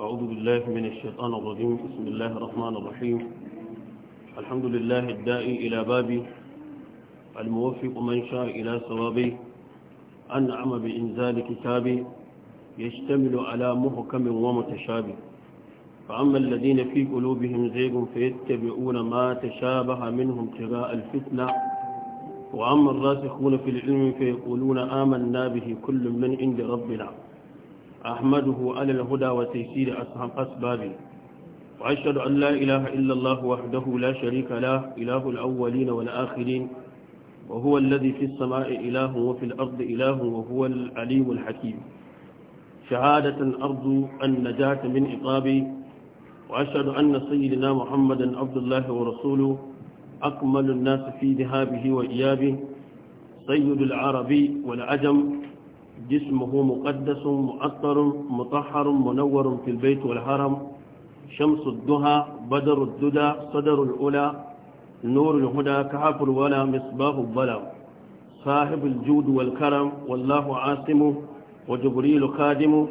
أعوذ بالله من الشيطان الرجيم بسم الله الرحمن الرحيم الحمد لله الدائي إلى بابي الموفق من شاء إلى صوابي أنعم بإنزال كتابي يشتمل على محكم ومتشابه فأما الذين في قلوبهم زيغ فيتبعون ما تشابه منهم ابتغاء الفتنة وأما الراسخون في العلم فيقولون آمنا به كل من عند ربنا أحمده على الهدى وتيسير أصحاب أسبابه وأشهد أن لا إله إلا الله وحده لا شريك له إله الأولين والآخرين وهو الذي في السماء إله وفي الأرض إله وهو العليم الحكيم شهادة أرجو النجاة من عقابي وأشهد أن سيدنا محمدا عبد الله ورسوله أكمل الناس في ذهابه وإيابه سيد العربي والعجم جسمه مقدس مؤطر مطهر منور في البيت والحرم شمس الدهى بدر الددى صدر الأولى نور الهدى كهف الولا مصباح الظلم صاحب الجود والكرم والله عاصمه وجبريل خادمه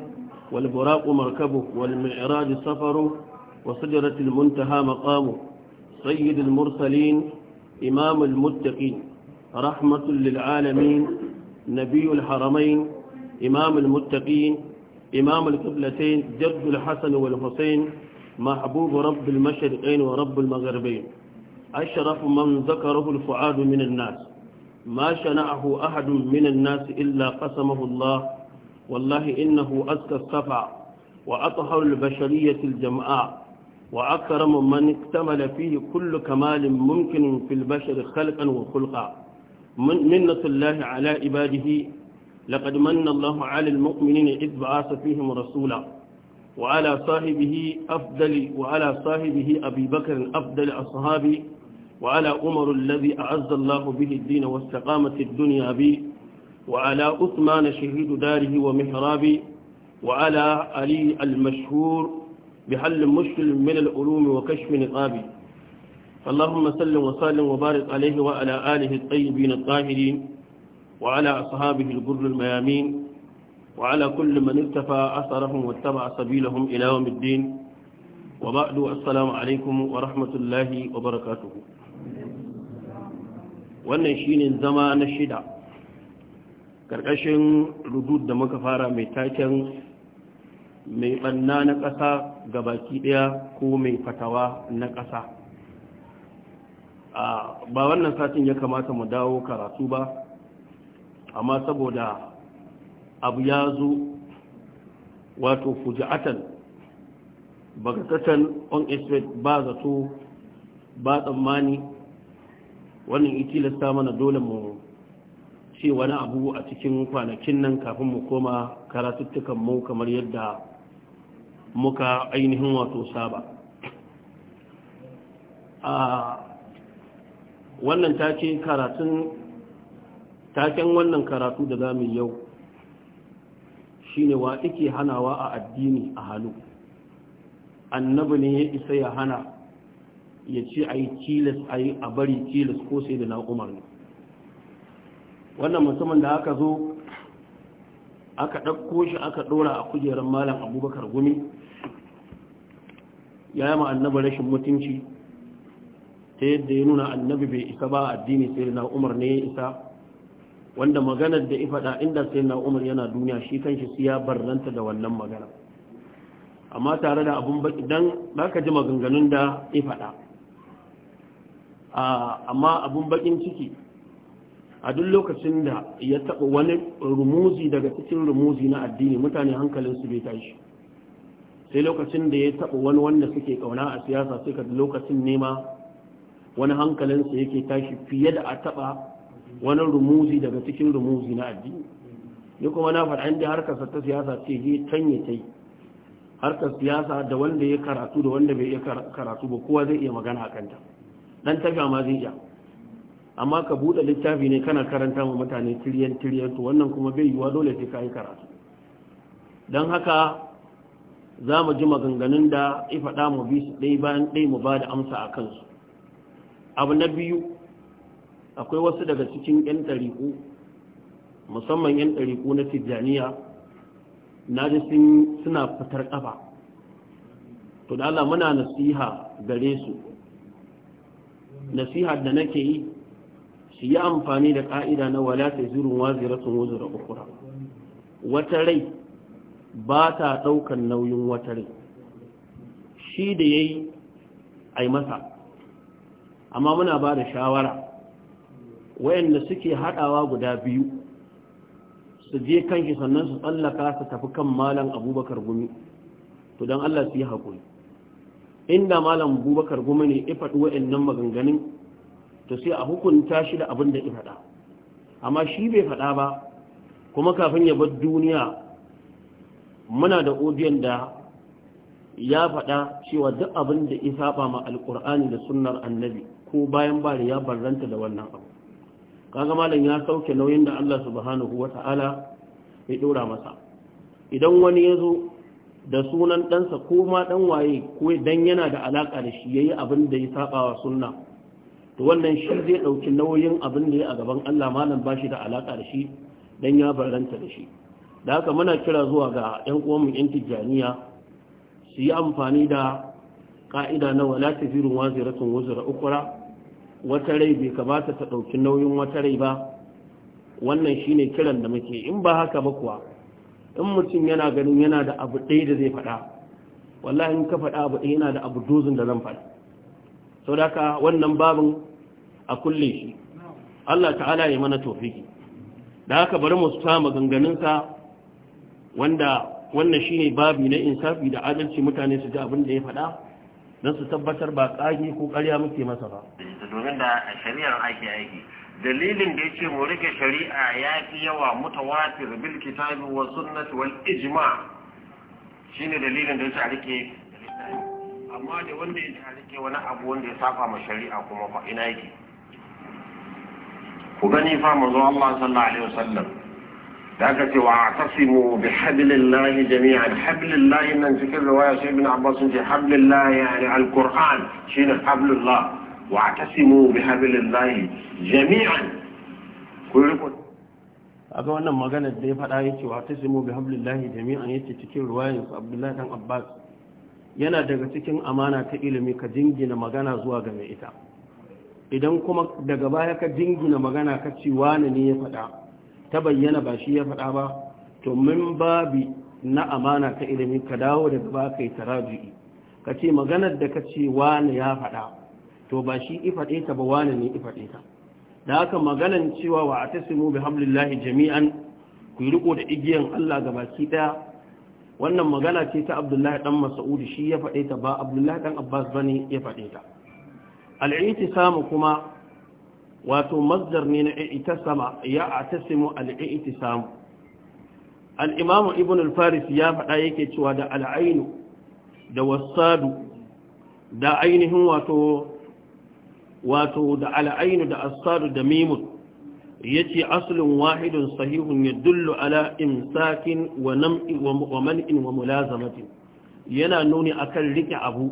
والبراق مركبه والمعراج سفره وسجرة المنتهى مقامه سيد المرسلين إمام المتقين رحمة للعالمين نبي الحرمين إمام المتقين إمام القبلتين جد الحسن والحسين محبوب رب المشرقين ورب المغربين أشرف من ذكره الفعاد من الناس ما شنعه أحد من الناس إلا قسمه الله والله إنه أزكى الصفع وأطهر البشرية الجمعاء وأكرم من اكتمل فيه كل كمال ممكن في البشر خلقا وخلقا منة الله على عباده لقد من الله على المؤمنين إذ بعث فيهم رسولا وعلى صاحبه أفضل وعلى صاحبه أبي بكر أفضل أصحابه وعلى أمر الذي أعز الله به الدين واستقامت الدنيا به وعلى أثمان شهيد داره ومحرابه وعلى علي المشهور بحل مشكل من العلوم وكشف نقابه اللهم سلم وسلم وبارك عليه وعلى آله الطيبين الطاهرين وعلى أصحابه الجر الميامين وعلى كل من اتفى أثرهم واتبع سبيلهم إلى يوم الدين وبعد السلام عليكم ورحمة الله وبركاته wannan shine zama na shida karkashin rudud da muka fara mai taken mai banna na ƙasa ga baki ɗaya ko mai fatawa na ƙasa ba wannan satin ya kamata mu dawo karatu ba amma saboda abu ya zo wato fuji'atan bagatatan on expect ba zato ba tsammani wannan itilasta mana dole mu ce wani abu a cikin kwanakin nan kafin mu koma karatuttukan mu kamar yadda muka ainihin wato saba a ah, wannan ta ce karatun taken wannan karatu da zamu yau shine wa ike hanawa a addini a halu annabi ne ya isa ya hana ya ce a yi tilas a a bari tilas ko sai da na'umar ne wannan musamman da aka zo aka ɗauko shi aka ɗora a kujerar malam abubakar gumi ya yi annabi rashin mutunci ta yadda ya nuna annabi bai isa ba addini sai da na'umar ne ya isa wanda maganar da ifada inda sai na umar yana duniya shi kanshi siya barranta da wannan magana amma tare da abun baki dan baka ji maganganun da ifada amma abun bakin ciki a duk lokacin da ya taɓa wani rumuzi daga cikin rumuzi na addini mutane hankalin su bai tashi sai lokacin da ya taɓa wani wanda suke kauna a siyasa sai ka lokacin nema wani hankalinsa yake tashi fiye da a taba wani rumuzi daga cikin rumuzi na addini ni kuma na faɗa inda harkarsa ta siyasa ce je canye ta yi harkar siyasa da wanda ya karatu da wanda bai iya karatu ba kowa zai iya magana a kanta dan tafiya ma zai iya amma ka buɗe littafi ne kana karanta ma mutane tiriyan tiriyan to wannan kuma bai yiwa dole sai ka yi karatu don haka za mu ji maganganun da faɗa mu bi su ɗaya bayan ɗaya mu ba da amsa a kansu abu na biyu akwai wasu daga cikin 'yan ɗariƙu musamman 'yan ɗariƙu na tijjaniya na ji suna fitar ƙafa to da Allah muna nasiha gare su nasiha da nake yi su yi amfani da ƙa'ida na wala ta zirin waziratun wuzura ukura wata rai ba ta ɗaukar nauyin wata rai shi da ya yi a masa amma muna ba da shawara wayanda suke haɗawa guda biyu su je kan sannan su tsallaka su tafi kan malam abubakar gumi to don Allah su yi haƙuri inda malam abubakar gumi ne ya faɗi wayannan maganganun to sai a hukunta shi da abin da ya faɗa amma shi bai faɗa ba kuma kafin ya bar duniya muna da odiyan da ya faɗa cewa duk abin da ya saba ma alƙur'ani da sunnar annabi ko bayan bari ya barranta da wannan abu kaga malam ya sauke nauyin da Allah subhanahu wata'ala ya dora masa idan wani ya zo da sunan ɗansa ko ma ɗan waye ko dan yana da alaƙa da shi yayi abin da ya saba wa sunna to wannan shi zai ɗauki nauyin abin da ya a gaban Allah malam ba shi da alaƙa da shi dan ya baranta da shi da haka muna kira zuwa ga ƴan uwanmu ƴan tijjaniya su yi amfani da ƙa'ida na wala tazirun waziratun wuzra ukra wata rai bai kamata ta ɗauki nauyin wata rai ba wannan shine kiran da muke in ba haka ba kuwa in mutum yana ganin yana da abu ɗaya da zai faɗa wallahi in ka faɗa abu ɗaya yana da abu dozin da zan faɗa sau da ka wannan babin a kulle shi Allah ta'ala ya mana tofiki da haka bari mu sa maganganunsa wanda wannan shine babi na insafi da adalci mutane su ji abin da ya faɗa don su tabbatar ba ƙage ko ƙarya muke masa ba su domin da shari'ar ake aiki dalilin da yace mu rike shari'a ya fi yawa mutawatir bil kitabi wa sunnati wal ijma shine dalilin da yace a rike amma da wanda ya rike wani abu wanda ya saba ma shari'a kuma fa ina yake ku gani fa manzo Allah sallallahu alaihi wasallam da aka ce wa tasimu bi hablillahi jami'an hablillahi nan cikin riwaya sai ibn Abbas sun ce hablillahi yani alquran shine hablullah wa'tasimu bihablillahi jami'an ku riko aga wannan magana da ya faɗa yace wa'tasimu bihablillahi jami'an ce cikin su Abdullahi dan Abbas yana daga cikin amana ta ilimi ka jingina magana zuwa ga mai ita idan kuma daga baya ka jingina magana ka ce wani ne ya faɗa ta bayyana ba shi ya faɗa ba to min babi na amana ta ilimi ka dawo daga baka yi taraji'i ka ce maganar da ka ce wani ya faɗa to ba shi ifaɗe ta ba wani ne ifaɗe ta da haka maganan cewa wa a tasimu bi hamlillahi jami'an ku yi riko da igiyan Allah ga baki daya wannan magana ce ta Abdullahi dan Mas'ud shi ya faɗe ta ba Abdullahi dan Abbas ba ne ya faɗe ta al-i'tisamu kuma wato masdar ne na sama ya atasimu al-i'tisamu samu. imamu ibn al-faris ya faɗa yake cewa da al-ainu da wasadu da ainihin wato wato da al'ainu da asadu da mimun ya ce asalin wahidun sahihun ya dullu ala imsakin wa man'in wa mulazamatin yana nuni a kan riƙe abu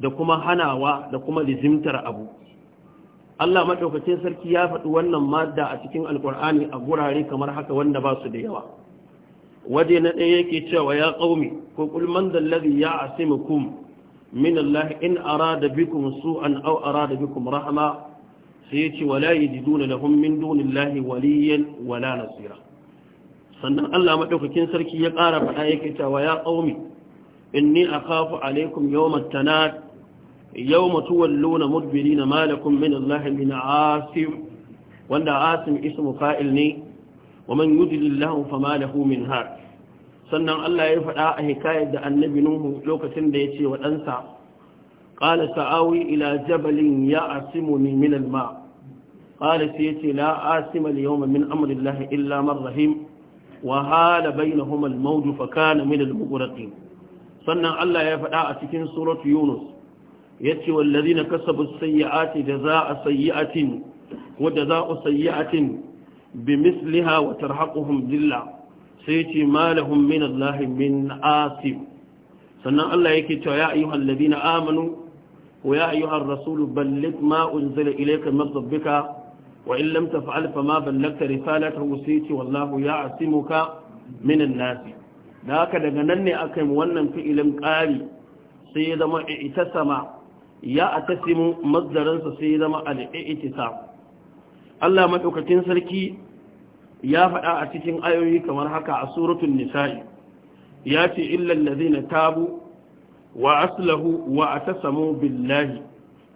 da kuma hanawa da kuma lizimtar abu Allah maɗaukacin sarki ya faɗi wannan madda a cikin alkur'ani a gurare kamar haka wanda ba su da yawa waje na ɗaya yake cewa ya ƙaumi ko ƙulman da ya asimukum min Allah in arada bikum su'an aw arada bikum rahma sai yace wala yajiduna lahum min dunillahi waliyan wala nasira sannan Allah madaukakin sarki ya ƙara faɗa yake cewa ya qaumi inni akhafu alaikum yawmat tanat yawma tuwalluna mudbirina ma lakum min Allah min asim wanda asim ismu fa'il ne wa man yudlillahu fama lahu min had sannan Allah ya faɗa a hikayar da annabi Nuhu lokacin da ya ce wa ɗansa, ƙala sa'awi ila jabalin ya asimu ni min alma, ƙala ya ce la asima li yawma min amrillahi illa man rahim bai na bainahum al-mawju fa min al Sannan Allah ya faɗa a cikin suratu Yunus yace na kasabu sayyi'ati jazaa'a sayyi'atin a jazaa'u sayyi'atin misliha wa tarhaquhum dhillah sai ce malahum min Allah min asim sannan Allah yake cewa ya ayyuhal na amanu wa ya ayyuhar rasul balligh ma unzila ilayka min rabbika wa in lam taf'al fama ballagta risalatahu sai ce wallahu ya'simuka min an da haka daga nan ne aka yi wannan fi'ilin ƙari. sai ya zama itasama ya atasimu mazdaransa sai ya zama al Allah maɗaukacin sarki ya faɗa a cikin ayoyi kamar haka a suratun nisa'i ya ce illal ladina tabu wa aslahu wa atasamu billahi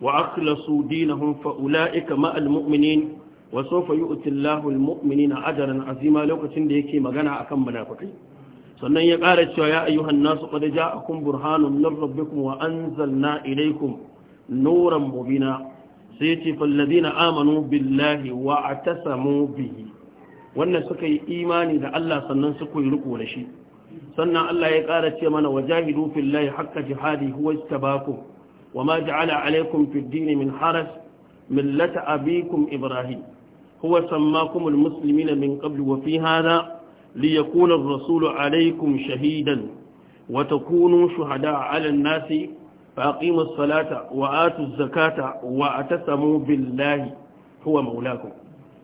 wa akhlasu dinahum fa ulaika ma'al mu'minin wa sawfa yu'ti Allahu al mu'minina ajran azima lokacin da yake magana akan munafikai sannan ya ƙara cewa ya ayyuhan nasu qad ja'akum burhanun min rabbikum wa anzalna ilaykum nuran mubina sai ya ce fal ladina amanu billahi wa atasamu bihi wannan suka yi imani da Allah sannan suka yi riko da shi sannan Allah ya ƙara ce mana wajahidu fillahi haqqa jihadi huwa istabaku wama ja'ala alaykum fid din min haras millata abikum ibrahim huwa sammakum almuslimina min qabl wa fi hadha liyakuna ar-rasulu alaykum shahidan wa takunu shuhada'a 'ala an-nasi faqimu salata wa zakata wa atasamu billahi huwa mawlakum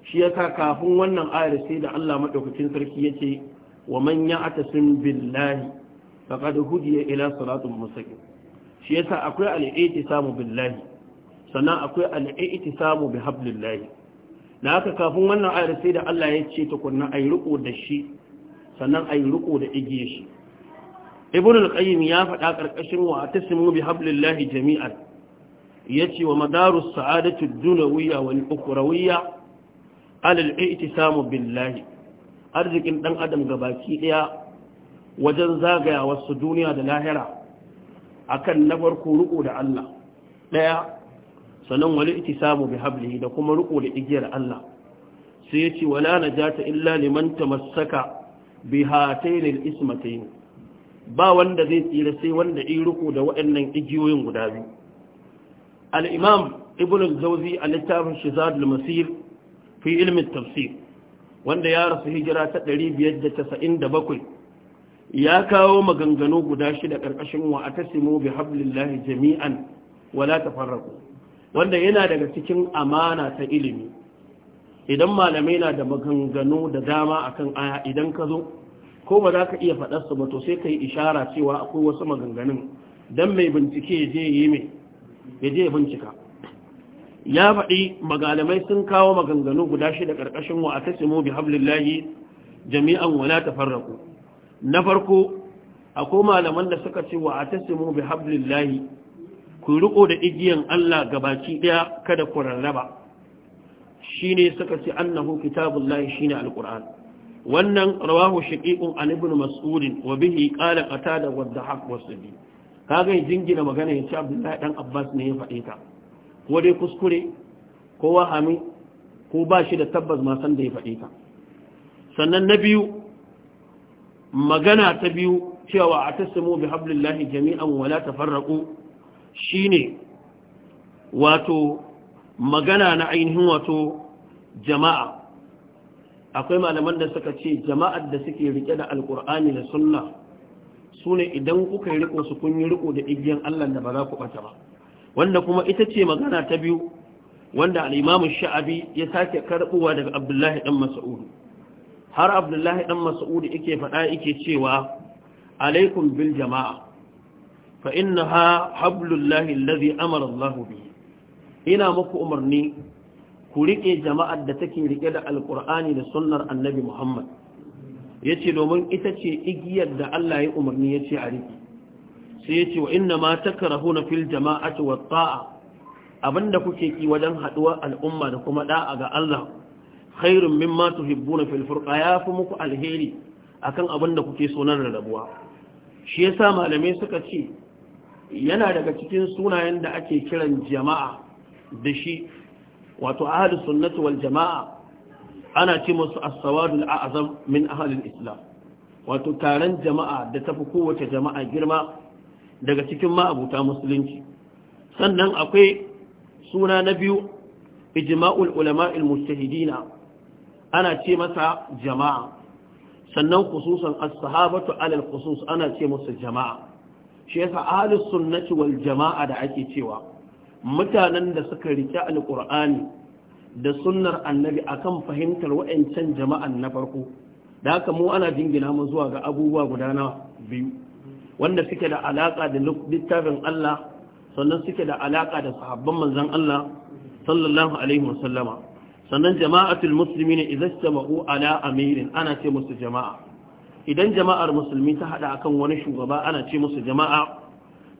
shi yasa kafin wannan ayar sai da Allah madaukakin sarki yace wa man ya'tasim billahi faqad hudiya ila siratin mustaqim shi yasa akwai al-i'tisamu billahi sannan akwai al-i'tisamu bihablillahi Na haka kafin wannan ayar sai da Allah ya ce tukunna ayi riko da shi sannan ayi riko da igiye shi ibn al-qayyim ya faɗa karkashin wa atasimu bihablillahi jami'an yace wa madarus sa'adatu ad-dunyawiyya wal-ukhrawiyya alal i'tisamu billahi arzikin ɗan adam baki ɗaya wajen zagaya wasu duniya da lahira akan na farko riko da Allah Ɗaya sannan wal i'tisamu bihablihi da kuma riko da igiyar Allah sai yace wala najata illa liman tamassaka bihatayn al-ismatayn ba wanda zai tsira sai wanda yi riko da waɗannan igiyoyin guda biyu al-imam ibn al-jawzi a littafin shizad al-masir fi ilmin tafsir wanda ya rasu hijira ta 597 ya kawo maganganu guda shida ƙarƙashin wa atasimu bi hablillahi jami'an wala tafarraku wanda yana daga cikin amana ta ilimi idan malamai na da maganganu da dama akan aya idan ka zo ko ba za ka iya faɗar su ba to sai ka yi ishara cewa akwai wasu maganganun dan mai bincike ya je yi mai ya je bincika ya faɗi magalamai sun kawo maganganu guda shi da ƙarƙashin wa a tasimu bi hablillahi jami'an wala tafarraku na farko akwai malaman da suka ce wa a tasimu bi hablillahi ku riko da igiyan Allah gabaki ɗaya kada ku rarraba shine suka ce annahu kitabullahi shine alquran wannan rawahu shaqiqun an ibn mas'ud wa bihi qala qatada wa dhahak wasbi kaga jingina magana ya ce abdullahi dan abbas ne ya faɗe ta ko dai kuskure ko wahami ko ba shi da tabbas masan da ya faɗi ka sannan na biyu magana ta biyu cewa a tasimu bi hablillahi jami'an wala tafarraqu shine wato magana na ainihin wato jama'a akwai malaman da suka ce jama'ar da suke rike da alƙur'ani da sunna sune idan kuka yi riko su kun yi riko da igiyan Allah da ba za ku bata ba wanda kuma ita ce magana ta biyu wanda al'imamu sha'abi ya sake karɓuwa daga abdullahi ɗan masa'udu har abdullahi ɗan masa'udu yake faɗa ike cewa alaikum bil jama'a fa inna ha hablullahi lazi amara allahu bihi ina muku umarni ku riƙe jama'ar da take riƙe da alƙur'ani da sunnar annabi muhammad ya ce domin ita ce igiyar da allah ya umarni ya ce a riƙe sai ce wa inna ma takrahuna fil jama'ati wat ta'a abinda kuke ki wajen haɗuwar al'umma da kuma ɗa'a ga Allah khairun mimma tuhibbuna fil ya fi muku alheri akan abinda kuke so na rarrabuwa shi yasa malamai suka ce yana daga cikin sunayen da ake kiran jama'a da shi wato ahli sunnatu wal jama'a ana ce musu as-sawadul a'zam min ahli islam wato taron jama'a da tafi kowace jama'a girma daga cikin ma'abuta musulunci sannan akwai suna na biyu ijma'ul ulama'il mujtahidina ana ce masa jama'a sannan khususan as-sahabatu alal khusus ana ce masa jama'a shi yasa ahlus sunnati wal jama'a da ake cewa mutanen da suka rike alqur'ani da sunnar annabi akan fahimtar wa'ancan jama'an na farko da haka mu ana jingina mu zuwa ga abubuwa guda na biyu wanda suke da alaƙa da littafin Allah sannan suke da alaƙa da sahabban manzan Allah sallallahu alaihi wasallama sannan jama'atul muslimina idza istama'u ala amirin ana ce musu jama'a idan jama'ar musulmi ta hada akan wani shugaba ana ce musu jama'a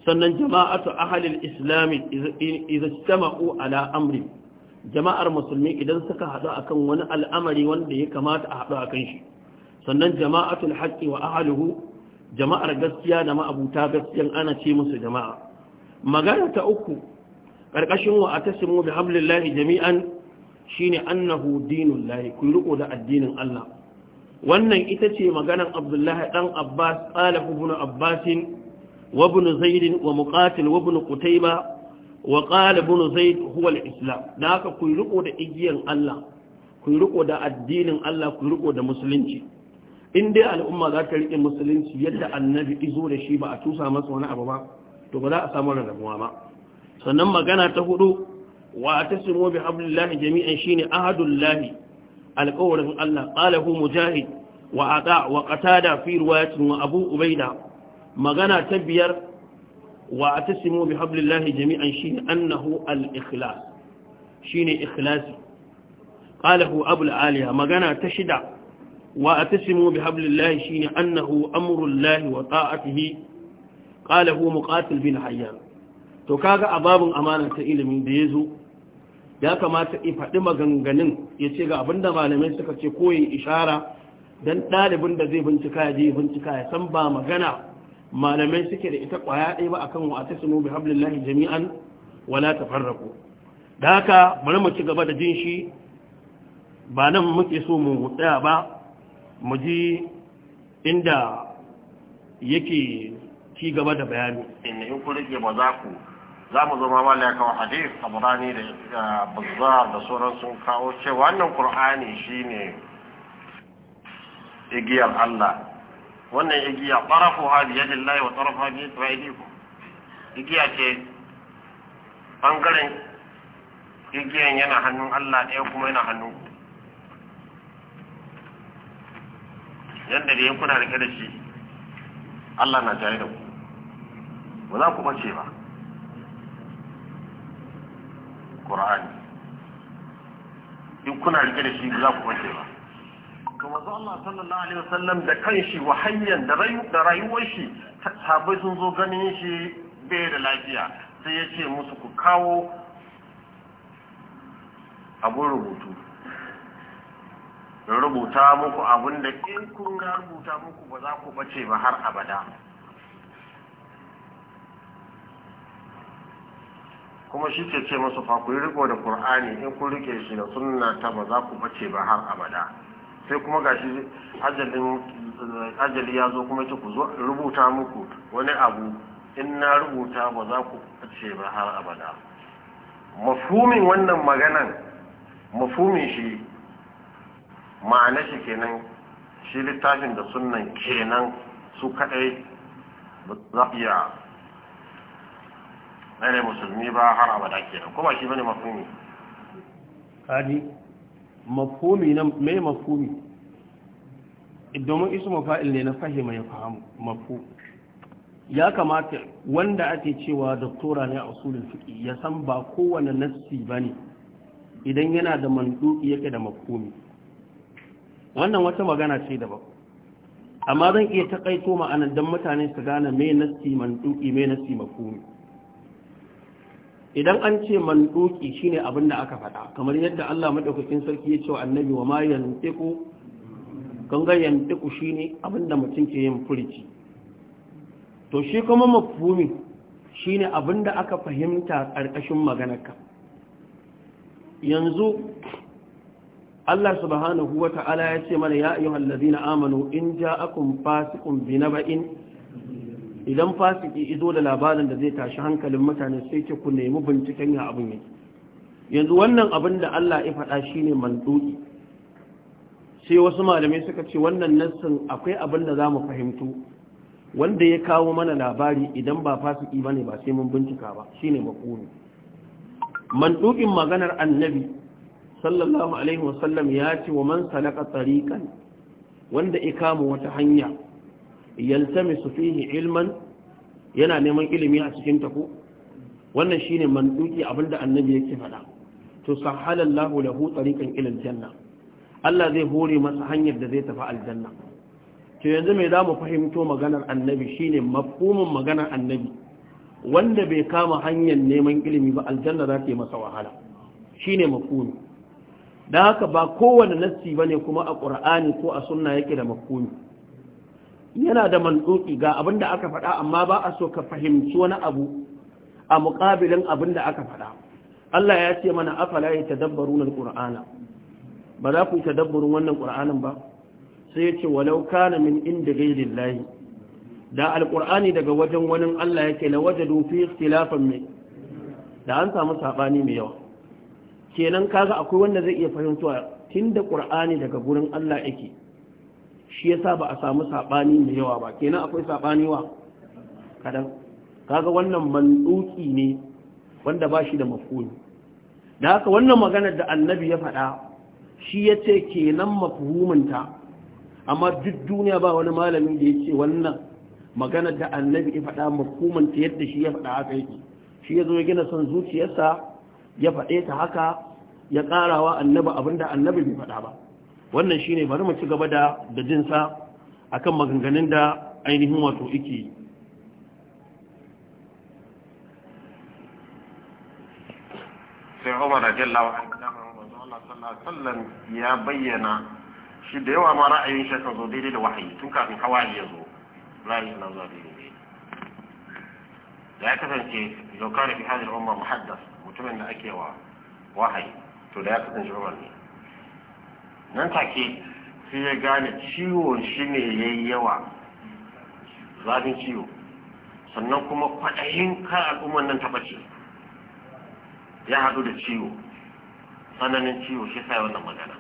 sannan jama'atu ahlil islam idan istama'u ala amri jama'ar musulmi idan suka hadu akan wani al'amari wanda ya kamata a hadu akan shi sannan jama'atul haqqi wa ahlihi jama'ar gaskiya da ma'abuta gaskiyan ana ce musu jama'a magana ta uku ƙarƙashin wa a tasimu da hablillahi jami'an shine annahu dinullahi ku riko da addinin Allah wannan ita ce maganar Abdullahi ɗan Abbas qala ibn Abbas wa ibn Zaid wa Muqatil wa ibn wa qala ibn Zaid huwa islam Da haka ku riko da igiyan Allah ku da addinin Allah ku da musulunci in dai al'umma za ta riƙe musulunci yadda annabi izo da shi ba a tusa masa wani abu ba to ba za a samu rarrabuwa ba sannan magana ta hudu wa ta simo bi abdullahi jami'an shine ahadullahi alƙawarin Allah qalahu mujahid wa ata wa qatada fi riwayatin wa abu ubaida magana ta biyar wa ta simo bi abdullahi jami'an shine annahu al-ikhlas shine ikhlasi qalahu abul aliya magana ta shida واعتصموا بحبل الله annahu أنه أمر الله وطاعته قال هو مقاتل بن حيان to kaga a babin amana ta ilimin da ya zo ya kamata in faɗi maganganun ya ce ga abinda malamai suka ce koyi ishara don ɗalibin da zai bincika ya je bincika ya san ba magana malamai suke da ita ƙwaya ɗaya ba akan wa ta sunu bi hablillahi jami'an wala tafarraku da haka bari mu ci gaba da jin shi ba nan muke so mu tsaya ba mu ji inda yake ci gaba da bayani inda in ku rike maza za ku za mu zama ma ya wa hadith tabarani da bazzar da sauran sun kawo ce wannan qur'ani shine igiyar Allah wannan igiya tarafu ha bi Allah wa tarafu ha bi yadikum igiya ce bangaren igiyan yana hannun Allah ɗaya kuma yana hannun yadda da yankuna da da shi Allah na jaye da ku ba za ku ɓace ba ƙura'ani in kuna rike da shi ba za ku ɓace ba kuma zo Allah sallallahu alaihi wasallam da kanshi wahayyan da rayu da rayuwar shi sabai sun zo ganin shi bai da lafiya sai ya ce musu ku kawo abun rubutu rubuta muku abin da in kun ga rubuta muku ba za ku bace ba har abada kuma shi ce ce masu fa ku yi riko da qur'ani in kun rike shi da sunna ta ba za ku bace ba har abada sai kuma gashi ajalin ajali ya zo kuma ce ku zo rubuta muku wani abu in na rubuta ba za ku bace ba har abada mafhumin wannan maganan mafhumin shi ma'ana shi kenan shi littafin da sunan kenan su kadai ba za iya ɗaya musulmi ba har abada kenan kuma shi bane mafumi kaji mafumi na mai mafumi domin isu mafa'il ne na fahimai ya mafu ya kamata wanda ake cewa doktora ne a usulul fiqi ya san ba kowane nassi ne idan yana da mandu yake da mafumi wannan wata magana ce da daban amma zan iya takaito ma'ana don mutane su gane mai nasti manduki mai nasti mafumi idan an ce manduki ne abin da aka faɗa kamar yadda Allah maɗaukakin sarki ya ce wa annabi wa ma yantiku ganga shi ne abin da mutum ke yin furici to shi kuma mafumi shine abin da aka fahimta ƙarƙashin maganarka yanzu Allah subhanahu wa ta'ala ya ce mana ya ayyuhal ladina amanu in ja'akum fasiqun binaba'in idan fasiki izo da labarin da zai tashi hankalin mutane sai ce ku nemi binciken ya abin yake yanzu wannan abin da Allah ya faɗa shine manduki sai wasu malamai suka ce wannan nassin akwai abin da zamu fahimto wanda ya kawo mana labari idan ba fasiki ne ba sai mun bincika ba shine makuru maganar annabi sallallahu alaihi wasallam ya ce wa man salaka tariqan wanda ikama wata hanya yaltamisu fihi ilman yana neman ilimi a cikin ta ko wannan shine manduki abinda annabi yake faɗa to sahalallahu lahu tariqan ila aljanna Allah zai hore masa hanyar da zai tafi aljanna to yanzu mai zamu fahimto maganar annabi shine mafhumin maganar annabi wanda bai kama hanyar neman ilimi ba aljanna za ta yi masa wahala shine mafhumi Da haka ba kowane nassi bane kuma a ƙur'ani ko a sunna yake da makumi yana da mantsoki ga abin da aka faɗa amma ba a so ka fahimci wani abu a muƙabilin abin da aka faɗa Allah ya ce mana afala ya tadabbaru na ƙur'ana ba za ku tadabbarun wannan ƙur'anin ba sai ya ce walau kana min inda gairin layi da alƙur'ani daga wajen wani Allah yake na wajadu fi ikhtilafan mai da an samu saɓani mai yawa kenan kaga akwai wanda zai iya fahimtuwa da ƙur'ani daga gurin Allah yake shi yasa ba a samu saɓani da yawa ba kenan akwai sabani wa kadan kaga wannan manduki ne wanda ba shi da mafhumi da haka wannan maganar da annabi ya faɗa shi ya ce kenan mafhuminta amma duk duniya ba wani malami da ya ce wannan maganar da annabi ya faɗa mafhumanta yadda shi ya faɗa haka yake shi ya zo ya gina son zuciyarsa ya faɗe ta haka ya ƙarawa annabi abinda annabi bai faɗa ba wannan shine bari mu ci gaba da jinsa a akan maganganun da ainihin wato iki sai Umar ya bayyana shi da yawa ma ra'ayin shi zo daidai da wahayi tun kafin hawaye ya zo ra'ayin nan zo da ya kasance zaukar fi hadin umma muhaddas mutumin da ake wa wahayi to da ya kasance umar ne nan take sai ya gane ciwon shi ne ya yi yawa zafin ciwo sannan kuma kwaɗayin kan al'ummar nan tabbaci ya haɗu da ciwo tsananin ciwo shi sai wannan magana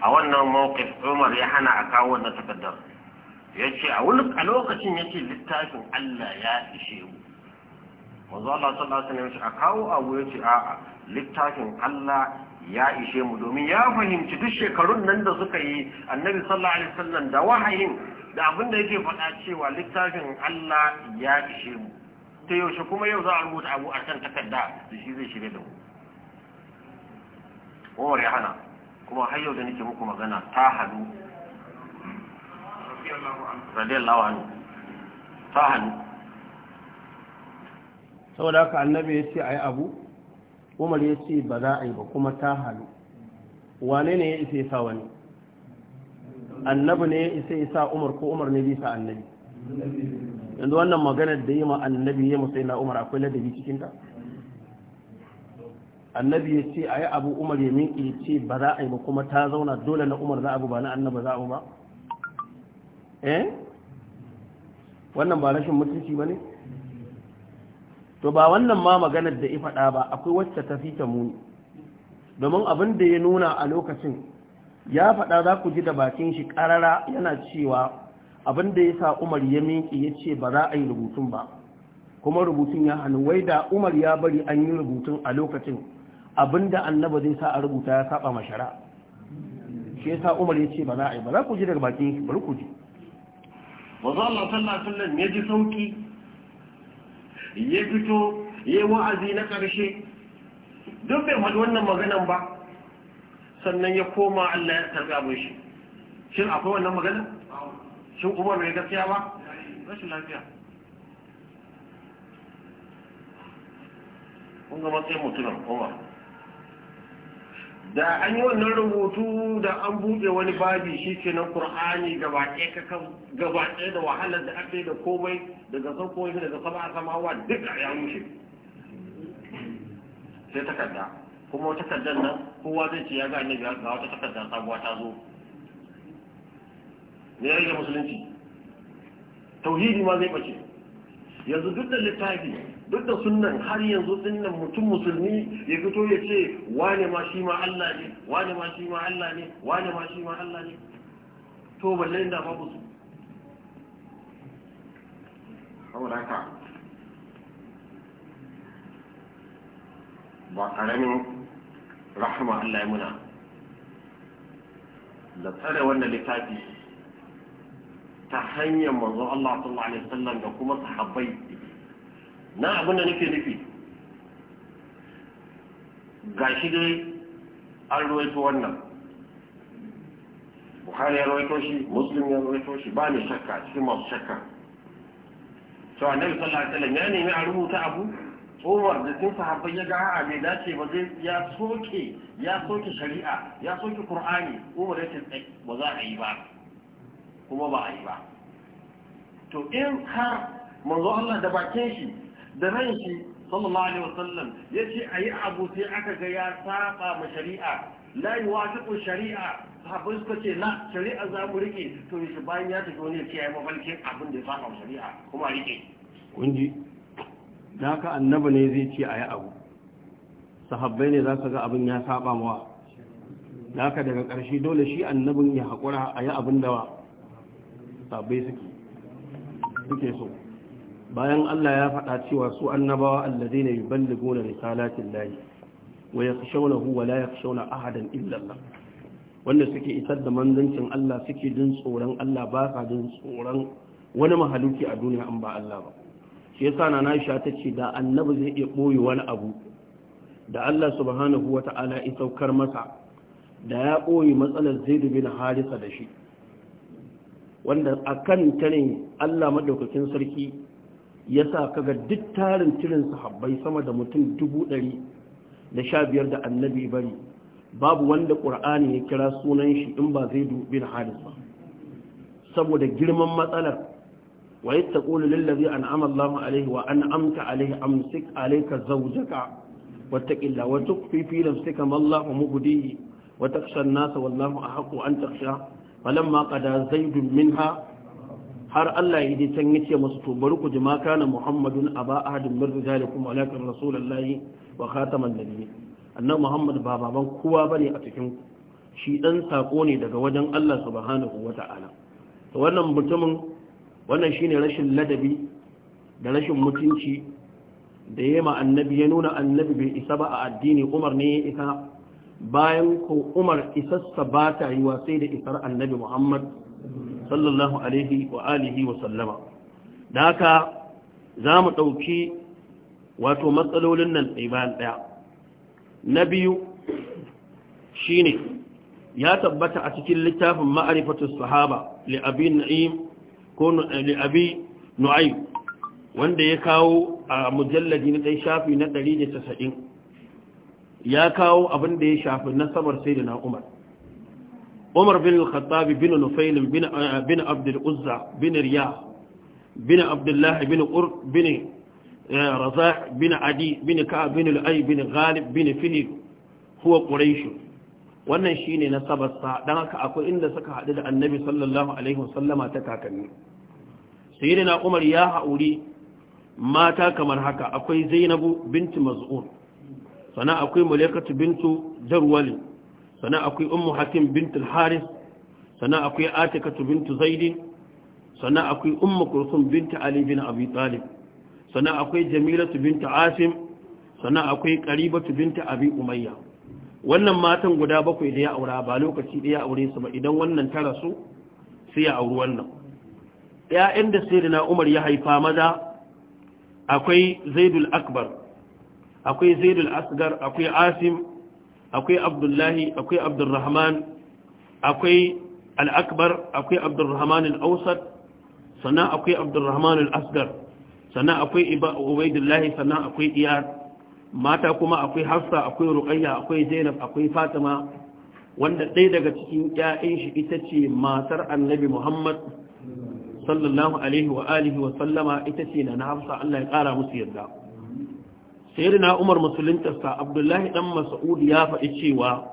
a wannan mawqif umar ya hana a kawo wannan takardar ya ce a wani a lokacin ya ce littafin Allah ya ishe mu wanzu Allah sallallahu alaihi wasallam a kawo abu ya ce a'a littafin Allah ya ishe mu domin ya fahimci duk shekarun nan da suka yi annabi sallallahu alaihi wasallam da wahayin da abin da yake faɗa cewa littafin Allah ya ishe mu ta yaushe kuma yau za a rubuta abu a kan takarda da shi zai shirya da mu Umar ya hana kuma har yau da nake muku magana ta hadu radiyallahu anhu ta hannu saboda haka annabi ya ce a yi abu umar ya ce ba za a yi ba kuma ta hannu wane ne ya isa ya sa wani annabi ne ya isa ya sa umar ko umar ne bisa annabi yanzu wannan maganar da yi ma annabi ya musa na umar akwai ladabi cikinta annabi ya ce a yi abu umar ya minki ya ce ba za a yi ba kuma ta zauna dole na umar za a bu ba na Annabi za a bu ba eh wannan ba rashin mutunci ba ne to ba wannan ma maganar da faɗa ba akwai wacce ta fi ta muni domin abin da ya nuna a lokacin ya faɗa za ku ji da bakin shi ƙarara yana cewa abin da ya sa umar ya minki ya ce ba za a yi rubutun ba kuma rubutun ya hannu wai da umar ya bari an yi rubutun a lokacin abin da annaba zai sa a rubuta ya saba mashara shi ya sa umar ya ce ba za a yi ba za ku ji daga bakin shi bari ku ji manzo Allah sallallahu alaihi ya ji sauki ya fito ya wa'azi na ƙarshe duk bai faɗi wannan maganan ba sannan ya koma Allah ya targa mun shi shin akwai wannan magana shin kuma bai gaskiya ba rashin lafiya kun ga matsayin mutum Umar da an yi wannan rubutu da an buɗe wani babi shi ke na ƙur'ani gaba ɗaya da wahalar da aka yi da komai daga sauko shi daga sama a samawa duk a ya wuce. sai takarda kuma wata takardar nan kowa zai ce ya ga annabi ga wata takarda sabuwa ta zo ne ya rage musulunci tauhidi ma zai bace yanzu duk da littafi duk da sunan har yanzu dinnan mutum musulmi ya fito ya ce wane ma shi ma Allah ne wane ma shi ma Allah ne wane ma shi ma Allah ne to balle inda babu su saboda ka ba karamin rahama Allah ya muna da tsare wannan littafi ta hanyar manzo Allah sallallahu alaihi wasallam da kuma sahabbai na abin da nake nufi gashi dai an ruwaito wannan bukhari ya ruwaito shi muslim ya ruwaito shi ba ne shakka cikin masu shakka to annabi sallallahu alaihi wasallam ya nemi a rubuta abu Umar da sun sahabbai ya ga a bai dace ba zai ya soke ya soke shari'a ya soke qur'ani umar ya ce eh, ba za a yi ba kuma ba a yi ba to in har manzo Allah da bakin shi da ran shi sallallahu alaihi wasallam yace ayi abu sai aka ga ya saba ma shari'a la yuwafiqu shari'a sahabbai suka ce na shari'a za mu rike to shi bayan ya tafi wani ya yi mafalkin abin da ya saba ma shari'a kuma rike kun ji da haka annabi ne zai ce ayi abu sahabbai ne za su ga abin ya saba mawa da haka daga ƙarshe dole shi annabin ya haƙura a yi abin da sabai suke suke so bayan Allah ya faɗa cewa su annabawa alladheena yuballighuna risalatil layi, wa yakhshawnahu wa la yakhshawna ahadan illa wanda suke isar da manzancin Allah suke jin tsoron Allah ba sa jin tsoron wani mahaluki a duniya an ba Allah ba shi yasa na Aisha ta ce da annabi zai iya boye wani abu da Allah subhanahu wata'ala ya saukar masa da ya ɓoye matsalar Zaid bin Harisa da shi wanda a kan ne Allah Maɗaukakin sarki ya sa kaga duk tarin cirin sahabbai sama da mutum dubu ɗari da sha biyar da annabi bari babu wanda ƙur'ani ya kira sunan shi in ba zai dubi da halis ba saboda girman matsalar wa yadda ƙoli lallabi an amallahu alaihi wa an amta alaihi amsik alaika zaujaka wattaƙilla wa tukfi fi suka mallahu mubdihi wa takshan nasa wallahu ahqqu an taksha falamma makada zaidun minha har Allah ya ji can yace masu to bari ku jima kana muhammadun aba ahadin min rijalikum walakin layi wa da nabiyyi Annan Muhammadu ba baban kowa ne a cikin shi dan sako ne daga wajen Allah subhanahu wata'ala to wannan mutumin wannan shine rashin ladabi da rashin mutunci da yema annabi ya nuna annabi bai isa ba a addini Umar ne ya isa bayan ko umar isassa ba ta yi sai da isar annabi muhammad sallallahu alaihi wa alihi wa sallama da haka za mu ɗauki wato matsalolin nan bayan ɗaya na biyu shine ya tabbata a cikin littafin ma'arifatus sahaba li na'im ko wanda ya kawo a mujalladi na ɗai shafi na 190 ya kawo abin da ya shafi nasabar sai da na umar umar bin al-khattabi bin nufailin eh, bin abdul uzza bin riya bin abdullahi bin qur bin eh, raza' bin adi bin ka'ab bin al-ay bin ghalib bin filib huwa quraish wannan shine nasabar sa dan haka akwai inda suka hadu da annabi sallallahu alaihi wasallama ta kakanni sayyidina umar ya hauri mata kamar haka akwai zainabu binti maz'un sana akwai malaikatu bintu jarwali sana akwai ummu hakim bintul haris sana akwai atikatu bintu Zaidi. sana akwai ummu kursum bintu ali bin abi talib sana akwai jamilatu bintu asim sana akwai qaribatu bintu abi umayya wannan matan guda bakwai da ya aura ba lokaci da ya aure su ba idan wannan ta rasu sai ya auri wannan Ya'yan da sayyidina umar ya haifa maza akwai zaidul akbar akwai zaidul asgar akwai asim akwai abdullahi akwai abdurrahman akwai al'akbar akwai abdurrahman al'ausar sannan akwai abdurrahman al'asgar sannan akwai ubaidullahi sannan akwai iyar mata kuma akwai hafsa akwai ruqayya akwai zainab akwai fatima wanda ɗaya daga cikin ƴaƴan shi ita ce matar annabi muhammad sallallahu alaihi wa alihi wa sallama ita ce na hafsa Allah ya ƙara musu yadda. na Umar musuluntarsa Abdullahi dan Mas'ud ya faɗi cewa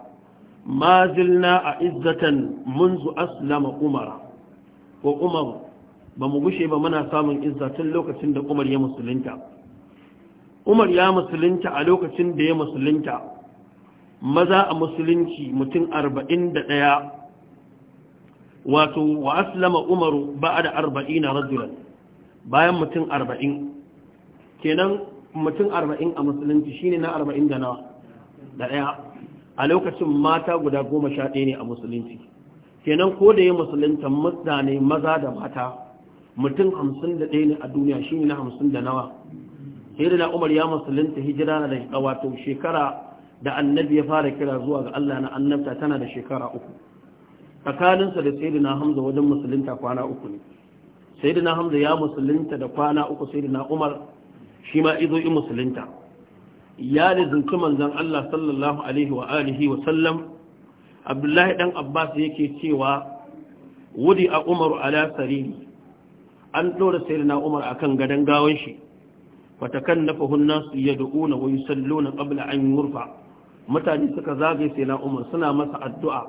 ma zilna a izzatan munzu aslama Umar ko Umar ba mu gushe ba muna samun izza lokacin da Umar ya musulunta Umar ya musulunta a lokacin da ya musulunta maza a musulunci mutum arba'in da ɗaya. wato wa aslama Umar ba'da 40 rajulan bayan mutum arba'in kenan mutum arba'in a musulunci shine na arba'in da nawa da ɗaya a lokacin mata guda goma sha ɗaya ne a musulunci kenan ko da ya musulunta mutane maza da mata mutum hamsin da ɗaya ne a duniya shine na hamsin da nawa sai da umar ya musulunta hijira na da wato shekara da annabi ya fara kira zuwa ga Allah na annabta tana da shekara uku tsakaninsa da na hamza wajen musulunta kwana uku ne na hamza ya musulunta da kwana uku na umar shi ma izo in musulunta ya lizinci manzon Allah sallallahu alaihi wa alihi wa sallam Abdullahi dan Abbas yake cewa wudi a Umaru ala sariri an dora sayyidina Umar akan gadan gawon shi fatakallafahu an-nas yad'una wa yusalluna qabla an yurfa mutane suka zagaye sayyidina Umar suna masa addu'a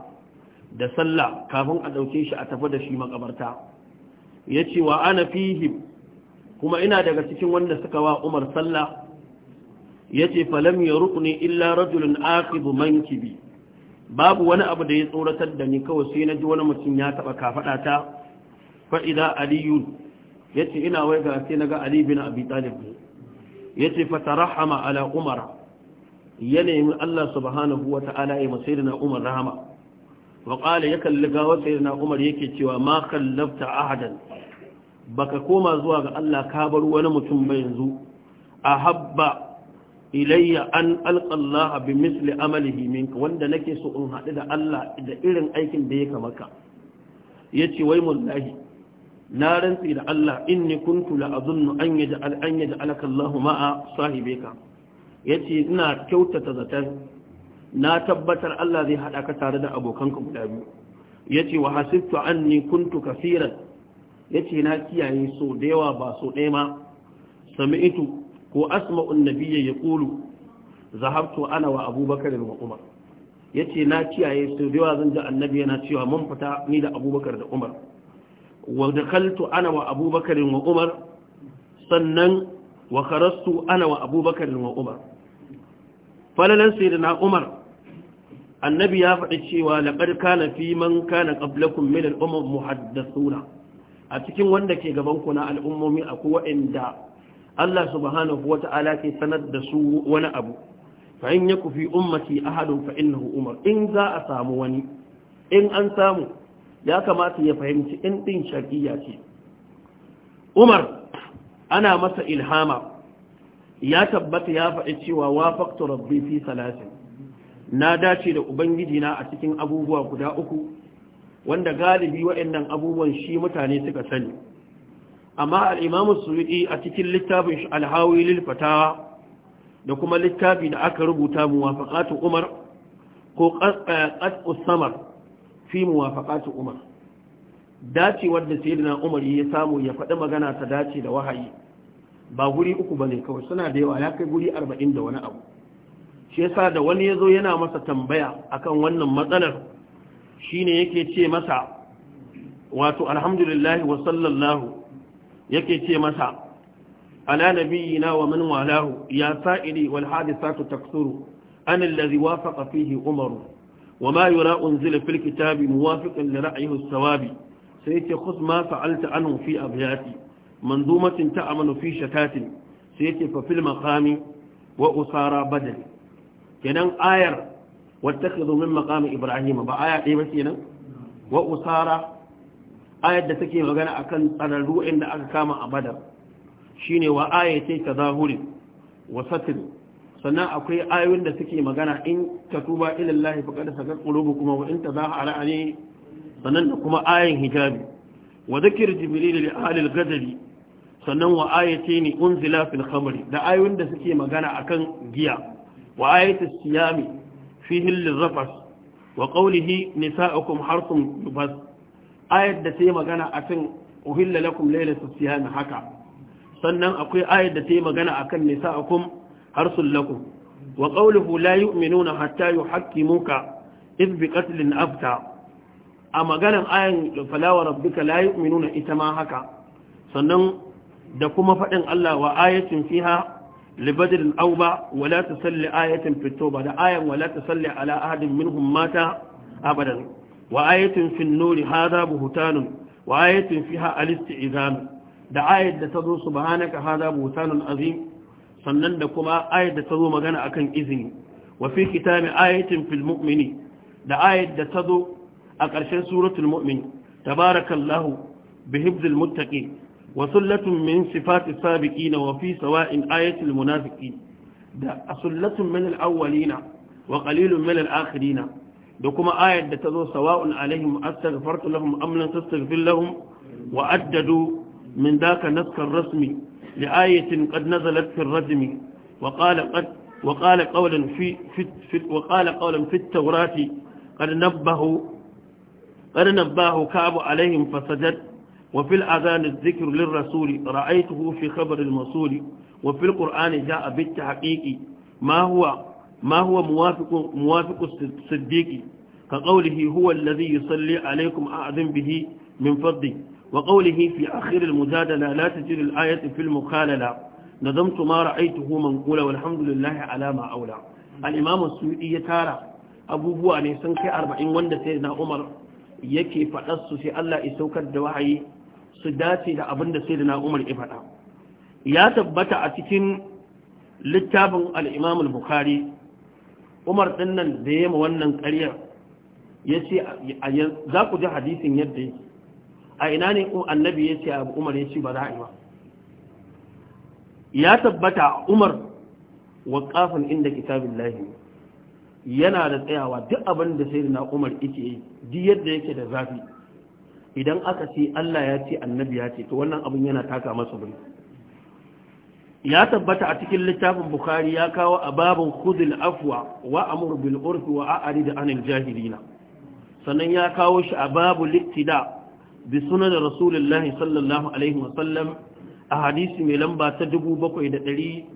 da sallah kafin a dauke shi a tafi da shi makabarta yace wa ana fihi kuma ina daga cikin wanda suka wa Umar sallah yace falam yarquni illa rajulun aqibu mankibi babu wani abu da ya tsoratar da ni kawai sai na ji wani mutum ya taba kafada ta fa idza aliyun yace ina wai ga sai naga ali bin abi talib yace fa tarahama ala umar ya nemi Allah subhanahu ta'ala, ya masirina umar rahama wa qala ya kalli wa sayyidina umar yake cewa ma kallafta ahadan baka koma zuwa ga Allah ka bar wani mutum ba yanzu a habba ilayya an alqallaha bi misli amalihi minka wanda nake so in haɗu da Allah da irin aikin da ya kamaka yace wai mullahi na rantsi da Allah inni kuntu la azunnu an yaj'al an yaj'alaka Allahu ma'a Ya yace ina kyautata zaton. na tabbatar Allah zai haɗa ka tare da abokanka guda biyu ce, wa hasibtu anni kuntu kaseeran ya ce na kiyaye so da yawa ba so ɗaya ma sami itu ko asma'un nabiya ya ƙulu zahabtu ana wa abubakar da umar ya ce na kiyaye so da yawa zan ji annabi yana cewa mun fita ni da abubakar da umar wa dakaltu ana wa abubakar da umar sannan wa karastu ana wa abubakar da umar falalan na umar annabi ya faɗi cewa laƙar kana fi man kana ƙablakun min al'ummar muhaddasuna a cikin wanda ke gaban ku na al'ummomi a kuwa inda Allah subhanahu Ta'ala ke sanar da su wani abu fa in yaku fi ummati ahadun fa innahu umar in za a samu wani in an samu ya kamata ya fahimci in ɗin shar'iyya ce umar ana masa ilhama ya tabbata ya faɗi cewa wa wafaqtu rabbi fi salasin na dace da ubangiji na a cikin abubuwa guda uku wanda galibi waɗannan abubuwan shi mutane suka sani amma al'imamu suyuɗi a cikin littafin alhawi lilfatawa da kuma littafi da aka rubuta muwafaƙatu umar ko ƙasƙasƙas samar fi muwafaƙatu umar dace wadda sayyidina umar ya samu ya faɗi magana ta dace da wahayi ba guri uku bane kawai suna da yawa ya kai guri arba'in da wani abu shi yasa da wani ya zo yana masa tambaya akan wannan matsalar shine yake ce masa wato alhamdulillah wa sallallahu yake ce masa ala nabiyina wa man walahu ya sa'idi wal hadithatu taksuru an alladhi wafaqa fihi umar wa ma yura unzila fil kitabi muwafiqan li ra'yihi sawabi sai yake khus ma fa'alta anhu fi abyati manzumatin ta'amalu fi shakatin sai yake fa fil maqami wa usara badal kenan ayar wattakhidhu min maqami ibrahim ba aya ɗaya ba kenan wa usara ayar da take magana akan tsararru inda aka kama a badar shine wa ayatai tazahuri wa satr sannan akwai ayoyin da suke magana in tatuba ila Allah faqad sagat qulubukum wa in tazahara ani sannan da kuma ayin hijabi wa dhikr jibril li ahli al-ghadabi sannan wa ayatayn unzila fil khamri da ayoyin da suke magana akan giya wa ayatu siyami fihi lizafas wa qawlihi nisa'ukum harthun bas ayat da ta yi magana cin uhilla lakum laylatus siyam haka sannan akwai ayat da ta yi magana akan nisa'ukum harthun lakum wa qawluhu la yu'minuna hatta yuhaqqimuka id bi qatlin afta a maganan ayan falawa rabbika la yu'minuna ita ma haka sannan da kuma faɗin Allah wa ayatin fiha Libadirin au ba wala ta salli ayatin fito ba da ayan wala ta salli ala ahadin minhum mata abadan wa ayatin fin nuri hada buhutanun wa ayatin fiha alisti'izam da ayat da ta zo subhanaka hada buhutanun azim sannan da kuma ayat da ta zo magana akan izini wa fi kitami ayatin fil mu'mini da ayat da ta zo a ƙarshen suratul mu'min tabarakallahu bihibdil muttaqin wasullatun min sifati sabiqina wa fi sawa'in ayatil munafiqin da asullatun min alawwalina wa qalilun min alakhirina da kuma ayat da ta zo sawa'un alaihim astaghfartu lahum am lam astaghfir lahum wa addadu min daka naskar rasmi li ayatin qad nazalat fi ar-rajm wa qala qad wa qala qawlan fi fi wa qala وفي الأذان الذكر للرسول رأيته في خبر المسول وفي القرآن جاء بالتحقيق ما هو ما هو موافق موافق الصديق كقوله هو الذي يصلي عليكم أعظم به من فضله وقوله في آخر المجادلة لا تجري الآية في المخاللة نظمت ما رأيته منقولا والحمد لله على ما أولى الإمام السويدي يتارى أبو بواني سنكي أربعين وند سيدنا عمر yake faɗarsu sai Allah ya saukar da wahayi su dace da abin da sai da na umar ya ya tabbata a cikin littafin al'imam al-bukhari umar ɗinnan da ya ma wannan ƙaryar ya ce za ku ji hadisin yadda yake a ina ne annabi ya ce abu umar ya ce ba za a yi ba ya tabbata umar wa waƙafin inda kitabin lahi yana da tsayawa duk abin da sai na umar ike yi duk yadda yake da zafi idan aka ce Allah ya ce annabi ya ce to wannan abin yana taka masa wuri ya tabbata a cikin littafin bukhari ya kawo a babin khudil afwa wa amur bil urfi wa a'rid anil jahilina sannan ya kawo shi a babu littida bi sunan rasulullahi sallallahu alaihi wa sallam a hadisi mai lamba ta 7286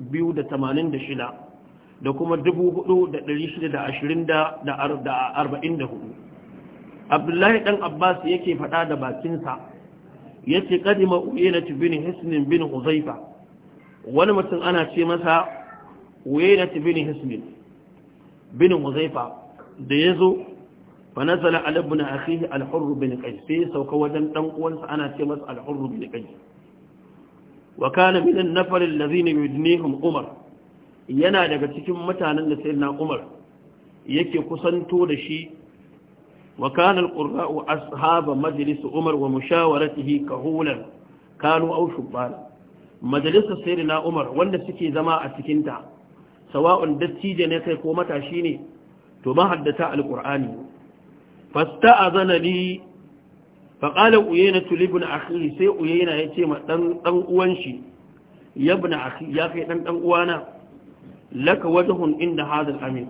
da kuma 4624 abdullahi ɗan abbas yake faɗa da bakinsa yace qadima uyayna bin hisn bin huzaifa wani mutum ana ce masa uyayna bin hisn bin huzaifa da ya zo nazala ala ibn akhihi al bin kai sai sauka wajen ɗan uwansa ana ce masa al-hurr bin kai. wa kana min an-nafar yudnihum umar yana daga cikin mutanen da na umar yake kusanto da shi وكان القراء أصحاب مجلس عمر ومشاورته كهولا كانوا أو شبالا مجلس سيرنا عمر ولا سكي زماء سكنتا سواء دتيجة نكي قومتا شيني تما حدتا القرآن فاستأذن لي فقال أيينة لابن أخيه سي أيينة يتيما تنقوانشي يا ابن أخي يا أخي تنقوانا لك وجه عند هذا الأمير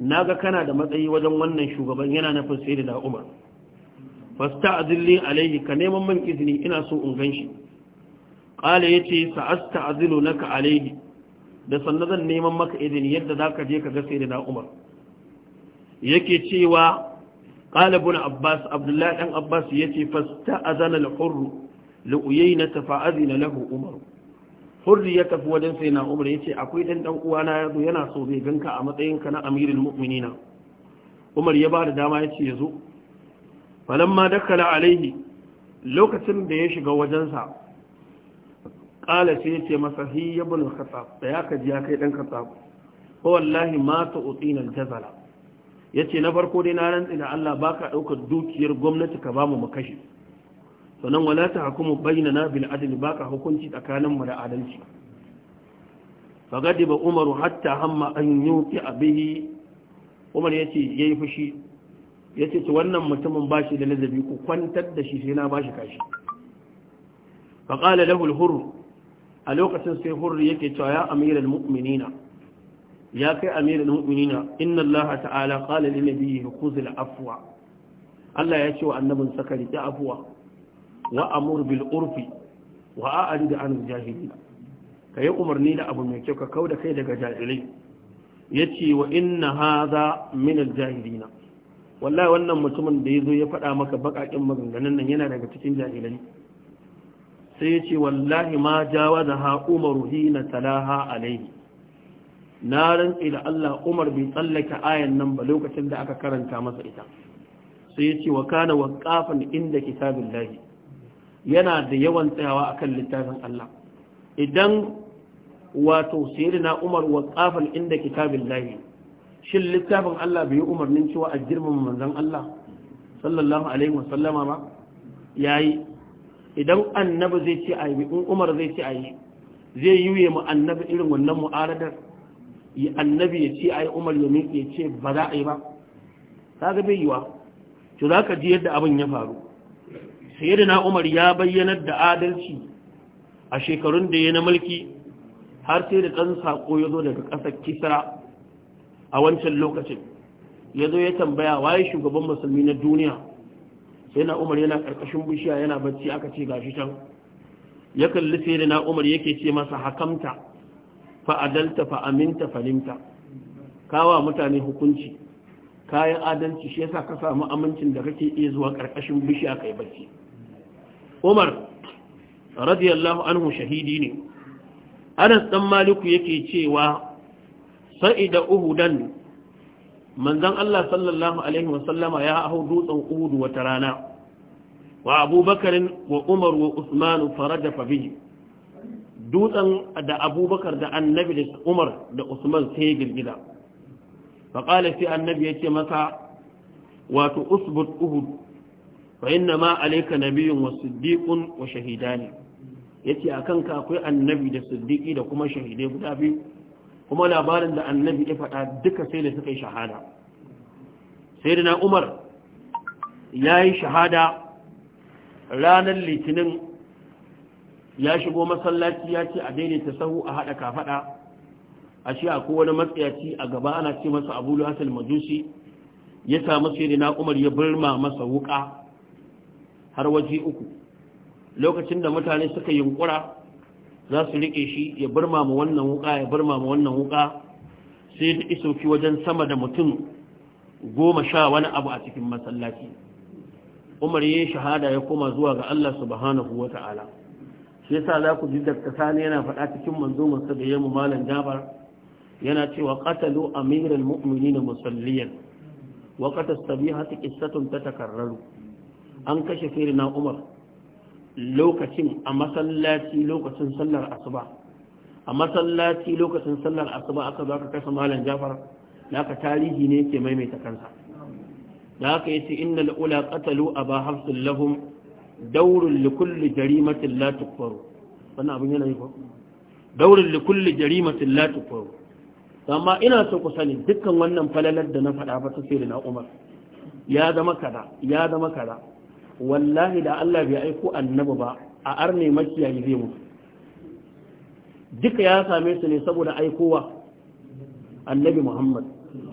na ga kana da matsayi wajen wannan shugaban yana nufin sai da umar fasta azilli alaihi ka neman man izini ina so in gan shi ƙala ya ce sa'asta azilu naka alaihi da sannan zan neman maka izini yadda za ka je ka ga sai da umar yake cewa قال ابن عباس عبد الله بن عباس la'urru, فاستأذن الحر لأيينة na له أمر hurri ya tafi wajen sai na umar ya ce akwai ɗan ɗan uwana na zo yana so zai ganka a matsayinka na amirin mu'minina umar ya ba da dama ya ce ya zo falamma dakkala alaihi lokacin da ya shiga wajensa ƙala sai ya ce masa ya bin khattab da ya kaji ya kai ɗan khattab ko wallahi ma ta utsinan jazala ya ce na farko dai na rantsi da allah baka ɗaukar dukiyar gwamnati ka ba mu mu kashe sannan wala ta hukumu bainana bil ba ka hukunci tsakanin mu da adalci ba umaru hatta hamma an yuki abihi umar yace yayi fushi yace to wannan mutumin bashi da ladabi ku kwantar da shi sai na bashi kashi faqala lahu al-hurr a lokacin sai hurr yake cewa ya amiral mu'minina ya kai amiral mu'minina inna allaha ta'ala qala lin nabiyhi khudh al-afwa Allah ya ce wa annabin saka riƙe afuwa Wa'amur bil'urfi, bil urfi wa a'ari da anil jahili ka yi umarni da abu mai kyau ka kauda kai daga jahilai ce wa inna hadha min jahilina wallahi wannan mutumin da ya zo ya faɗa maka bakakin maganganun nan yana daga cikin jahilai sai yace wallahi ma da ha umaru hina talaha alaihi na rantsi da Allah Umar bai tsallaka ayan nan ba lokacin da aka karanta masa ita sai ya ce wa kana waqafan inda kitabillahi yana da yawan tsayawa a kan littafin Allah idan wato na Umar wa tsafin inda layi, shin littafin Allah bai yi umarnin cewa a girman manzan Allah sallallahu alaihi wasallama ba Ya yi. idan annabi zai ce a in Umar zai ce yi, zai yuye mu annabi irin wannan mu'aradar yi annabi ya ce yi, umar ya ce ba za a yi ba ga bai yiwa to za ka ji yadda abin ya faru sayyidina Umar ya bayyanar da adalci a shekarun da ya na mulki har sai da ɗan sako ya zo daga ƙasar Kisra a wancan lokacin ya zo ya tambaya waye shugaban musulmi na duniya sai Umar yana ƙarƙashin bishiya yana bacci aka ce gashi can ya kalli sayyidina Umar yake ce masa hakamta fa adalta fa aminta kawa mutane hukunci kayan adalci shi yasa ka samu amincin da kake iya zuwa ƙarƙashin bishiya kai bacci umar radiyallahu anhu shahidi ne anas dan maliku yake cewa sa'ida uhudan manzon Allah sallallahu alaihi wasallama ya hau dutsen uhud wata rana wa abubakar wa umar wa usman farada fa bihi dutsen da abubakar da annabi da umar da usman sai girgida fa qala fi annabi yace masa wato usbut uhud fa inna ma alayka nabiyyun wa siddiqun wa shahidani yace akan ka akwai annabi da siddiqi da kuma shahidai guda biyu kuma labarin da annabi ya faɗa duka sai da suka yi shahada sayyidina Umar yayi shahada ranar litinin ya shigo masallaci ya ce a daidaita sahu a haɗa kafaɗa a ce akwai wani matsayaci a gaba ana ce masa abu hassan majusi ya samu sai na umar ya birma masa wuƙa. har waje uku lokacin da mutane suka yunkura za su rike shi ya burmama wannan wuka ya burmama wannan wuka sai da isoki wajen sama da mutum goma sha wani abu a cikin masallaci umar yayi shahada ya koma zuwa ga Allah subhanahu wa ta'ala shi yasa za ku ji daga sani yana faɗa cikin manzomarsa da yamma malam jabar yana cewa qatalu amiral mu'minin musalliyan wa qad tastabihat ta takararu. an kashe sai na umar lokacin a masallaci lokacin sallar asuba a masallaci lokacin sallar asuba aka zo kasa malam jafar naka tarihi ne ke maimaita kansa da haka yace innal ula qatalu aba hafsul lahum daurun daurin kulli jarimatin la tukfaru wannan abin yana yi ko Daurin li kulli jarimatin la tukfaru amma ina so ku sani dukkan wannan falalar da na faɗa ba ta sai na Umar ya zama kada. ya zama kada. wallahi da Allah bai aiko annabi ba a arne makiyayi zai mutu duka ya same su ne saboda aikowa annabi Muhammad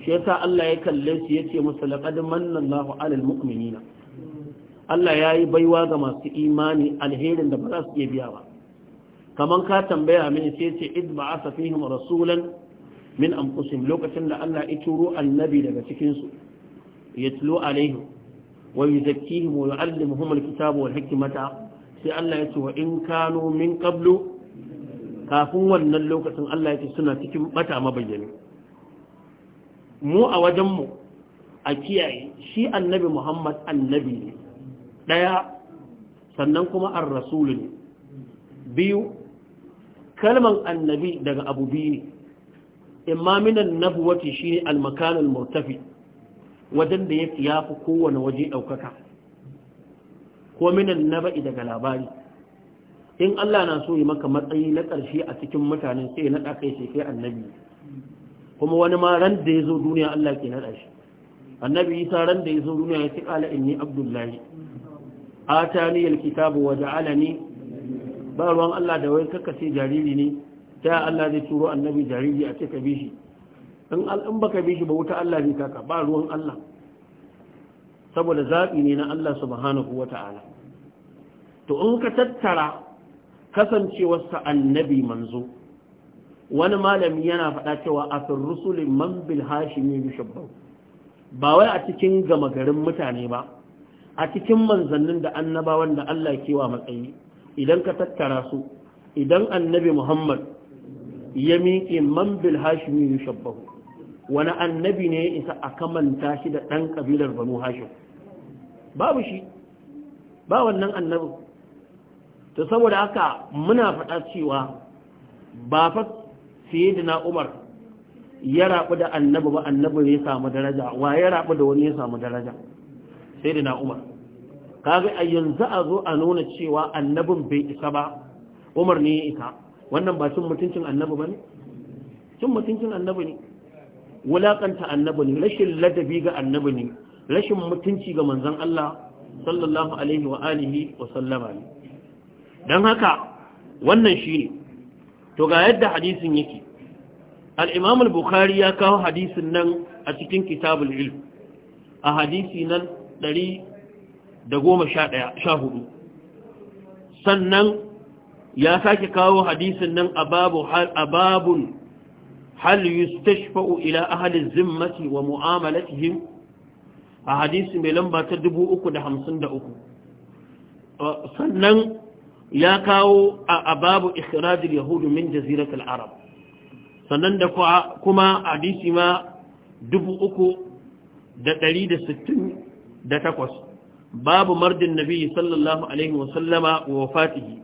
shi yasa Allah ya kalle shi yace musu laqad manna Allahu 'alal mu'minina Allah yayi baiwa ga masu imani alherin da ba za su iya biya ba kaman ka tambaya mini sai yace id ba'atha fihim rasulan min anfusihim lokacin da Allah ya turo annabi daga cikin su yatlu alaihim ويزكيهم ويعلمهم الكتاب والحكمة sai Allah ya ce wa in kano min qablu kafin wannan lokacin Allah ya ce suna cikin bata mabayyane mu a wajen a kiyaye shi annabi Muhammad annabi ɗaya sannan kuma ar-rasul ne biyu kalman annabi daga abu biyu ne. minan nabuwati shine al-makan al-murtafi wajen da ya fi kowane waje ɗaukaka ko minan bai daga labari in Allah na so yi maka matsayi na ƙarshe a cikin mutanen sai na kai sai kai annabi kuma wani ma ran da ya zo duniya Allah ke naɗa shi annabi isa ran da ya zo duniya ya fi ƙala ni abdullahi A atani alkitabu wa ni ba ruwan Allah da wai kaka jariri ne ta Allah zai turo annabi jariri a cika bishi. in baka bi shi ba wuta Allah ne kaka ba ruwan Allah saboda zaɓi ne na Allah subhanahu wa ta'ala to in ka tattara kasancewarsa annabi manzo wani malami yana faɗa cewa a fin rusulin man bil hashimi bishabbau ba wai a cikin gama garin mutane ba a cikin manzannin da annabawan da Allah ke wa matsayi idan ka tattara su idan annabi Muhammad ya miƙe man bil hashimi yushabbahu wani annabi ne ya isa a kamanta shi da ɗan ƙabilar banu hashim babu shi ba wannan annabin Ta saboda haka muna faɗa cewa ba fa da Umar ya raɓi da annabi ba annabi ya samu daraja wa ya rabu da wani ya samu daraja sayyidina Umar kaga a yanzu a zo a nuna cewa annabin bai isa ba Umar ne ya isa wannan ba cin mutuncin annabi ne? cin mutuncin annabi ne Wulaƙanta annabi ne rashin ladabi ga annabi ne rashin mutunci ga manzon Allah sallallahu alaihi wa alihi wa sallama ne dan haka wannan shine to ga yadda hadisin yake al-Imam al-Bukhari ya kawo hadisin nan a cikin kitabul ilm a hadisi nan 114 sannan ya sake kawo hadisin nan a babun hal yustashfa'u ila ahli zimmati wa mu'amalatihim a hadisi mai lamba ta 353 sannan ya kawo a babu ikhrajil yahudu min jaziratul arab sannan da kuma hadisi ma 368 babu mardin nabi sallallahu alaihi wasallama wa fatihi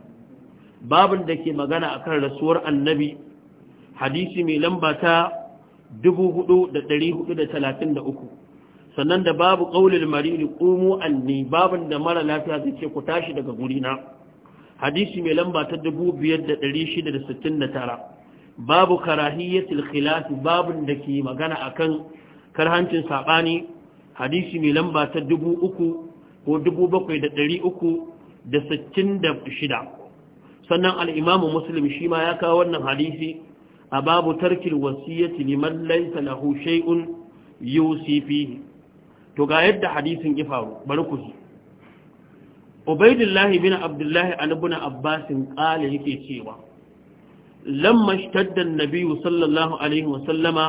babin da ke magana akan rasuwar annabi hadisi mai lamba ta 4433 sannan da babu qaulul marid qumu anni babin da mara lafiya zai ce ku tashi daga gurina hadisi mai lamba ta 2669 babu karahiyatul khilaf babin da ke magana akan karhancin sabani hadisi mai lamba ta 3000 ko 7366 sannan al-imamu muslim shi ma ya kawo wannan hadisi a babu tarkin wasiyyati liman laysa lahu shay'un yusi to ga yadda hadisin ya faru bari ku Ubaidillah bin Abdullah ibn Abbas qala yake cewa lamma ishtadda an-nabiy sallallahu alaihi wa sallama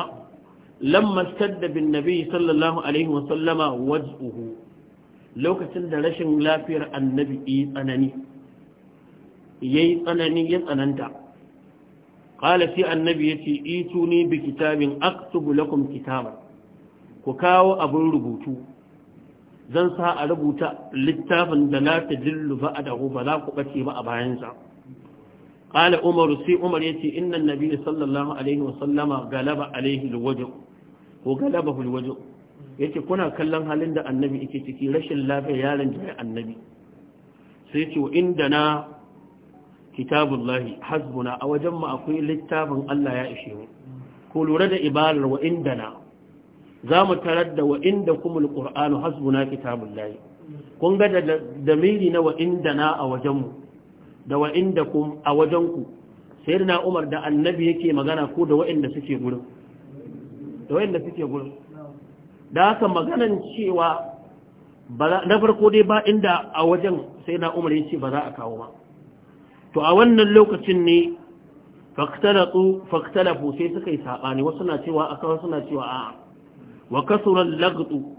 lamma ishtadda bin nabiy sallallahu alaihi wa sallama waj'uhu lokacin da rashin lafiyar annabi yi tsanani yayi tsanani ya tsananta qala annabi yace ituni bi kitabin aktubu lakum kitaba ku kawo abin rubutu zan sa a rubuta littafin da na ta ba'dahu ba za ku bace ba a bayan sa umar sai umar yace inna annabi sallallahu alaihi wa sallama galaba alaihi alwajh ko galabahu alwajh yace kuna kallon halin da annabi yake ciki rashin lafiya yaron da annabi sai yace wa inda na kitabullahi hasbuna a wajen mu akwai littafin Allah ya ishe mu ko lura da ibalar wa indana za mu tarar da wa inda kumul qur'anu hasbuna kitabullahi kun ga da damiri na wa indana a wajen mu da wa indakum a wajen ku sayyidina Umar da annabi yake magana ko da waɗanda suke gurin da wa'inda suke gurin da haka maganan cewa na farko dai ba inda a wajen sayyidina Umar yace ba za a kawo ba to a wannan lokacin ne faktalatu faktalafu sai suka yi saɓani wasu na cewa a kawai suna cewa a wa kasuran lagdu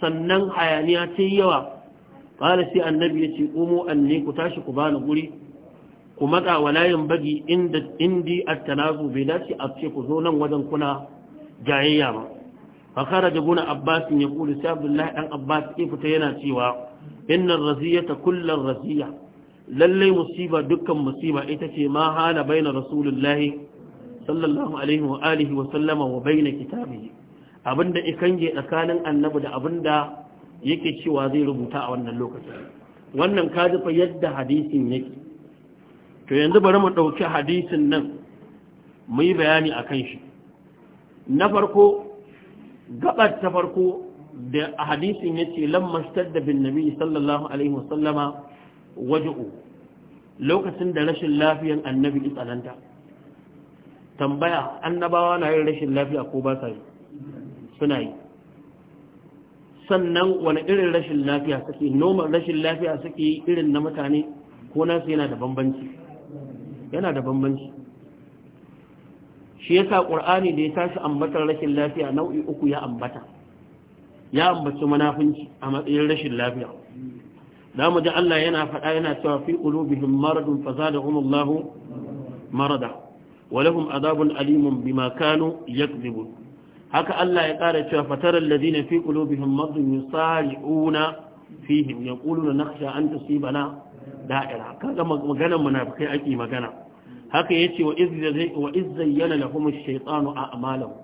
sannan hayaniya ce yawa ƙara sai annabi ya ce ƙomo ku tashi ku bani guri ku matsa wa layin bagi indi indi attanazu bai dace a ce ku zo nan wajen kuna jayayya ba fakara da guna abbas ya kuli sai abdullahi ɗan abbas ya fita yana cewa innar raziyata kullum raziya lallai musiba dukkan musiba ita ce ma hana baina rasulullahi sallallahu alaihi wa alihi wa sallama wa baina kitabihi abinda ikange tsakanin annabi da abinda yake cewa zai rubuta a wannan lokaci wannan ka fa yadda hadisin yake to yanzu bari mu dauki hadisin nan mu yi bayani akan shi na farko gabar ta farko da hadisin yace lamma stadda bin nabi sallallahu alaihi wa sallama waje'u lokacin da rashin lafiyan annabi tsananta tambaya annabawa na yin rashin lafiya ko ba sa yi suna yi sannan wani irin rashin lafiya suke noman rashin lafiya suke yi irin na mutane ko nasu yana da bambanci yana da bambanci shi yasa ƙur'ani da ya tashi ambatar rashin lafiya nau'i uku ya ambata ya ambaci manafinci a matsayin rashin lafiya zamu ji Allah yana faɗa yana cewa fi qulubihim maradun da Allah marada wa lahum alimun bima kanu haka Allah ya ƙara cewa fataral ladina fi qulubihim maradun yusari'una fihim na nakhsha an tusibana da'ira kaga maganar munafikai ake magana haka ya ce wa iz zayyana lahum ash a a'malahum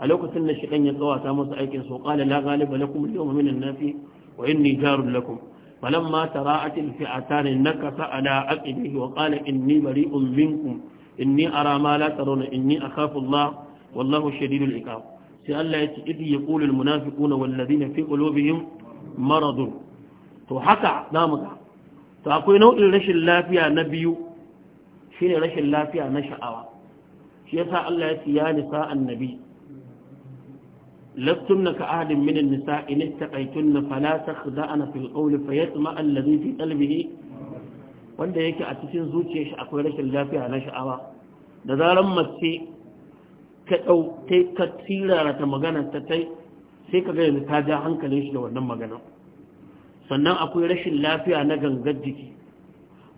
a lokacin da shi ɗan ya tsawata masa aikin su qala la galiba lakum al-yawma nafi wa inni jarun lakum فلما تراءت الفئتان نكص على عقبه وقال إني بريء منكم إني أرى ما لا ترون إني أخاف الله والله شديد العقاب سأل إذ يقول المنافقون والذين في قلوبهم مرض وحكى نامك فأقول نوع رشي اللافية نبي شين رشي اللافية نشأوا شيسا الله يا نساء النبي لستن كأحد من النساء إن اتقيتن فلا تخدعن في القول فيطمع الذي في قلبه wanda yake a cikin zuciyar akwai rashin lafiya na sha'awa da zaran mace ka dau ka tirara ta maganar ta tai sai ka ga yanzu ta ja hankalin shi da wannan magana sannan akwai rashin lafiya na gangar jiki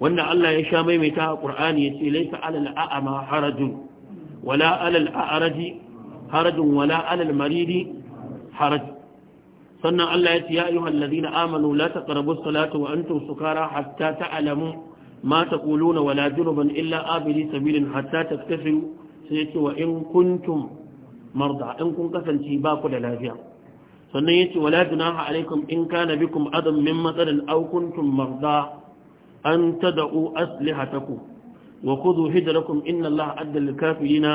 wanda Allah ya sha maimaita a Qur'ani yace laysa alal a'ama harajun wala alal a'raji harajin wala alal maridi haraj sannan Allah ya ce ya ayyuhal ladina amanu la taqrabu as-salata wa antum sukara hatta ta'lamu ma taquluna wala junuban illa abiri sabilin hatta taktasiru sai ya ce wa in kuntum marda in kun kasance ba ku da lafiya sannan ya ce wala junaha alaikum in kana bikum adam min matsalin aw kuntum marda an tad'u aslihatakum wa khudhu hijrakum inna allaha adda lil kafirina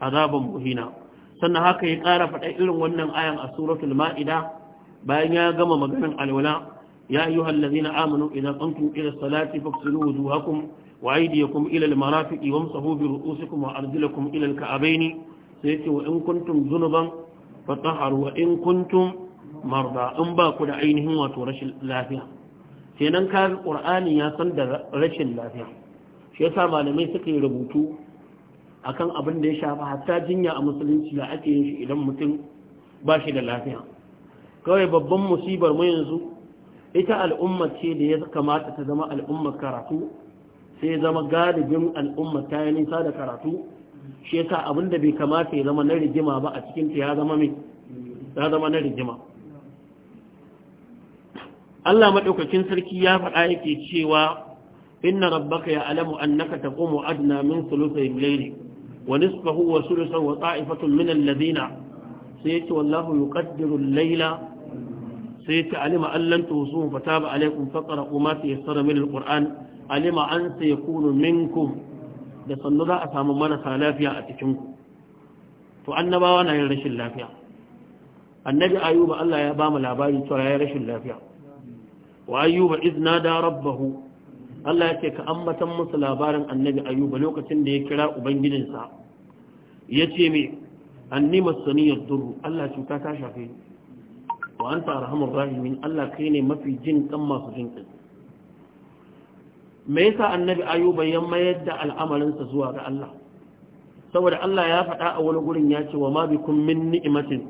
azaban muhina sannan haka ya ƙara faɗa irin wannan ayan a suratul ma'ida bayan ya gama maganin alwala ya yi hallazi na aminu idan ƙantun irin salati faksilu wuzu hakun wa kuma ilal marafiki wa msahu bi ru'usikum wa arjulakum ilal ka'abaini sai ce wa in kuntum zunuban fatahharu wa in kuntum marda in ba ku da ainihin wato rashin lafiya kenan ka qur'ani ya san da rashin lafiya shi yasa malamai suka yi rubutu akan abin da ya shafa hatta jinya a musulunci da ake yin shi idan mutum ba shi da lafiya kawai babban musibar mu yanzu ita al'ummar ce da ya kamata ta zama al'ummar karatu sai zama galibin al'ummar ta yi nisa da karatu shi yasa abin da bai kamata ya zama na rigima ba a cikin ta ya zama mai ya zama na rigima Allah madaukakin sarki ya faɗa yake cewa inna rabbaka ya alamu annaka taqumu adna min thuluthi al-layli wa nisfahu wa sulusahu wa ta'ifatun min alladhina sai yace wallahu yuqaddiru al-layla sai yace alima an lan tusuhu fataba alaykum faqra'u ma tayassara min al-qur'an alima an sayakunu minkum da sannu za a samu marasa lafiya a cikin ku to annabawa na yin rashin lafiya annabi ayuba Allah ya bamu labarin labari cewa rashin lafiya wa ayuba iznada rabbahu Allah ya ce ka ambatan musu labarin annabi ayuba lokacin da ya kira ubangijinsa ya ce mai nima saniyar duru Allah cuta ta shafe wa an ta rahamar rahimin Allah kai ne mafi jin kan masu jin kan me yasa annabi ayuba ya mayar da al'amarinsa zuwa ga Allah saboda Allah ya faɗa a wani gurin ya ce wa ma kun min ni'matin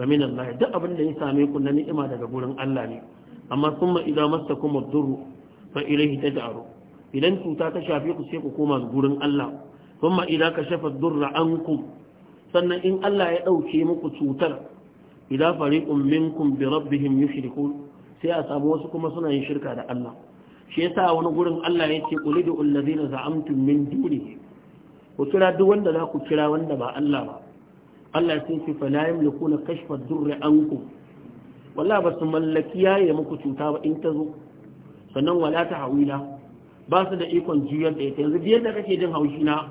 fa min Allah duk abin da ya same ku na ni'ima daga gurin Allah ne amma kuma idan masakum ad fa ilaihi taj'aru idan cuta ta shafe ku sai ku koma gurin Allah kuma idan ka shafa durra sannan in Allah ya dauke muku cutar idan fariqun minkum bi rabbihim yushrikun sai a samu wasu kuma suna yin shirka da Allah shi yasa wani gurin Allah ya ce qulidu allazina za'amtum min dunihi ku kira duk wanda za ku kira wanda ba Allah ba Allah sai ce fala yamlikuna kashfa durri ankum wallahi ba su mallaki yaye muku cuta ba in ta zo sannan wala ta hawila ba su da ikon juyar da ita yanzu biyar da kake jin haushi na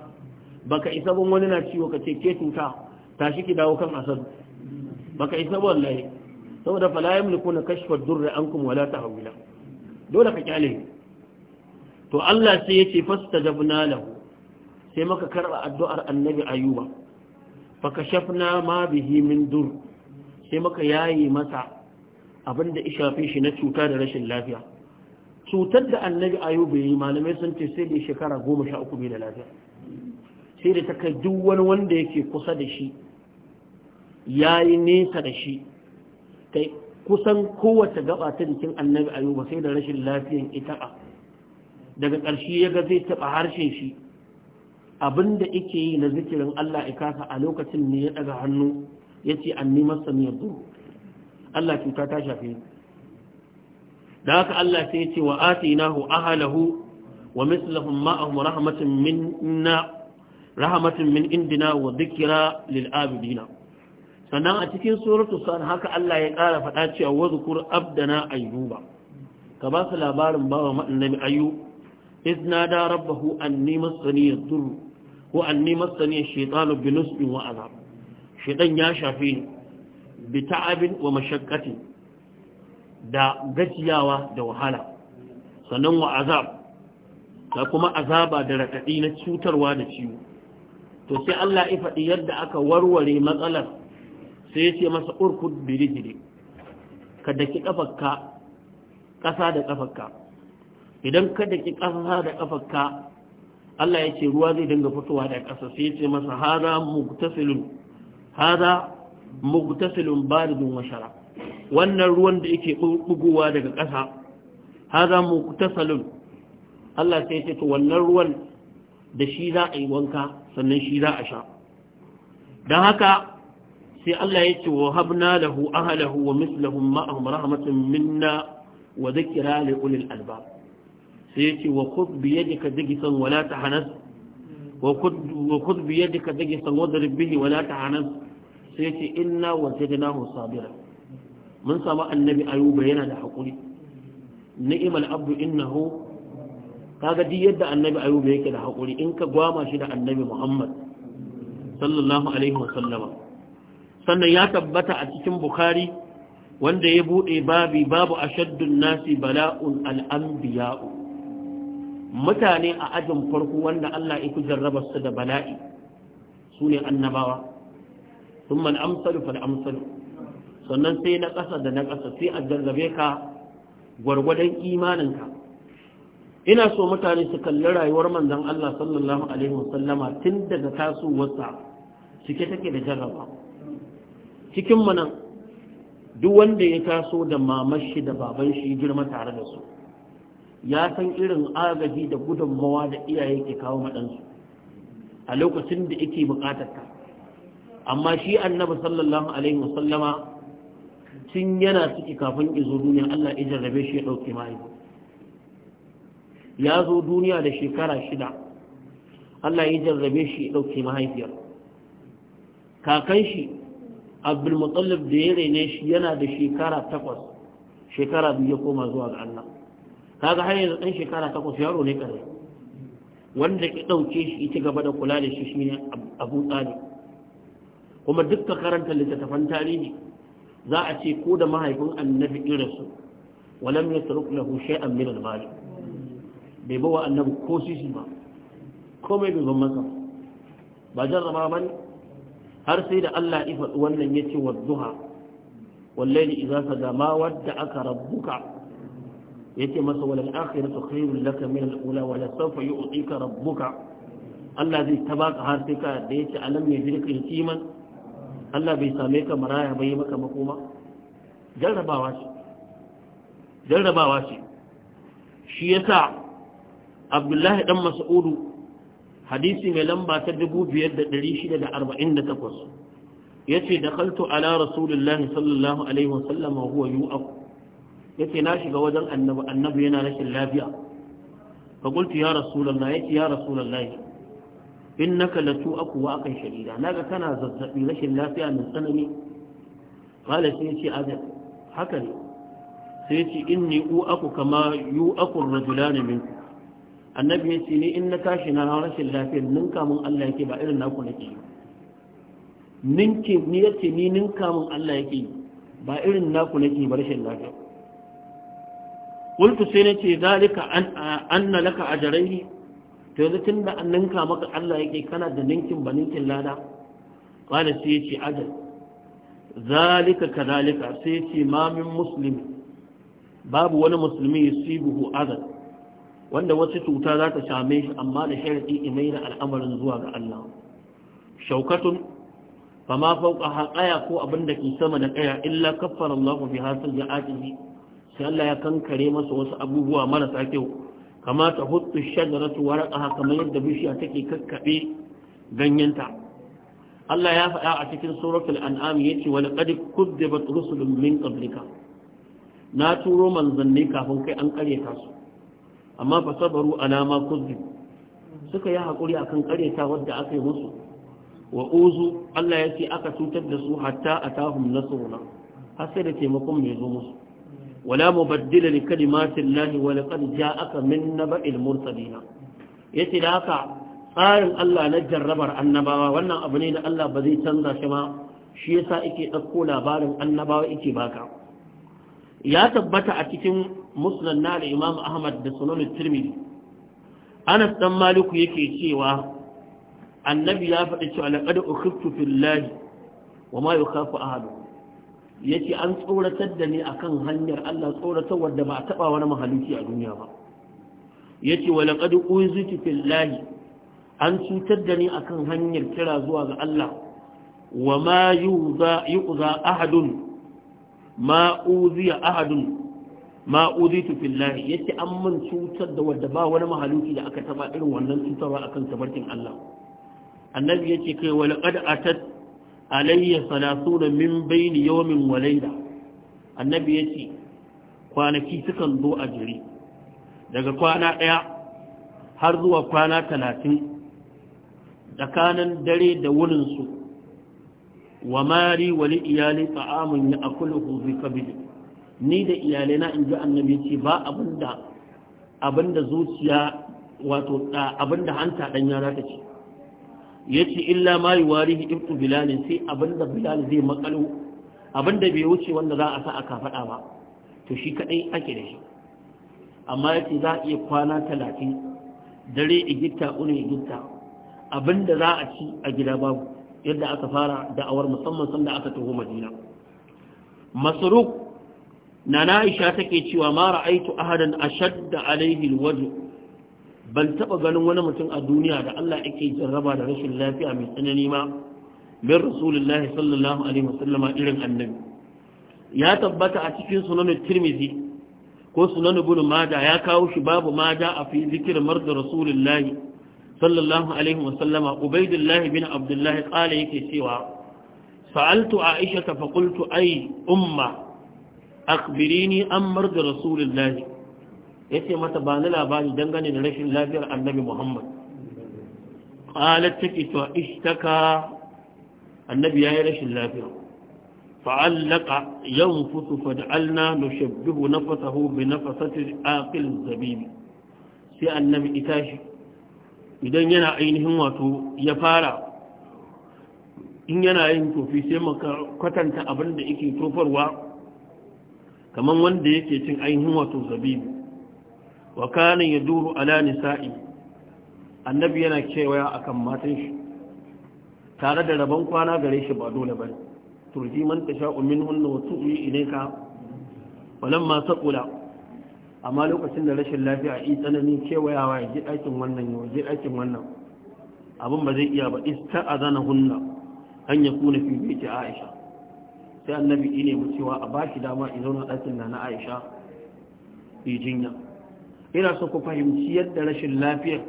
baka isa ban wani na ciwo ka ce ke tuta tashi ki dawo kan asad baka isa ban saboda fala yamliku na kashfa durra kuma wala ta hawila dole ka kyale to Allah sai yace fastajabna lahu sai maka karba addu'ar annabi ayuba shafna ma bihi min dur sai maka yayi masa abinda ishafe shi na cuta da rashin lafiya cutar da annabi ayuba yi malamai sun ce sai da shekara goma sha uku bai da lafiya sai da ta kai duk wani wanda yake kusa da shi ya yi nesa da shi kai kusan kowace gaba ta jikin annabi ayuba sai da rashin lafiyan ita ita'a daga ƙarshe ya ga zai taɓa harshen shi abin da yake yi na zikirin Allah ya kasa a lokacin ne ya ɗaga hannu ya ce an nemar samiyar Allah cuta ta shafe ni. da haka Allah sai ya ce wa atinahu ahlahu wa mislahum ma'ahum rahmatan minna min indina wa dhikra lil abidina sannan a cikin suratul san haka Allah ya ƙara faɗa cewa wa zkur abdana ayyuba ka ba su labarin bawa annabi ayyu izna da rabbahu anni masani yadur wa anni masani shaytanu binusbin wa azab shaytan ya shafi ni bi ta'abin wa mashaqqatin da gajiyawa da wahala sannan wa azab da kuma azaba da raɗaɗi na cutarwa da ciwo to sai Allah ya faɗi yadda aka warware matsalar sai ya ce masa urkud birigiri ka daki ƙafarka ƙasa da ƙafarka idan ka daki ƙasa da ƙafarka Allah ya ce ruwa zai dinga fitowa da ƙasa sai ya ce masa hada mugtasilun hada mugtasilun baridun wa shara wannan ruwan da yake bugowa daga ƙasa haza muktasalun Allah sai ce to wannan ruwan da shi za a yi wanka sannan shi za a sha don haka sai Allah ya ce wa habna lahu ahlahu wa mislahum ma'ahum rahmatun minna wa dhikra li ulil albab sai ya ce wa khudh bi yadika dhikisan wala tahanas wa khudh bi yadika dhikisan wa bihi wala tahanas sai ya ce inna wajadnahu sabiran mun samu annabi ayuba yana da haƙuri ni'mal abdu innahu kaga duk yadda annabi ayuba yake da haƙuri in ka gwama shi da annabi muhammad sallallahu alaihi wasallama sannan ya tabbata a cikin bukhari wanda ya buɗe babi babu ashaddun nasi bala'un al'ambiya'u mutane a ajin farko wanda Allah ya jarraba su da bala'i su ne annabawa sun man amsalu sannan sai na ƙasa da na ƙasa sai a jarrabe ka gwargwadon imaninka ina so mutane su kalli rayuwar manzon Allah sallallahu alaihi wasallama tun daga tasowarsa cike take da jarraba cikin mana duk wanda ya taso da mamashi da baban shi girma tare da su ya san irin agaji da gudunmawa da iyaye ke kawo maɗansu a lokacin da yake buƙatar ta. amma shi annabi sallallahu alaihi wasallama tun yana ciki kafin izo duniya Allah ya jarrabe shi ya dauke mahaifi ya zo duniya da shekara shida Allah ya jarrabe shi ya ɗauke mahaifiyar kakan shi abdulmutallab da ya raine shi yana da shekara takwas shekara biyu ya koma zuwa ga Allah kaga har yanzu ɗan shekara takwas yaro ne kare. wanda ya ɗauke shi ita gaba da kula da shi shine abu tsari kuma dukkan karanta littattafan tarihi za a ce ko da mahaifin annabi irinsu walam ya taruk lahu shay'an min al-mal bai bawa annabi ko sisi ba komai bai ban masa ba jarraba ba ne har sai da Allah ya wannan ya ce wadduha wallahi idza sada ma wadda aka rabbuka yace masa wal akhiratu khairul laka min al-ula wa la sawfa yu'tika rabbuka Allah zai tabaka har sai ka da yace alam yajrika kiman Allah bai same ka maraya bai yi maka makoma jarrabawa ce jarrabawa ce shi yasa Abdullahi dan Mas'udu hadisi mai lamba ta 2648 yace kaltu ala rasulullahi sallallahu alaihi wasallam huwa yu'af yace na shiga wajen annabi annabi yana rashin lafiya fa qultu ya rasulullahi yace ya rasulullahi innaka latu aku wa akan na ga tana zazzabi rashin lafiya mai tsanani qala sai ce ada haka ne sai ce ni u aku kama yu aku ne min annabi ya ce ni in na tashi na rashin lafiya ninka mun Allah yake ba irin naku nake ninki ni ce ni ninka mun Allah yake ba irin naku nake ba rashin lafiya qultu sai nace zalika an anna laka ajrayni to yanzu tun da an ninka maka Allah yake kana da ninkin ba ninkin lada qala sai yace adal zalika kadalika sai yace ma min babu wani musulmi yusibuhu adal wanda wasu cuta za ta same shi amma da sharadi imai da al'amarin zuwa ga Allah shaukatun fama fauka haƙaya ko abin da ke sama da ƙaya illa kaffara Allah fi hasil ya ajiye. sai Allah ya kankare masa wasu abubuwa marasa kyau kama ta hutu shajaratu waraqaha kamar yadda bishiya take kakkaɓe ganyenta Allah ya faɗa a cikin suratul an'am yace wa laqad kuddibat rusulun min qablika na turo manzanni kafin kai an karyata su amma fa sabaru alama kuddib suka yi hakuri akan karyata wadda aka yi musu wa uzu Allah yace aka cutar da su hatta atahum nasruna har sai da taimakon mai zo musu wala mubaddila li kalimatin lahi wa laqad ja'aka min naba'il mursalin yace da haka tsarin Allah na jarrabar annabawa wannan abu ne da Allah ba zai canza shi ma shi yasa yake dauko labarin annabawa yake baka ya tabbata a cikin musnad na Imam Ahmad da Sunan Tirmidhi Anas dan Maliku yake cewa annabi ya faɗi cewa laqad ukhiftu fillahi wa ma yukhafu ahadun yace an tsoratar da ni akan hanyar Allah tsoratar wadda ba a taba wani mahaluki a duniya ba yace wa laqad uzitu fillahi an cutar da ni akan hanyar kira zuwa ga Allah wa ma yuza ahadun ma uziya ahadun ma uzitu fillahi yace an mun cutar da wadda ba wani mahaluki da aka taba irin wannan cutarwa akan tabartin Allah annabi yace kai wa laqad atat alayya salasuna min baini yawmin wa layla annabi yace kwanaki sukan zo a jiri daga kwana daya har zuwa kwana 30 tsakanin dare da wurin su wa mari wa li iyali ta'amun ya'kuluhu fi kabili ni da na inji annabi yace ba abinda abinda zuciya wato abinda hanta dan yara ta ce Ya ce illa ma wari ibtu bilalin sai abinda bilal zai makalo abinda bai wuce wanda za a sa aka faɗa ba to shi kaɗai ake da shi amma yace za a iya kwana talatin dare igitta une igitta abinda za a ci a gida babu yadda aka fara da'awar musamman sanda aka taho madina masruq nana aisha take cewa mara aitu ahadan ashadda alaihi alwajh ban taɓa ganin wani mutum a duniya da Allah yake jarraba da rashin lafiya mai tsanani ma min rasulullah sallallahu alaihi wasallam irin annabi ya tabbata a cikin sunan tirmizi ko sunan ibn majah ya kawo shi babu majah a fi zikir mard rasulullah sallallahu alaihi wasallam ubaidullah bin abdullah qala yake cewa sa'altu aisha fa qultu ay umma akhbirini an mard rasulullah ya ce mata ba ni labari dangane da rashin lafiyar annabi muhammad ƙalar take cewa ishtaka annabi ya yi rashin lafiya fa'allaka yan fusu fada'alna na shabbihu na fasahu bai na fasatin akil zabibi sai annabi ita shi idan yana ainihin wato ya fara in yana yin tofi sai maka kwatanta abin da yake tofarwa kamar wanda yake cin ainihin wato zabibi wa kana yaduru ala nisa'i annabi yana cewa akan matan shi tare da rabon kwana gare shi ba dole bane turji man ta wasu minhun wa tu'i ilayka walamma saqula amma lokacin da rashin lafiya a tsanani kewayawa ya ji ɗakin wannan ya ji ɗakin wannan abin ba zai iya ba ista a zana hunna an ya kuna fi beki aisha sai annabi ne mu cewa a ba shi dama in zauna ɗakin na na aisha yi jinya ina so ku fahimci yadda rashin lafiyar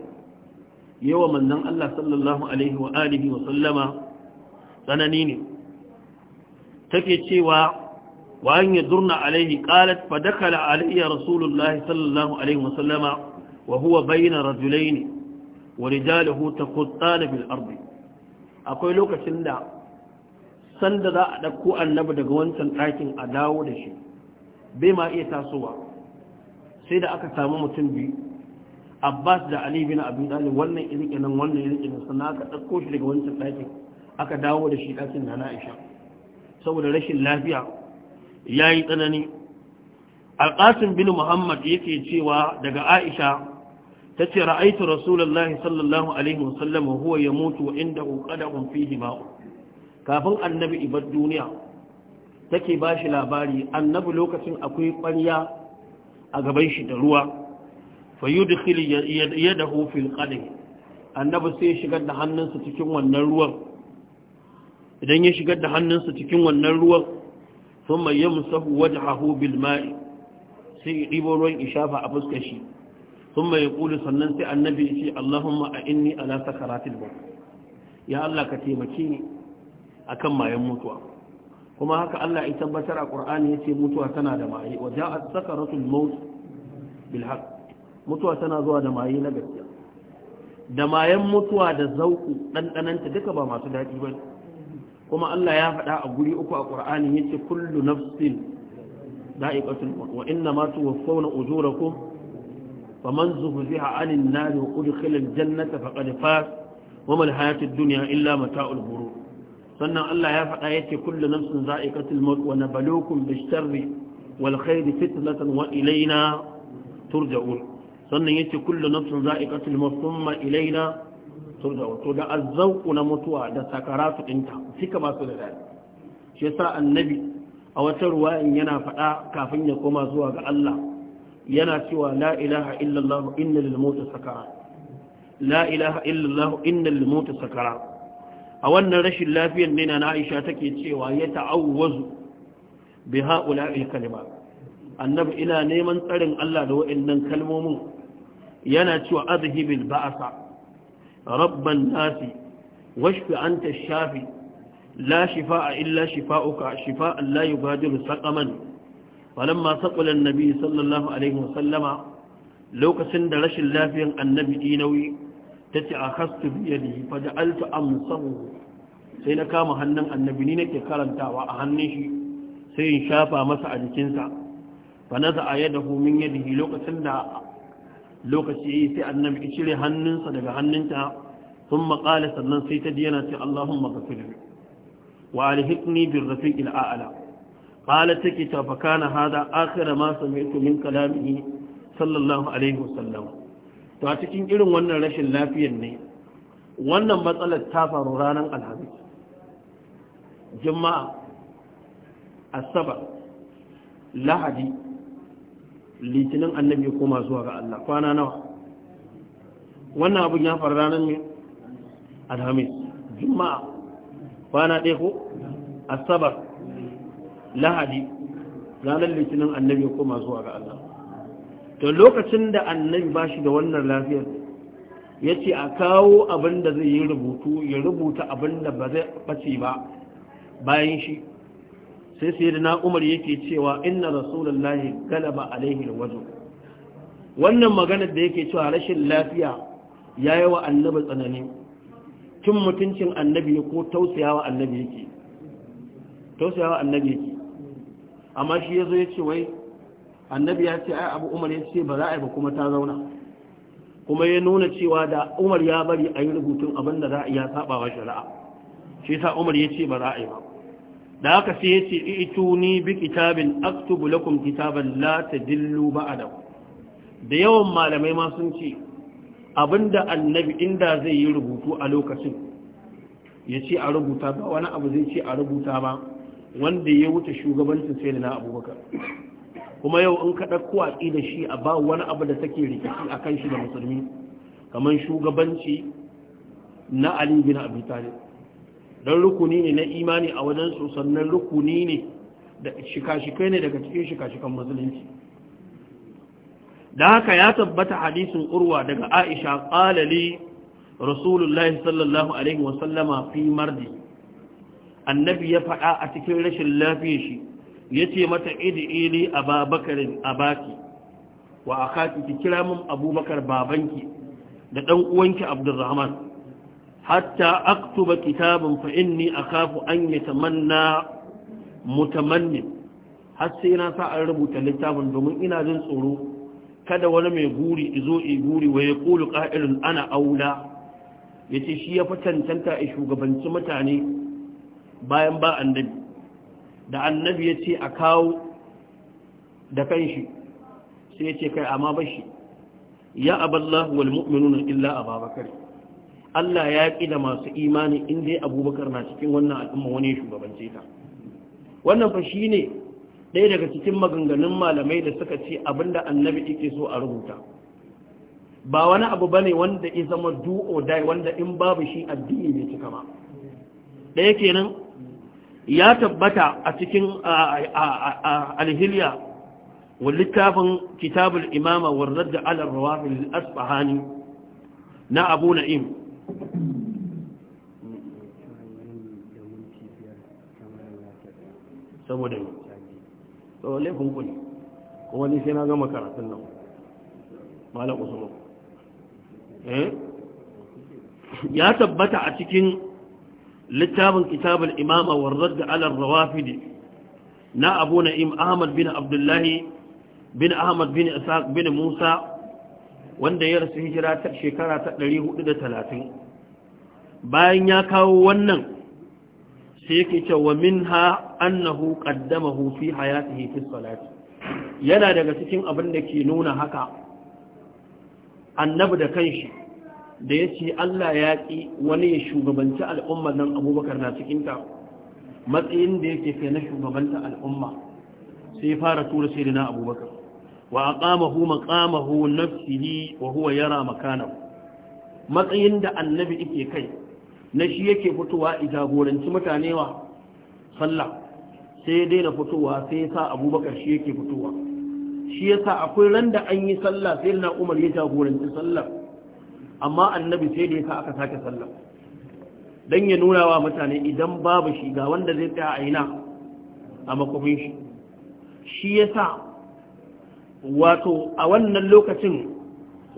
yawa mannan Allah sallallahu alaihi wa alihi wa sallama tsanani ne take cewa wa an yadurna alaihi qalat fa dakala alayya rasulullah sallallahu alaihi wa sallama wa huwa bayna rajulayn wa rijaluhu taquttan bil akwai lokacin da sanda za a ɗauko annabi daga wancan ɗakin a dawo da shi bai ma iya tasowa sai da aka samu mutum biyu abbas da ali bin abin dalib wannan irin nan wannan sannan aka ɗauko shi daga wancan ɗakin aka dawo da shi ɗakin na na'isha saboda rashin lafiya ya yi tsanani alƙasin bin muhammad yake cewa daga aisha ta ce ra'aitu rasulullahi sallallahu alaihi wasallam huwa ya mutu wa inda uqadahum fihi ma'u kafin annabi ibar duniya take ba shi labari annabi lokacin akwai ƙwarya a gaban shi da ruwa ya da fil qadim annabi sai ya shigar da hannunsa cikin wannan ruwan idan ya shigar da hannunsa cikin wannan ruwan sun thumma yamsahu wajhahu bil ma'i sai ya ɗibo ruwan ishafa a fuskar shi thumma ƙuli sannan sai annabi ya ce Allahumma a inni ala sakaratil ba ya Allah ka taimake ni akan mayan mutuwa kuma haka Allah ya tabbatar a Qur'ani yace mutuwa tana da maye wa ja'at sakaratul maut bil haqq mutuwa tana zuwa da maye na gaskiya da mayan mutuwa da zauku dandananta duka ba masu daɗi ba kuma Allah ya faɗa a guri uku a Qur'ani yace kullu nafsin da'iqatul maut wa inna ma tuwaffawna ujurakum faman zuhziha 'anil nar wa udkhila jannata faqad faz wa ma al-hayatud dunya illa mata'ul ghurur sannan Allah ya faɗa ya yace kullu nafsin za'iqatul maut wa nabluukum bish-sharri wal khairi fitnatan wa ilayna turja'un sannan yace kullu nafsin za'iqatul maut thumma ilayna turja'un to da azzauqu na mutuwa da sakaratu dinta suka ba su da dadi shi yasa annabi a wata ruwayan yana faɗa kafin ya koma zuwa ga Allah yana cewa la ilaha illallah inna lil maut sakara la ilaha illallah inna lil maut sakara a wannan rashin lafiyar ne na Aisha take cewa ya ta'awwazu bi ha'ula'il kalima annabi ina neman tsarin Allah da wa'annan kalmomin yana cewa azhibil ba'sa rabban nasi washfi anta shafi la shifaa illa shifauka shifaan la yubadiru saqaman falamma saqala an-nabi sallallahu alaihi wasallama lokacin da rashin lafiyar annabi dinawi ta ce a hastu biya da yi faji alta sai na kama hannun annabi ni nake karantawa a hannun shi sai in shafa masa a jikinsa fa na za a yadda homin yadda yi lokacin da lokaci yi sai annabi ya cire hannunsa daga hannunta sun maƙala sannan sai ta ji yana ce allahun makafir wa alhikni bin rafi il'a'ala ƙala take tafaka na hada akira ma sami min kalamihi sallallahu alaihi wasallam to a cikin irin wannan rashin lafiyar ne wannan matsalar ta faru ranar alhamis juma'a asabar lahadi litinin annabi kuma zuwa ga Allah kwana nawa wannan abin ya faru ranar ne alhamis juma'a kwana ɗaya ko asabar lahadi ranar litinin annabi kuma zuwa ga Allah to lokacin da annabi ba shi da wannan lafiyar ya ce a kawo abin da zai yi rubutu ya rubuta abin da ba zai ɓace ba bayan shi sai sai da na'umar yake cewa inna rasulullahi galaba alaihi wazo wannan maganar da yake cewa rashin lafiya ya yi wa annabi tsanani cin mutuncin annabi ko tausayawa annabi yake tausayawa annabi yake amma shi ya zo ya ce wai annabi ya ce ai abu umar ya ce ba za a yi ba kuma ta zauna kuma ya nuna cewa da umar ya bari a yi rubutun abin da za a iya sabawa shari'a shi sa umar ya ce ba za a yi ba da haka sai ya ce itu ni bi kitabin aktubu lakum kitaban la tadillu ba'da da yawan malamai ma sun ce abinda annabi inda zai yi rubutu a lokacin ya ce a rubuta ba wani abu zai ce a rubuta ba wanda ya wuce shugabancin sai na abubakar kuma yau in ka ɗauko da shi a ba wani abu da take rikici a kan shi da musulmi kamar shugabanci na Ali bin Abi Talib dan rukuni ne na imani a wajen su sannan rukuni ne da shika-shikai ne daga cikin shika-shikan musulunci da haka ya tabbata hadisin urwa daga Aisha qala li Rasulullahi sallallahu alaihi wa sallama fi mardi annabi ya faɗa a cikin rashin lafiyar shi yace mata ili ababakarin abaki wa akaki ki kira min abubakar babanki da dan uwanki abdurrahman hatta aktuba kitabun fa inni akafu an yatamanna mutamanni har sai na sa an rubuta littafin domin ina jin tsoro kada wani mai guri izo i guri wa ya kulu ƙa'irin ana aula ya ce shi ya fi cancanta a shugabanci mutane bayan ba annabi da annabi ya ce a kawo da kanshi sai ya ce kai amma bashi ya aballahu wal mu'minuna illa ababakar Allah ya ƙi da masu imani in dai abubakar na cikin wannan al'umma wani shugabance ta wannan fa ne ɗaya daga cikin maganganun malamai da suka ce abinda annabi yake so a rubuta ba wani abu bane wanda ya zama du'o dai wanda in babu shi addini ne cika ma ɗaya kenan ya tabbata a cikin alhiliya wa littafin kitabul imama wa radda ala rawafil asbahani na abu na'im saboda ne tsawon laifin ku ne kuma ni sai na gama karatun nan malakusu usman eh? ya tabbata a cikin littafin kitabul imama warrad da alar rawafidi na abu na'im ahmad bin abdullahi bin ahmad bin bin musa wanda ya rasu hijira ta shekara ta 430 bayan ya kawo wannan sai yake cewa minha annahu qaddamahu fi hayatihi fi salati yana daga cikin abin da ke nuna haka annabi da kanshi da ya ce Allah ya ƙi wani ya shugabanci al'umma nan abubakar na cikinta matsayin da yake kai na shugabanta al'umma sai fara tura sai na abubakar wa a ƙamahu maƙamahu fili wa huwa yara makanahu matsayin da annabi ike kai na shi yake fitowa jagoranci mutane wa sallah sai daina fitowa sai sa abubakar shi yake fitowa shi yasa akwai ran da an yi sallah sai na umar ya jagoranci sallah amma annabi sai da yasa aka sake sallah dan ya nuna wa mutane idan babu shi ga wanda zai tsaya a ina a makofin shi shi yasa wato a wannan lokacin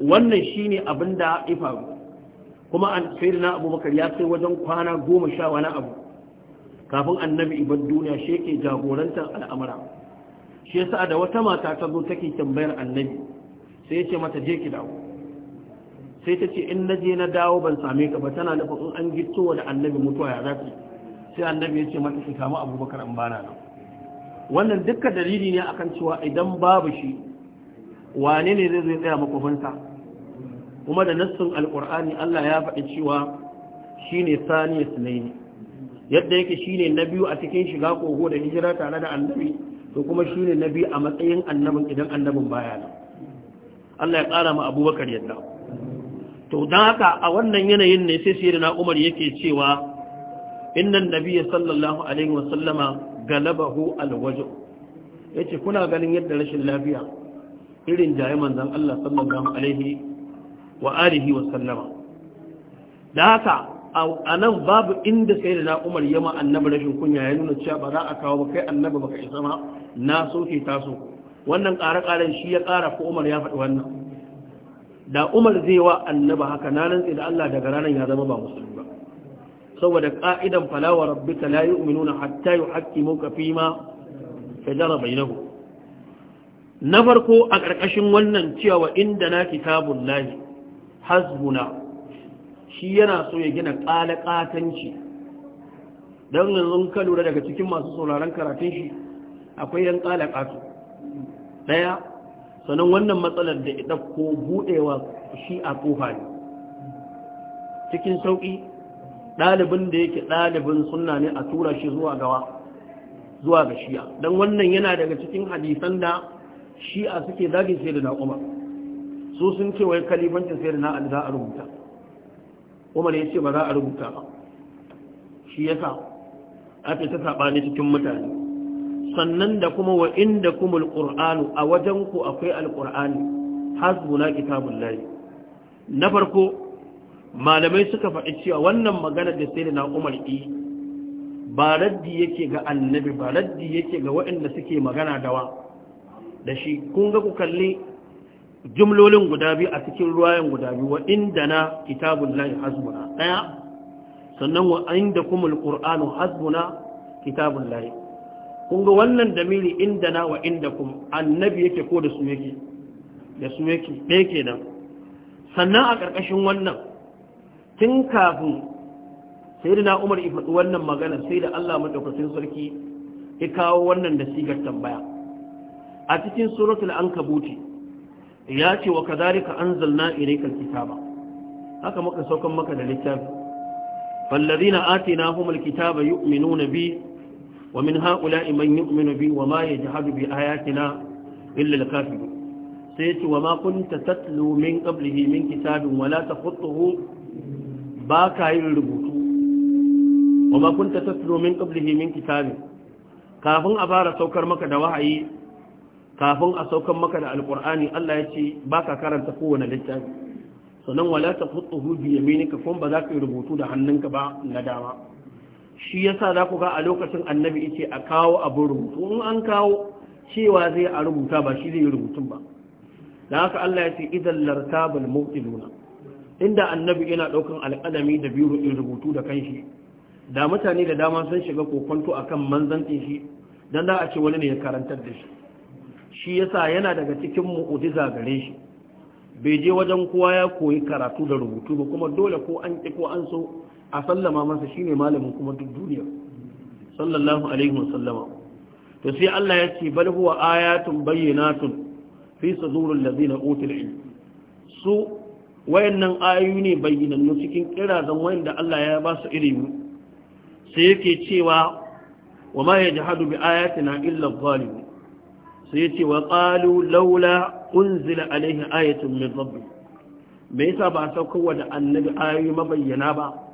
wannan shine abin da ya faru kuma an Abu abubakar ya sai wajen kwana goma sha wani abu kafin annabi ibad duniya shi yake jagorantar al'amura shi yasa da wata mata ta zo take tambayar annabi sai ya ce mata je ki dawo sai ta ce in naje na dawo ban same ka ba tana nufin in an wa da annabi mutuwa ya za sai annabi ya ce mata ki kama abubakar an bana nan wannan dukkan dalili ne akan cewa idan babu shi wane ne zai zai tsaya makofinsa kuma da nassin alkur'ani Allah ya faɗi cewa shine saniya sunaini yadda yake shine na biyu a cikin shiga kogo da hijira tare da annabi to kuma shine na biyu a matsayin annabin idan annabin baya nan Allah ya ƙara ma abubakar yadda to don haka a wannan yanayin ne sai sai na umar yake cewa innan nabiya sallallahu alaihi wasallama galabahu alwajo ya ce kuna ganin yadda rashin lafiya irin jaye manzan Allah sallallahu alaihi wa alihi wasallama da haka a nan babu inda sai na umar ya ma annabi rashin kunya ya nuna cewa ba za a kawo ba kai annabi baka isa ma na soke taso wannan ƙara ƙaren shi ya ƙara ko umar ya faɗi wannan da umar zai wa annaba haka na tsaye da Allah daga ranar ya zama ba musulmi ba saboda ka'idan falawa layi, la na hatta yuhaqqimuka fima fajara nahu na farko a ƙarƙashin wannan cewa inda na kitabun lahi hasbuna shi yana so ya gina ƙalaƙatanci don yanzu ka lura daga cikin masu sauraron karatun shi akwai ƙala ƙalaƙatu ɗaya sannan wannan matsalar da ita ko buɗewa shi a ne cikin sauƙi ɗalibin da yake ɗalibin sunna ne a tura shi zuwa gawa zuwa ga shiya. don wannan yana daga cikin hadisan da shi'a suke zagin sai da na'umar su sun ce wai kalifancin sai da na'al za a rubuta umar ya ce ba za a rubuta ba shi yasa ake ta saɓani cikin mutane sannan da kuma wa inda kuma alƙur'anu a wajenku akwai alƙur'ani hasbuna kitabun lari na farko malamai suka faɗi cewa wannan magana da sai da na umar ɗi ba raddi yake ga annabi ba raddi yake ga waɗanda suke magana dawa da shi kun ga ku kalli jumlolin guda biyu a cikin ruwayan guda biyu wa inda na kitabun lari hasbuna ɗaya sannan wa inda kuma alƙur'anu hasbuna kitabun lari kun ga wannan damiri inda na wa inda kuma annabi yake ko da su yake da su yake ɗaya sannan a ƙarƙashin wannan tun kafin sai da na umar ifaɗi wannan magana sai da allah maɗaukacin sarki ya kawo wannan da sigar tambaya a cikin suratul an kabuti ya ce wa kazalika anzalna ilaikal ba, haka muka saukan maka da littafi fallazina atinahumul kitaba yu'minuna biyu. ومن هؤلاء من يؤمن بي وما يجحد بآياتنا إلا الكافر سيت وما كنت تتلو من قبله من كتاب ولا تخطه باكا يربط وما كنت تتلو من قبله من كتاب كافن أبارة سوكر مكة دواعي كافن أسوكر مكة القرآن الله يتي باكا كارن تقونا للتاب sannan wala ta hutu hujji yaminika kun ba za ka yi rubutu da hannunka ba na dama shi yasa za ku ga a lokacin annabi yake a kawo abin rubutu in an kawo cewa zai a rubuta ba shi zai yi rubutun ba da haka Allah ya ce idan lartabul mu'tiluna inda annabi yana daukan alƙalami da biyu in rubutu da kanshi da mutane da dama sun shiga kokonto akan manzantin shi dan za a ce wani ne ya karantar da shi shi yasa yana daga cikin mu'jiza gare shi bai je wajen kowa ya koyi karatu da rubutu ba kuma dole ko an ko an so a sallama masa shine malamin kuma duk duniya sallallahu alaihi wasallama to sai Allah ya ce bal huwa ayatun bayyinatun fi suduril ladina utul ilm su wayannan ayoyi ne bayyinannu cikin kirazan wayanda Allah ya ba su ilimi sai yake cewa wa ma yajhadu bi ayatina illa adh sai yace wa qalu laula unzila alaihi ayatun min rabbi me yasa ba saukowa da annabi ayoyi mabayyana ba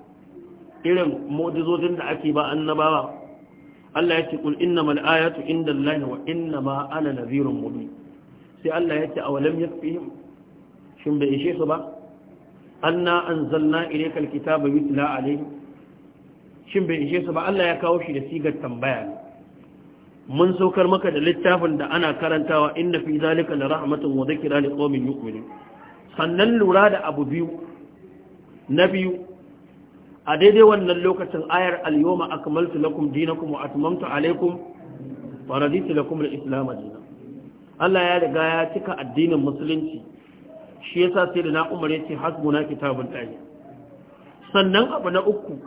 irin mu'jizojin da ake ba annabawa Allah ya ce kul innamal inda indallahi wa innama ana nadhirun mubin sai Allah ya ce a awalam yakfihim shin bai ishe su ba anna anzalna ilayka alkitaba yutla alayhi shin bai ishe su ba Allah ya kawo shi da sigar tambaya mun saukar maka da littafin da ana karantawa inda fi zalika la rahmatun wa dhikra liqaumin yu'minun sannan lura da abu biyu na biyu a daidai wannan lokacin ayar al-yawma akmaltu lakum dinakum wa atmamtu alaykum wa lakum al-islam dinan Allah ya riga ya cika addinin musulunci shi yasa sai da na umar ce hasbuna kitabun lahi sannan abu na uku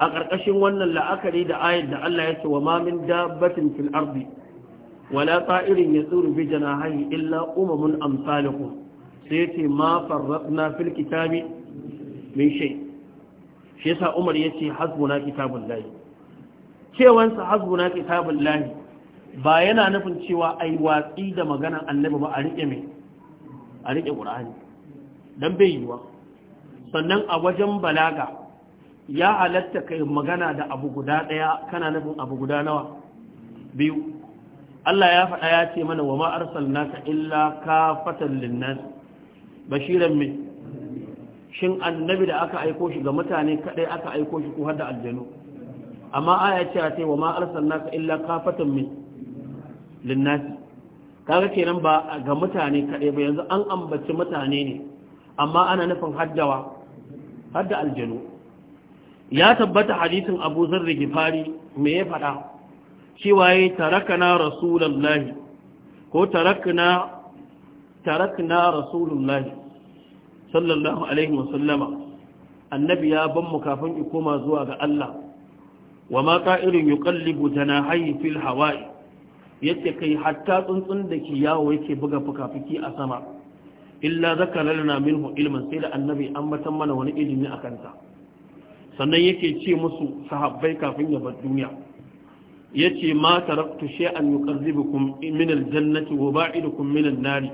a ƙarƙashin wannan la'akari da ayar da Allah ya ce wa ma min dabbatin fil ardi wala ta'irin yasuru bi janahihi illa umamun amsalukum sai yace ma farratna fil kitabi min shay' shi yasa Umar ce, hasbuna kitabun cewan sa hasbuna kitabun Lahi ba yana nufin cewa ai watsi da maganar annabi ba a rike mai a rike Qur'ani dan bai yiwa sannan a wajen balaga ya halatta kai magana da abu guda daya kana nufin abu guda nawa biyu Allah ya faɗa ya ce mana wa ma arsalnaka illa kafatan linnas bashiran mai shin annabi da aka aiko shi ga mutane kadai aka aiko shi ko har da aljanu amma aya ce ta wa ma arsalnaka illa kafatan min linnasi kaga kenan ba ga mutane kadai ba yanzu an ambaci mutane ne amma ana nufin haddawa har da aljanu ya tabbata hadisin Abu Zarr Gifari me ya faɗa cewa yayi tarakana rasulullahi ko tarakna tarakna rasulullahi sallallahu alaihi wasallama annabi ya ban kafin ya koma zuwa ga Allah wa ma qa'irin yuqallibu janahihi fil hawa'i yace kai hatta tsuntsun da ke yawo yake buga fukafuki a sama illa zakara lana minhu ilman sai da annabi an matan mana wani ilimi a kanta sannan yake ce musu sahabbai kafin ya bar duniya yace ma taraktu shay'an yuqarribukum min aljannati wa ba'idukum min an-nari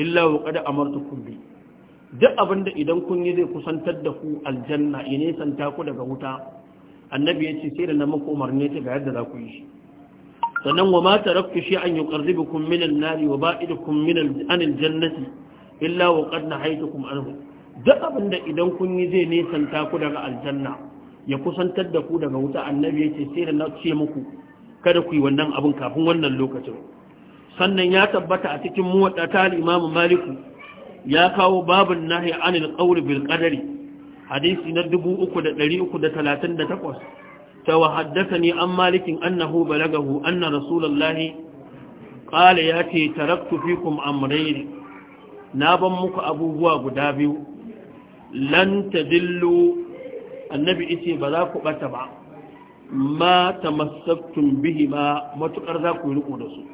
illa wa qad amartukum bihi duk abin da idan kun yi zai kusantar da ku aljanna ya ta ku daga wuta annabi ya ce sai da na muku umarni ta ga yadda za ku yi shi sannan wa ma shi shay'an yuqarribukum min an-nari wa ba'idukum min anil jannati illa wa qad nahaytukum anhu duk abin da idan kun yi zai ta ku daga aljanna ya kusantar da ku daga wuta annabi ya ce sai da na ce muku kada ku yi wannan abin kafin wannan lokacin sannan ya tabbata a cikin muwaddata al-imamu maliku ya kawo babin nahi anil qawli bil qadari hadisi na 3338 ta wa ne an malikin annahu balagahu anna rasulullahi ya ce taraktu fikum amrayn na ban muku abubuwa guda biyu lan tadillu annabi yace ba za ku ɓata ba ma tamassaktum bihi ba. matukar za ku riko da su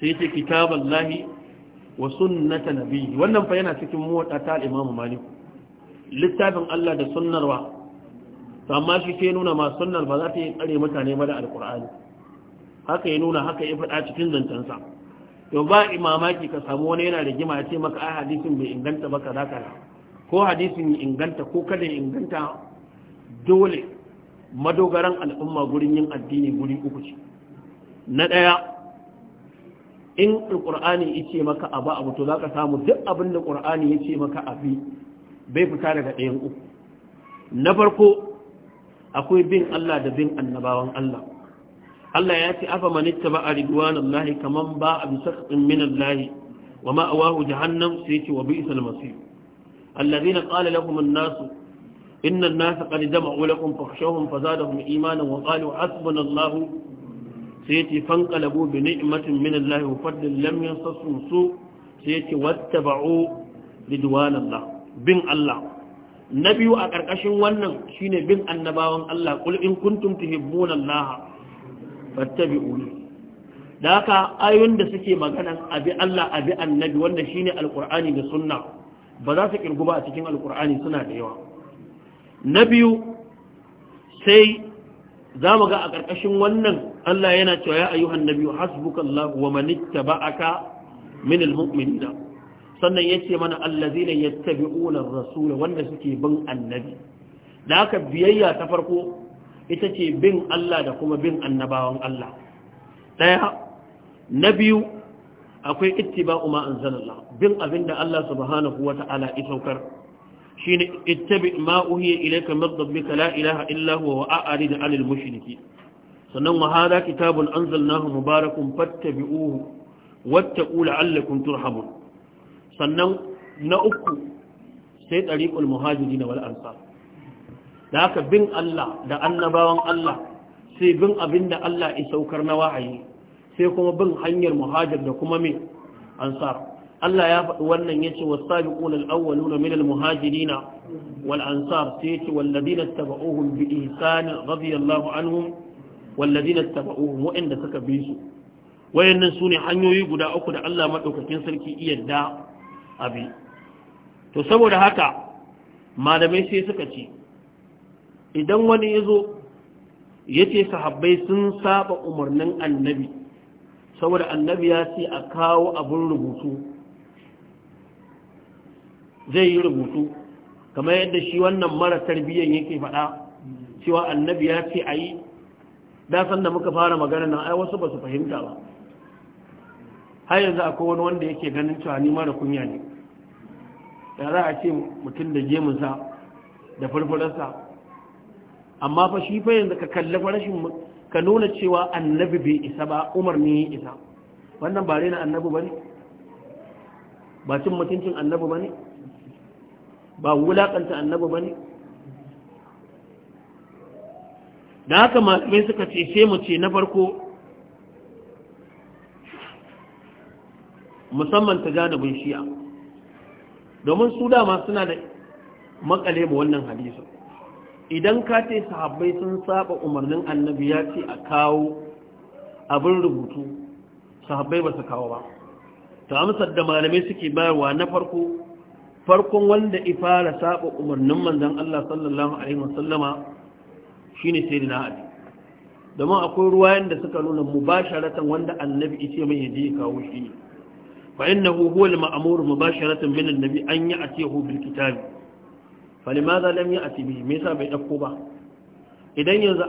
sai ce kitaballahi wa sunnata nabiyyi wannan fa yana cikin muwaddata al-Imam Malik littafin Allah da sunnarwa to amma shi ke nuna ma sunnar ba za ta yi tsare mutane ba da alqur'ani haka ya nuna haka ya faɗa cikin zancensa to ba imamaki ka samu wani yana gima ya ce maka ai hadisin bai inganta ba kaza kaza ko hadisin ya inganta ko kada ya inganta dole madogaran al'umma gurin yin addini guri uku ce na ɗaya in ya yace maka abu abu to zaka samu duk abin da ya ce maka abu-abu. bai fita daga ɗayan uku na farko akwai bin Allah da bin annabawan Allah Allah ya ce afa man ittaba ridwanallahi kaman ba abi sakhin min Allah wa ma'awahu jahannam sai ce wa bi'sal masir alladhina qala lahum nasa, nas inna an-nas qad jama'u lakum fakhshawhum fazadahum imanan wa qalu allahu. sai yace fanqalabu bi ni'matin min Allah wa fadlin lam yansasum su sai yace wattaba'u ridwanallah bin Allah na biyu a ƙarƙashin wannan shine bin annabawan Allah qul in kuntum tuhibbuna Allah fattabi'uni da ayoyin da suke maganan abi Allah abi annabi wanda shine alqur'ani da sunna ba za su kirgu ba a cikin alqur'ani suna da yawa na biyu sai za mu ga a ƙarƙashin wannan Allah yana cewa ya ayyuhan nabiyyu hasbukallahu wa man ittaba'aka min almu'minina sannan yace mana allazina yattabi'una ar rasula wanda suke bin annabi da aka biyayya ta farko ita ce bin Allah da kuma bin annabawan Allah daya na biyu akwai ittiba'u ma anzalallah bin abinda Allah subhanahu wata'ala ya saukar shine ittabi ma uhiya ilayka min rabbika la ilaha illa huwa wa a'rid 'anil mushrikeen sannan wa hada kitabun anzalnahu mubarakun fattabi'uhu wattaqu la'allakum turhamun sannan na uku sai tariqul muhajirin wal ansar da haka bin Allah da annabawan Allah sai bin abinda Allah ya saukar na wahayi sai kuma bin hanyar muhajir da kuma mai ansar Allah ya faɗi wannan ya ce wasabiquna al-awwaluna min al-muhajirin wal ansar sai ya ce wal ladina tabauhum bi ihsan radiyallahu anhum na tabauhum wa'anda suka bi su wayannan sune hanyoyi guda uku da Allah madaukakin sarki iyadda abi to saboda haka malamai sai suka ce idan wani yazo yace sahabbai sun saba umarnin annabi saboda annabi ya ce a kawo abun rubutu zai yi rubutu kamar yadda shi wannan mara tarbiyyar yake faɗa cewa annabi ya ce a yi da san da muka fara magana nan ai wasu ba su fahimta ba har yanzu akwai wani wanda yake ganin cewa ni mara kunya ne da za a ce mutum da gemunsa da furfurarsa amma fa shi fa yanzu ka kalli rashin ka nuna cewa annabi bai isa ba umar ne ya isa wannan ba rena annabi ba ne ba cin mutuncin annabi ba ne ba wulaƙanta annabi ba ne da haka malamai suka ce sai mu ce na farko musamman ta janibin shi'a domin su dama suna da makale mu wannan hadisin idan ka ce sahabbai sun saba umarnin annabi ya ce a kawo abin rubutu sahabbai ba su kawo ba ta amsar da malamai suke bayarwa na farko farkon wanda ifara saba umarnin manzan Allah sallallahu alaihi wasallama Shi ne sai na ali domin akwai ruwa yadda suka nuna mubasharatan wanda annabi ita mai yaje ya kawo shi fa innahu huwa al-ma'mur mubasharatan min annabi an yi a hu bil kitab falimadha lam ya'ti bihi me yasa bai dauko ba idan yanzu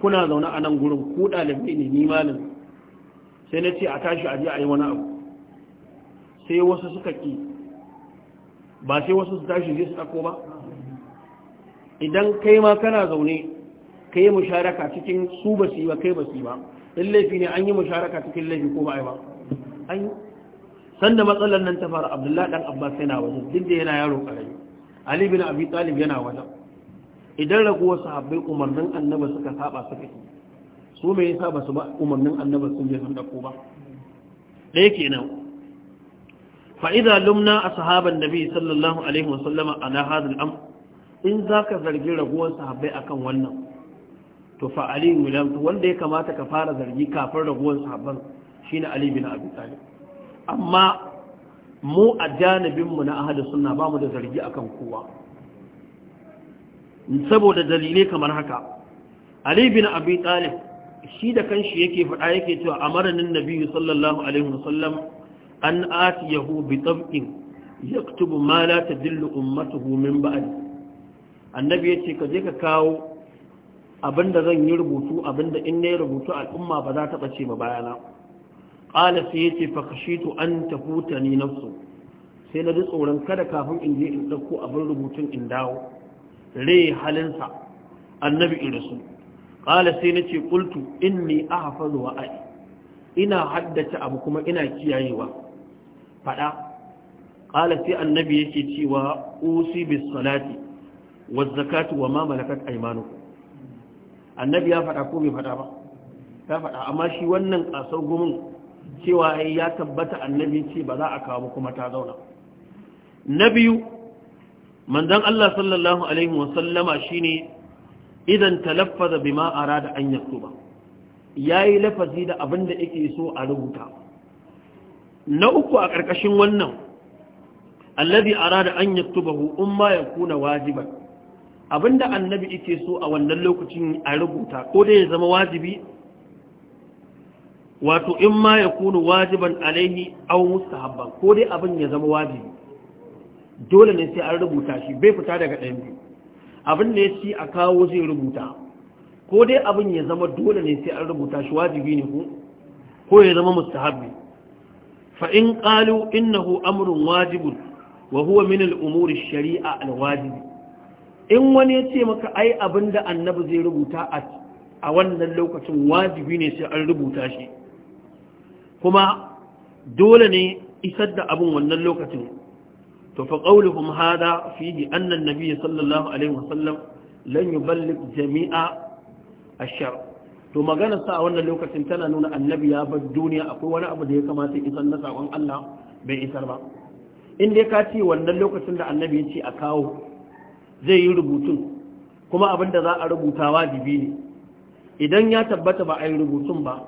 kuna zaune a nan gurin ku dalibai ne ni malam sai na ce a tashi aje a yi wani abu sai wasu suka ki ba sai wasu su tashi zai su dauko ba idan kai ma kana zaune ka yi musharaka cikin su ba su yi ba kai ba su yi ba in laifi ne an yi musharaka cikin laifi ko ba a yi ba an yi sanda matsalar nan ta fara abdullahi dan abbas yana wajen duk da yana yaro karami ali bin abi talib yana wajen idan raguwar sahabbai umarnin annaba suka saba suka yi su me yasa ba su ba umarnin annaba sun je sun dako ba ɗaya kenan Fa'iza فإذا لمنا أصحاب النبي صلى الله عليه وسلم على هذا الأمر إن ذاك ذرقي رغوان صحابي أكن wannan? to fa ali lam wanda ya kamata ka fara zargi kafin raguwar sahabban shine ali bin abi talib amma mu a janibin mu na ahadu sunna ba mu da zargi akan kowa saboda dalilai kamar haka ali bin abi talib shi da kanshi yake faɗa yake cewa amaranin nabi sallallahu alaihi wasallam an atiyahu bi tabqin yaktubu ma la tadillu ummatuhu min ba'd annabi yace ka je ka kawo abinda zan yi rubutu abinda in na yi rubutu al'umma ba za ta ɓace ba bayana ƙala sai ya ce an tafuta ni nafsu sai na ji tsoron kada kafin in je in ɗauko abin rubutun in dawo rai halinsa annabi irisu ƙala sai na ce ƙultu inni a wa ai ina haddace abu kuma ina kiyayewa faɗa ƙala sai annabi yake cewa usi bis salati wa zakatu wa ma malakat aymanukum annabi ya faɗa ko bai faɗa ba Ta faɗa amma shi wannan ƙasar gumin cewa ya tabbata annabi ce ba za a kawo kuma ta zauna na biyu manzon Allah sallallahu alaihi wasallama shine idan talaffaza bima arada an Ya yi lafazi da abin da yake so a rubuta na uku a ƙarƙashin wannan alladhi arada an yaktubahu umma yakuna wajiban abinda annabi yake so a wannan lokacin a rubuta ko dai ya zama wajibi wato in ma ya kunu wajiban alaihi aw mustahabban ko dai abin ya zama wajibi dole ne sai an rubuta shi bai fita daga ɗayan biyu abin da ya ci a kawo zai rubuta ko dai abin ya zama dole ne sai an rubuta shi wajibi ne ko ko ya zama mustahabbi fa in qalu innahu amrun wajibun wa huwa min al-umuri ash-shari'a al-wajibi in wani ya ce maka ai abin da annabi zai rubuta a wannan lokacin wajibi ne sai an rubuta shi kuma dole ne isar da abin wannan lokacin to fa qauluhum hada fihi anna an-nabiy sallallahu alaihi wasallam lan yuballigh jami'a ash-shar to magana sa a wannan lokacin tana nuna annabi ya bar duniya akwai wani abu da ya kamata isar na sakon Allah bai isar ba in dai ka ce wannan lokacin da annabi ya ce a kawo zai yi rubutun kuma abin da za a rubuta wajibi ne idan ya tabbata ba a yi rubutun ba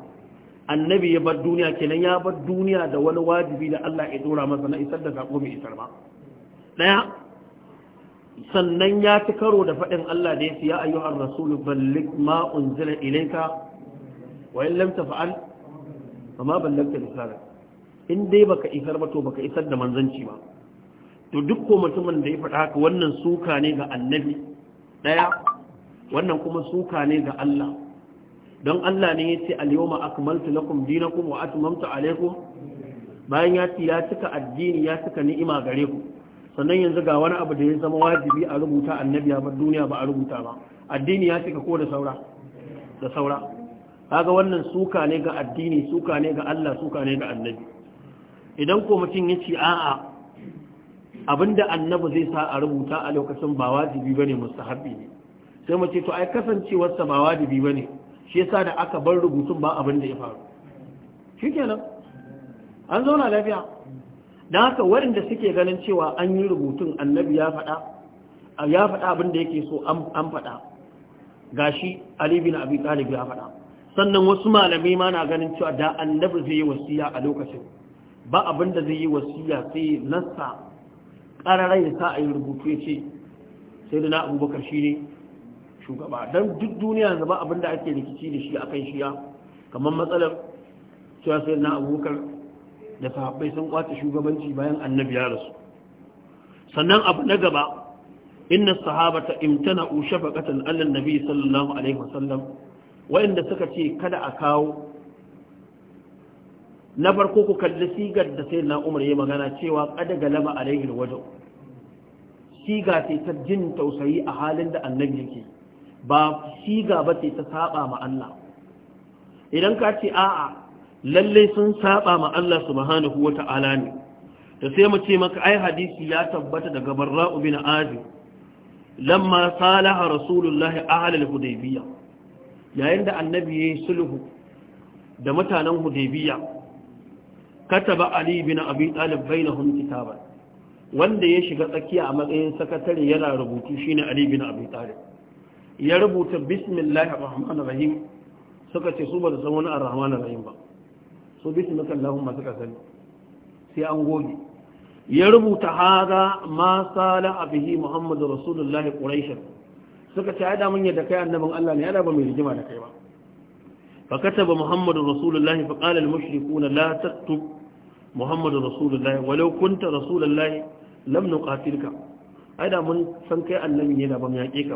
annabi ya bar duniya kenan ya bar duniya da wani wajibi da Allah ya dora masa na isar da sako mai isar ba Ɗaya. sannan ya ci karo da faɗin Allah da ya siya ya ayyuhar rasulu ballig ma unzila ilayka wa in lam taf'al fama ballagta risalah in dai baka isar ba to baka isar da manzanci ba to duk ko mutumin da ya faɗa haka wannan suka ne ga annabi ɗaya wannan kuma suka ne ga Allah don Allah ne ya ce al-yawma akmaltu lakum dinakum wa atmamtu alaykum bayan ya ce ya cika addini ya cika ni'ima gare ku sannan yanzu ga wani abu da ya zama wajibi a rubuta annabi a duniya ba a rubuta ba addini ya cika ko da saura da saura kaga wannan suka ne ga addini suka ne ga Allah suka ne ga annabi idan ko mutum ya a'a abinda annabi zai sa a rubuta a lokacin ba wajibi bane mustahabi ne sai mu ce to ai kasancewar sa ba wajibi bane shi yasa da aka bar rubutun ba abin ya faru shikenan an zauna lafiya dan haka waɗanda suke ganin cewa an yi rubutun annabi ya faɗa ya faɗa abin yake so an faɗa gashi Ali bin Abi Talib ya faɗa sannan wasu malamai ma na ganin cewa da annabi zai yi wasiya a lokacin ba abinda zai yi wasiya sai nassa ƙararai ya sa a yi rubutu ya ce sai da na abubakar shi ne shugaba don duk duniya zama abin da ake rikici da shi a kan shiya kamar matsalar cewa sai na abubakar da sahabbai sun kwace shugabanci bayan annabi ya rasu sannan abu na gaba inna sahabata imtana shafaqatan allan nabi sallallahu alaihi wasallam wayanda suka ce kada a kawo na farko ku kalli sigar da sai na umar ya magana cewa kada galaba alaihi wajen siga ce ta jin tausayi a halin da annabi yake ba siga ba ce ta saba ma Allah idan ka ce a'a lalle sun saba ma Allah subhanahu ta'ala ne to sai mu ce maka ai hadisi ya tabbata daga barra ibn Azib lamma salaha rasulullahi ahli al hudaybiyya yayin da annabi ya sulhu da mutanen hudaybiyya kataba ali bin abi talib bainahum kitaban wanda ya shiga tsakiya a matsayin sakatare yana rubutu shine ali bin abi talib ya rubuta bismillahir rahmanir rahim suka ce su ba da san wani arrahmanir rahim ba so bismika allahumma suka sani sai an goge ya rubuta haza ma sala abihi muhammadu rasulullahi quraish suka ce ya da mun da kai annabin Allah ne ya da ba mai rigima da kai ba فكتب محمد رسول الله فقال المشركون لا تكتب محمد رسول الله ولو كنت رسول الله لم نقاتلك أيضا من سنك النبي هنا بمياكيك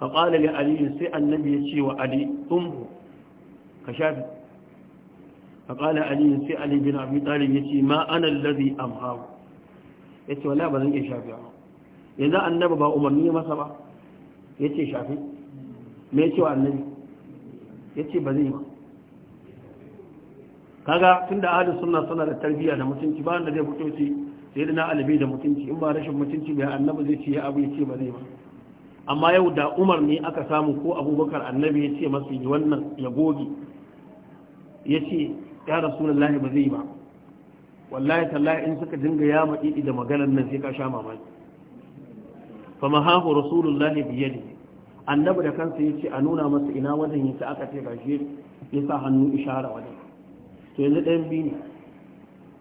فقال لعلي سي النبي يشي وعلي أمه كشافي فقال علي سي علي بن أبي طالب يشي ما أنا الذي أمهاه يشي ولا بذنك شافي إذا النبي با أمرني مسبا يشي شافي ما يشي النبي ya ce ba zai ba kaga tun da ahalin suna suna da tarbiyya da mutunci ba wanda zai fito ce sai da na alibi da mutunci in ba rashin mutunci bai annabi zai ce ya abu ya ce ba zai ba amma yau da umar ne aka samu ko abubakar annabi ya ce masu yi wannan ya goge ya ce ya lahi ba zai ba wallahi tallahi in suka dinga ya maɗiɗi da maganar nan sai ka sha mamaki fa mahahu rasulullahi biyadi annabi da kansa ya ce a nuna masa ina wajen yake aka ce ya sa hannu ishara wajen to yanzu ɗayan biyu ne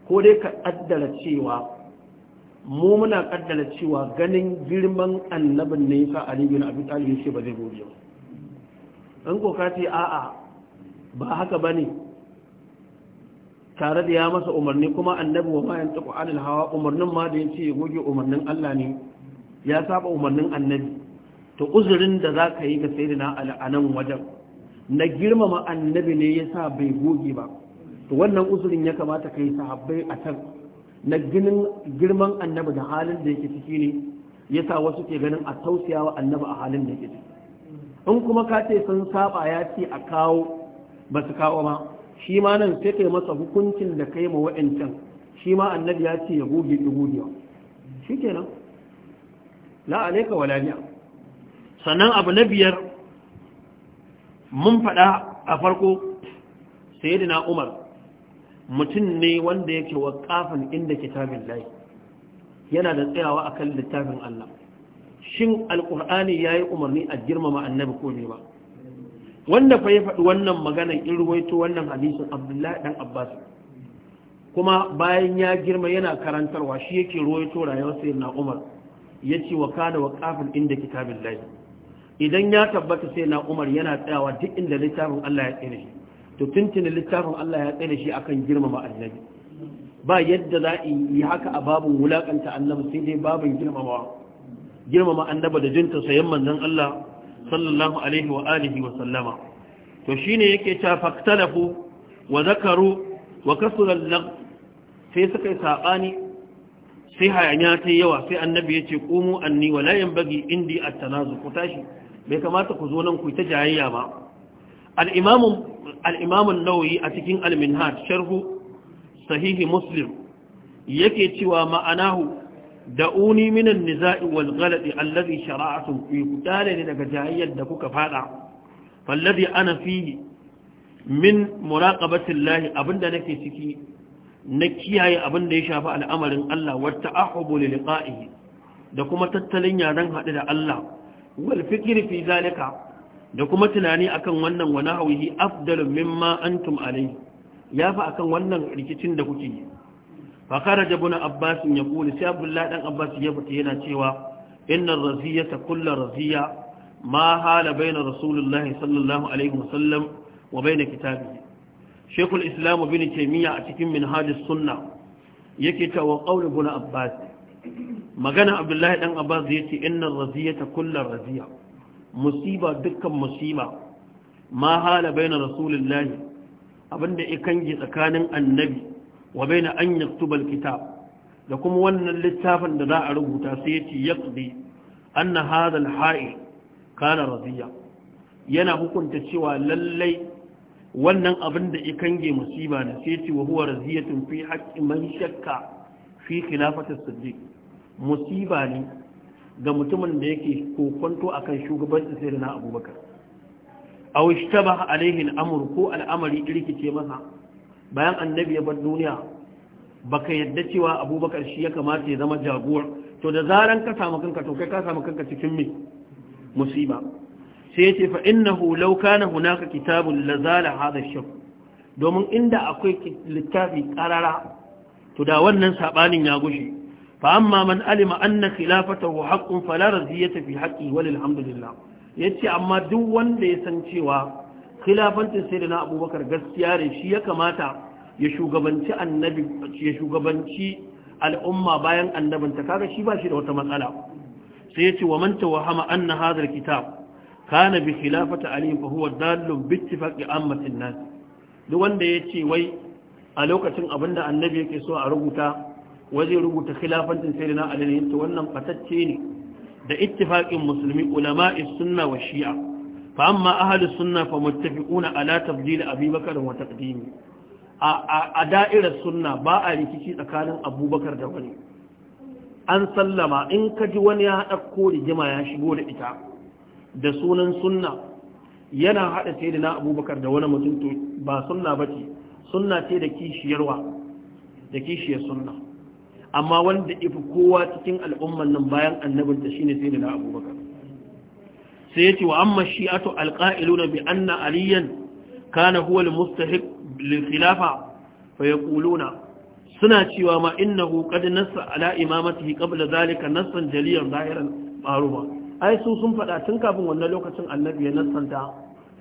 ko dai ka ƙaddara cewa mu muna ƙaddara cewa ganin girman annabin ne yasa a bin abin Talib ce ba zai gobe ba in ko ka ce a'a ba haka ba ne. tare da ya masa umarni kuma annabi wa ma yantiqu hawa umarnin ma da ya ce ya goge umarnin Allah ne ya saba umarnin annabi to uzurin da za ka yi ga sayidina ali a nan wajen na girmama annabi ne ya sa bai goge ba to wannan uzurin ya kamata ka yi sahabbai a can na girman annabi da halin da yake ciki ne ya sa wasu ke ganin a wa annabi a halin da yake ciki in kuma ka ce sun saba ya ce a kawo ba su kawo ma shi ma nan sai kai masa hukuncin da kai ma wa'ancan shi ma annabi ya ce ya goge ki goge. shi kenan la alaika wa lafiya sannan abu na biyar mun faɗa a farko na umar mutum ne wanda yake kafin inda kitabin layi yana da tsayawa a kan littafin Allah shin alƙur'ani ya yi umarni a girmama annabi ko ne ba wanda fa ya faɗi wannan maganan in ruwaito wannan hadisin abdullahi ɗan abbas kuma bayan ya girma yana karantarwa shi yake ruwaito rayuwar na umar ya ce wa wa kafin inda kitabin layi idan ya tabbata sai na umar yana tsayawa duk inda littafin Allah ya tsere shi to tuntuni littafin Allah ya tsere shi akan girmama annabi ba yadda za a yi haka a babin wulakanta annabi sai dai babin girmama girmama annaba da jinta sayan manzon Allah sallallahu alaihi wa alihi wa sallama to shine yake ta faktalafu wa zakaru wa kasura al sai suka yi sabani sai hayaniya ta yawa sai annabi ya ce komo anni wa la yanbaghi indi at-tanazu ku tashi bai kamata ku zo nan ku ta jayayya ba al'imamun nauyi a cikin alminhaj sharhu sahihi muslim yake cewa ma'anahu da'uni minan niza'i wal ghalati allazi shara'atun fi ku ne daga jayayyar da kuka fada fallazi ana fihi min muraqabatin lahi abinda nake ciki na kiyaye abinda ya shafi al'amarin Allah wata ahubu liqa'ihi da kuma tattalin yaren haɗu da Allah wal fikri fi zalika da kuma tunani akan wannan wani hauhi afdalu mimma antum alayhi yafi akan wannan rikicin da kuke yi fakara kharaja ibn ya kula sai abdullah dan abbas ya fita yana cewa inna ta kulla raziya ma hala bayna rasulullahi sallallahu alaihi wasallam wa bayna kitabihi shaykhul islam ibn taymiya a cikin minhajus sunna yake cewa qaul ibn abbas magana abdullahi ɗan abbas ya ce innan Raziya ta kullu raziya musiba dukkan musiba ma hala baina rasulullahi abinda ya kange tsakanin annabi wa baina an yaktuba da kuma wannan littafin da za a rubuta sai ya ce yaqdi anna hadha ha'i, kana raziya yana hukunta cewa lallai wannan abinda da kange musiba ne sai ya ce wa huwa raziyatun fi haqqi man shakka fi khilafatis siddiq musiba ne ga mutumin da yake kokonto sai da na abubakar aw ishtaba alaihi Amur ko al'amari irkice masa bayan annabi ya bar duniya baka yadda cewa abubakar shi ya kamata ya zama jagor to da zaran ka samu kanka to kai ka samu kanka cikin musiba sai yace fa innahu law kana hunaka kitabun lazala Hada shak domin inda akwai littafi karara to da wannan sabanin ya gushe فأما من علم أن خلافته حق فلا رزية في حقه وللحمد لله yace amma duk wanda ya san cewa khilafancin sayyidina abubakar gaskiya ne shi ya kamata ya shugabanci annabi ya shugabanci al'umma bayan annabinta kaga shi ba shi da wata matsala sai yace wa man tawahama anna hadha alkitab kana bi khilafati ali fa huwa dallun bi ittifaqi ammatin nas duk wanda yace wai a lokacin abinda annabi yake so a rubuta wai rubuta khilafancin sai na Ali ne to wannan fatacce ne da ittifaqin musulmi ulama sunna wa shi'a fa amma ahlus sunna fa muttafiquna ala tafdil Abi Bakar wa taqdimi a da'irar sunna ba a rikici tsakanin Abubakar da wani an sallama in ka ji wani ya haɗa ko rigima ya shigo da ita da sunan sunna yana haɗa sai da na abubakar da wani mutum ba sunna ba ce sunna ce da kishiyarwa da kishiyar sunna amma wanda fi kowa cikin al'umman nan bayan annabinta ne sai da abubakar sai yace wa amma shi'atu alqa'iluna bi anna aliyan kana huwa almustahiq lil khilafa fayaquluna suna cewa ma inna qad kabla ala imamatihi qabla zalika nassan jaliyan zahiran maruba ai su sun faɗa tun kafin wannan lokacin annabi ya nassanta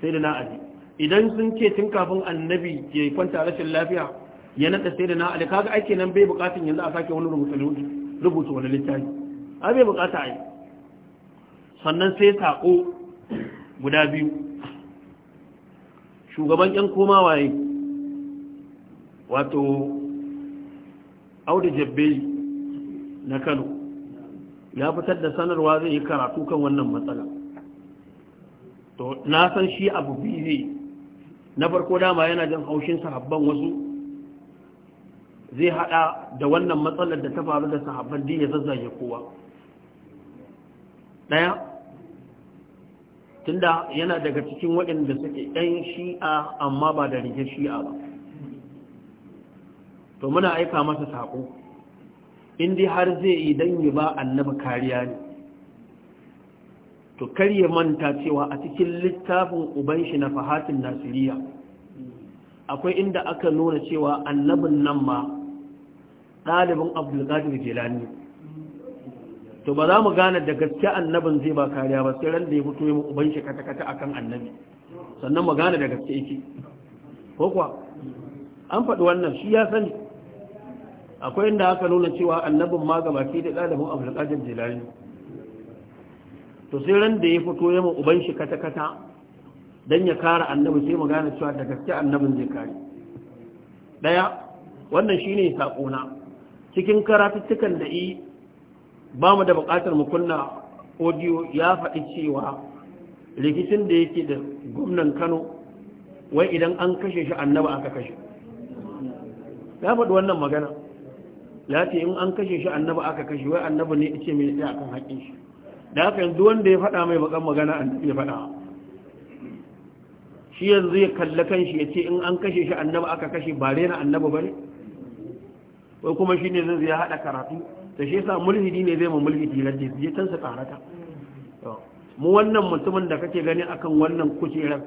sai da ali idan sun ce tun kafin annabi ya kwanta rashin lafiya ya nada sai da na ali kaga ake nan bai bukatun yanzu a sake wani rubuta rubuta wani littafi a bai bukata a yi sannan sai saƙo guda biyu shugaban yan koma waye wato audu jabbe na kano ya fitar da sanarwa zai yi karatu kan wannan matsala to na san shi abu biyu na farko dama yana jan haushin sahabban wasu zai hada da wannan matsalar da ta faru da sahabban din ya zazzage kowa daya tunda yana daga cikin waɗanda suke ɗan shi'a amma ba da rigar shi'a ba to muna aika masa saƙo indi har zai yi don yi ba annaba kariya ne to karye manta cewa a cikin littafin uban shi na fahatin nasiriya akwai inda aka nuna cewa annabin nan ma ɗalibin abdulkadir jelani to ba za mu gane da gaske annabin zai ba kariya ba sai ran da ya fito ya uban shi kata-kata akan annabi sannan mu gane da gaske yake ko kuwa an faɗi wannan shi ya sani akwai inda aka nuna cewa annabin ma gaba ke da ɗalibin abdulkadir jelani to sai ran da ya fito ya uban shi kata-kata don ya kare annabi sai mu gane cewa da gaske annabin zai kare Ɗaya wannan shi ne saƙona cikin karatuttukan da yi ba mu da buƙatar mu kunna audio ya faɗi cewa rikicin da yake da gwamnan kano wai idan an kashe shi annaba aka kashe ya faɗi wannan magana ya ce in an kashe shi annaba aka kashe wai annaba ne ya ce mai ɗaya akan haƙin shi da haka yanzu wanda ya faɗa mai bakan magana annabi ya faɗa shi yanzu ya kalla kan shi ya ce in an kashe shi annaba aka kashe ba rena annaba ba ne wai kuma shi ne zai haɗa karatu da shi yasa mulhidi ne zai ma mulhidi lalle su je can su karata mu wannan mutumin da kake gani akan wannan kujerar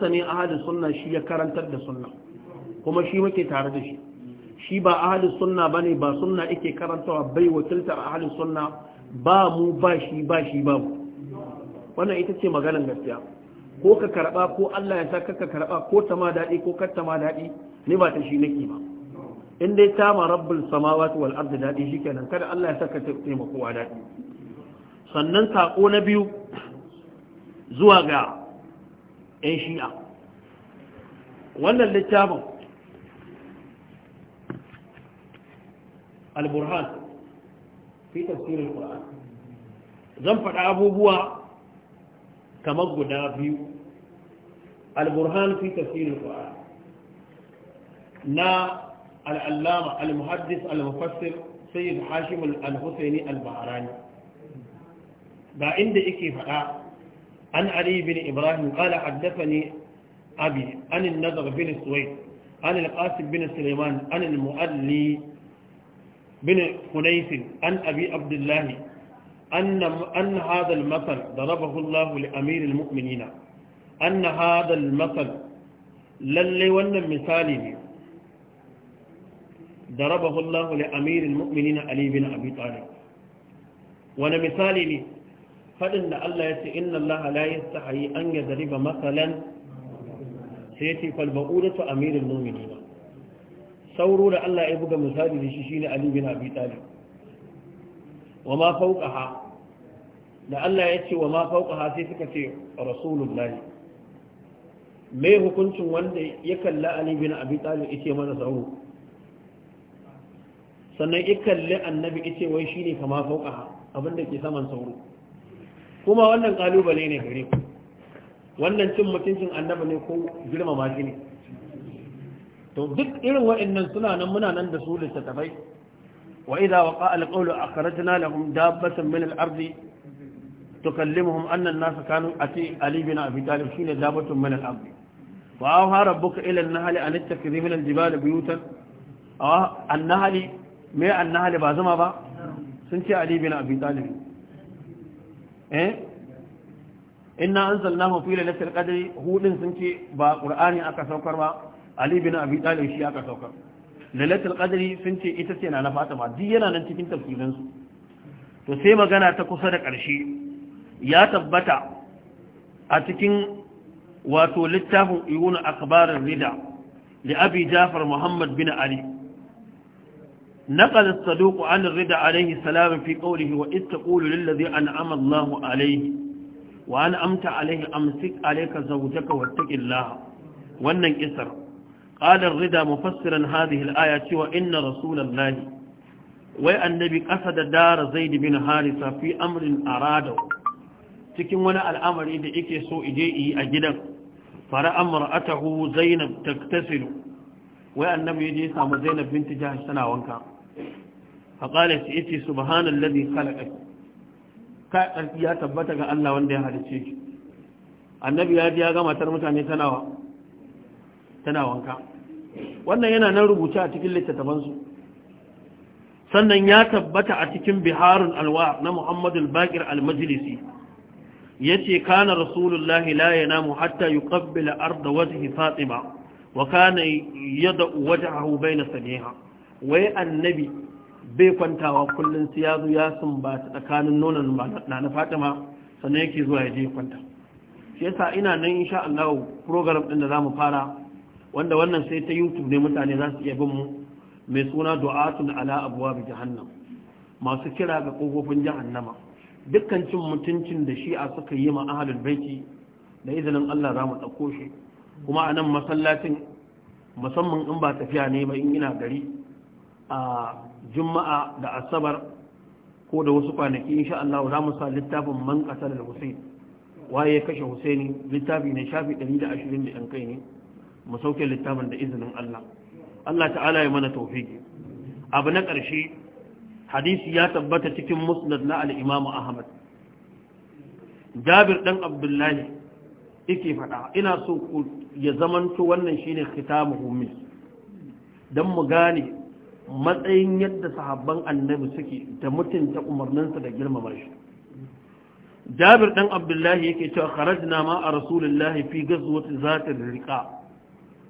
sa ne ahadu sunna shi ya karantar da sunna kuma shi muke tare da shi shi ba ahadu sunna bane ba sunna yake karantawa bai wakiltar ahadu sunna ba mu ba shi ba shi ba wannan ita ce maganar gaskiya ko ka karba ko Allah ya sa ka karba ko ta ma dadi ko kar ta ma dadi ni ba ta shi nake ba in dai ta ma rabbul samawati wal ardi dadi shikenan kada Allah ya saka ta taimako a sannan sako na biyu zuwa ga ɗan shi'a wannan littafin al-burhan fi tafsirin qur'an zan faɗa abubuwa kamar guda biyu al-burhan fi tafsirin qur'an na al'allama al-muhaddis al-mufassir sayyid hashim al-husaini al-baharani ga inda yake faɗa an ali bin ibrahim qala haddathani abi an an-nadr bin suwayd an al-qasim bin sulaiman an al-mu'alli bin hunayf an abi abdullah أن, أن هذا المثل ضربه الله لأمير المؤمنين أن هذا المثل للي ون مثالي darabahu Allah li amiril mu'minin Ali bin Abi tsari wani misali ne fadin da Allah ya ce inna Allah la yastahi an yadriba matsalan, sai ce fal ba'udatu amiril mu'minin sauro da Allah ya buga misali da shi ne Ali bin Abi tsari wa ma fawqaha da Allah ya ce wa ma fauƙaha sai suka ce rasulullahi mai hukuncin wanda ya kalla Ali bin Abi Talib yace mana sauro sannan ikalli annabi ice wai ne kama fauka abinda ke saman sauro kuma wannan kalubale ne gare ku wannan cin mutuncin annabi ne ko girmama shi ne to duk irin waɗannan suna nan muna nan da su littattafai wa idza waqa alqawlu akhrajna lahum dabbatan min al-ardi tukallimuhum anna an-nasa kanu ati ali bin abi talib ne. dabbatun min al-ardi wa awha rabbuka ila an-nahli an tattakhidha min al-jibali buyutan A an-nahli me annahal ba zama ba sun ce ali bin abi talib eh inna anzalnahu fi lailatul qadri hudin sun ce ba qur'ani aka saukar ba ali bin abi talib shi aka saukar lailatul qadri sun ce ita ce na fatima duk yana nan cikin tafsirin su to sai magana ta kusa da ƙarshe ya tabbata a cikin wato littafin iyuna akbarin rida li abi jafar muhammad bin ali نقل الصدوق عن الرضا عليه السلام في قوله وإذ تقول للذي أنعم الله عليه وأن أمت عليه أمسك عليك زوجك واتق الله وأن كسر قال الرضا مفسرا هذه الآية وإن رسول الله والنبي قصد دار زيد بن حارثة في أمر أراده cikin wani al'amari da yake so ije yi a gidan fara amra'atahu zainab taktasilu wai annabi ya je samu zainab binti jahash tana wanka faƙala shi yace subhanan ladhi khalaqak ka ya tabbata ga Allah wanda ya halice ki annabi ya ji ya ga matar mutane tana wanka wannan yana nan rubuce a cikin littattafan sannan ya tabbata a cikin biharun alwa na Muhammadu al-Baqir al-Majlisi yace kana rasulullahi layana yanamu hatta arda wajhi Fatima wa kana yad'u wajhahu wai annabi bai kwantawa kullum su ya zo ya su tsakanin nonon na na Fatima sannan yake zuwa ya je kwanta shi yasa ina nan insha Allah program din da zamu fara wanda wannan sai ta YouTube ne mutane za su iya bin mu mai suna du'atun ala abwab jahannam masu kira ga kofofin jahannama dukkan cin mutuncin da shi a suka yi ma ahlul baiti da izinin Allah zamu dauko shi kuma anan masallacin musamman in ba tafiya ne ba in ina gari a juma'a da asabar ko da wasu kwanaki insha Allah za mu sa littafin man qatal al-husayn waye kashe husaini littafi ne shafi 120 da yan kai ne mu sauke littafin da izinin Allah Allah ta'ala ya mana tawfiki abu na ƙarshe hadisi ya tabbata cikin musnad na al-imam Ahmad Jabir dan Abdullahi yake faɗa ina so ya zamanto wannan shine khitamuhu min dan mu gane matsayin yadda sahabban annabi suke da mutunta umarninsa da girmama shi jabir ɗan abdullahi yake cewa kharajna ma a rasulullahi fi gazwati zatir riqa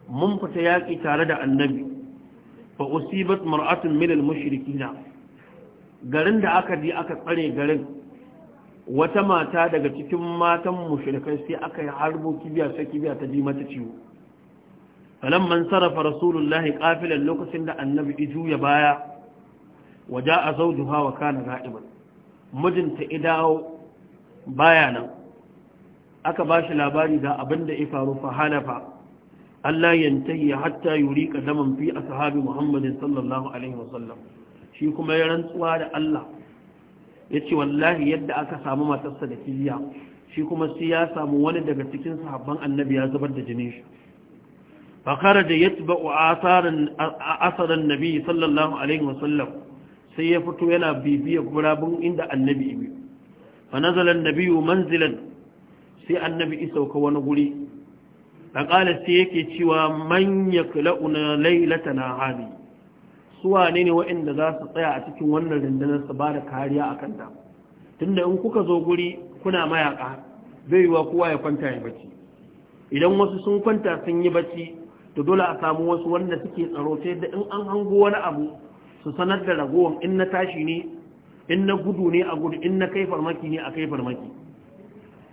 mun fita yaki tare da annabi fa usibat mar'atun min al-mushrikina garin da aka ji aka tsare garin wata mata daga cikin matan mushrikai sai aka yi harbo kibiya sai kibiya ta ji mata ciwo man sarrafa rasulullahi kafilan lokacin da annabi iju ya baya waje a zaujuha wa kana ga'iban mijinta idawo baya nan aka ba shi labari da abin da ya faru fa halafa Allah yantahi hatta yurika daman fi ashabi Muhammadin sallallahu alaihi wasallam shi kuma ya rantsuwa da Allah yace wallahi yadda aka samu matarsa da kiyya shi kuma sai ya samu wani daga cikin sahabban annabi ya zubar da jinin shi fakara da ya taba a asarar nabi sallallahu alaihi wasallam sai ya fito yana bibiyar gurabin inda annabi ibi fanazalar nabi yi manzilan sai annabi isa ka wani guri da ƙalasta yake cewa manya kula'una lailata na hali suwa ne ne za su tsaya a cikin wannan rindunar su ba da kariya a kanta tun in kuka zo guri kuna mayaka bai yi wa kwanta ya bacci idan wasu sun kwanta sun yi bacci to dole a samu wasu wanda suke tsaro sai da in an hango wani abu su sanar da ragowar in na tashi ne in na gudu ne a gudu in na kai farmaki ne a kai farmaki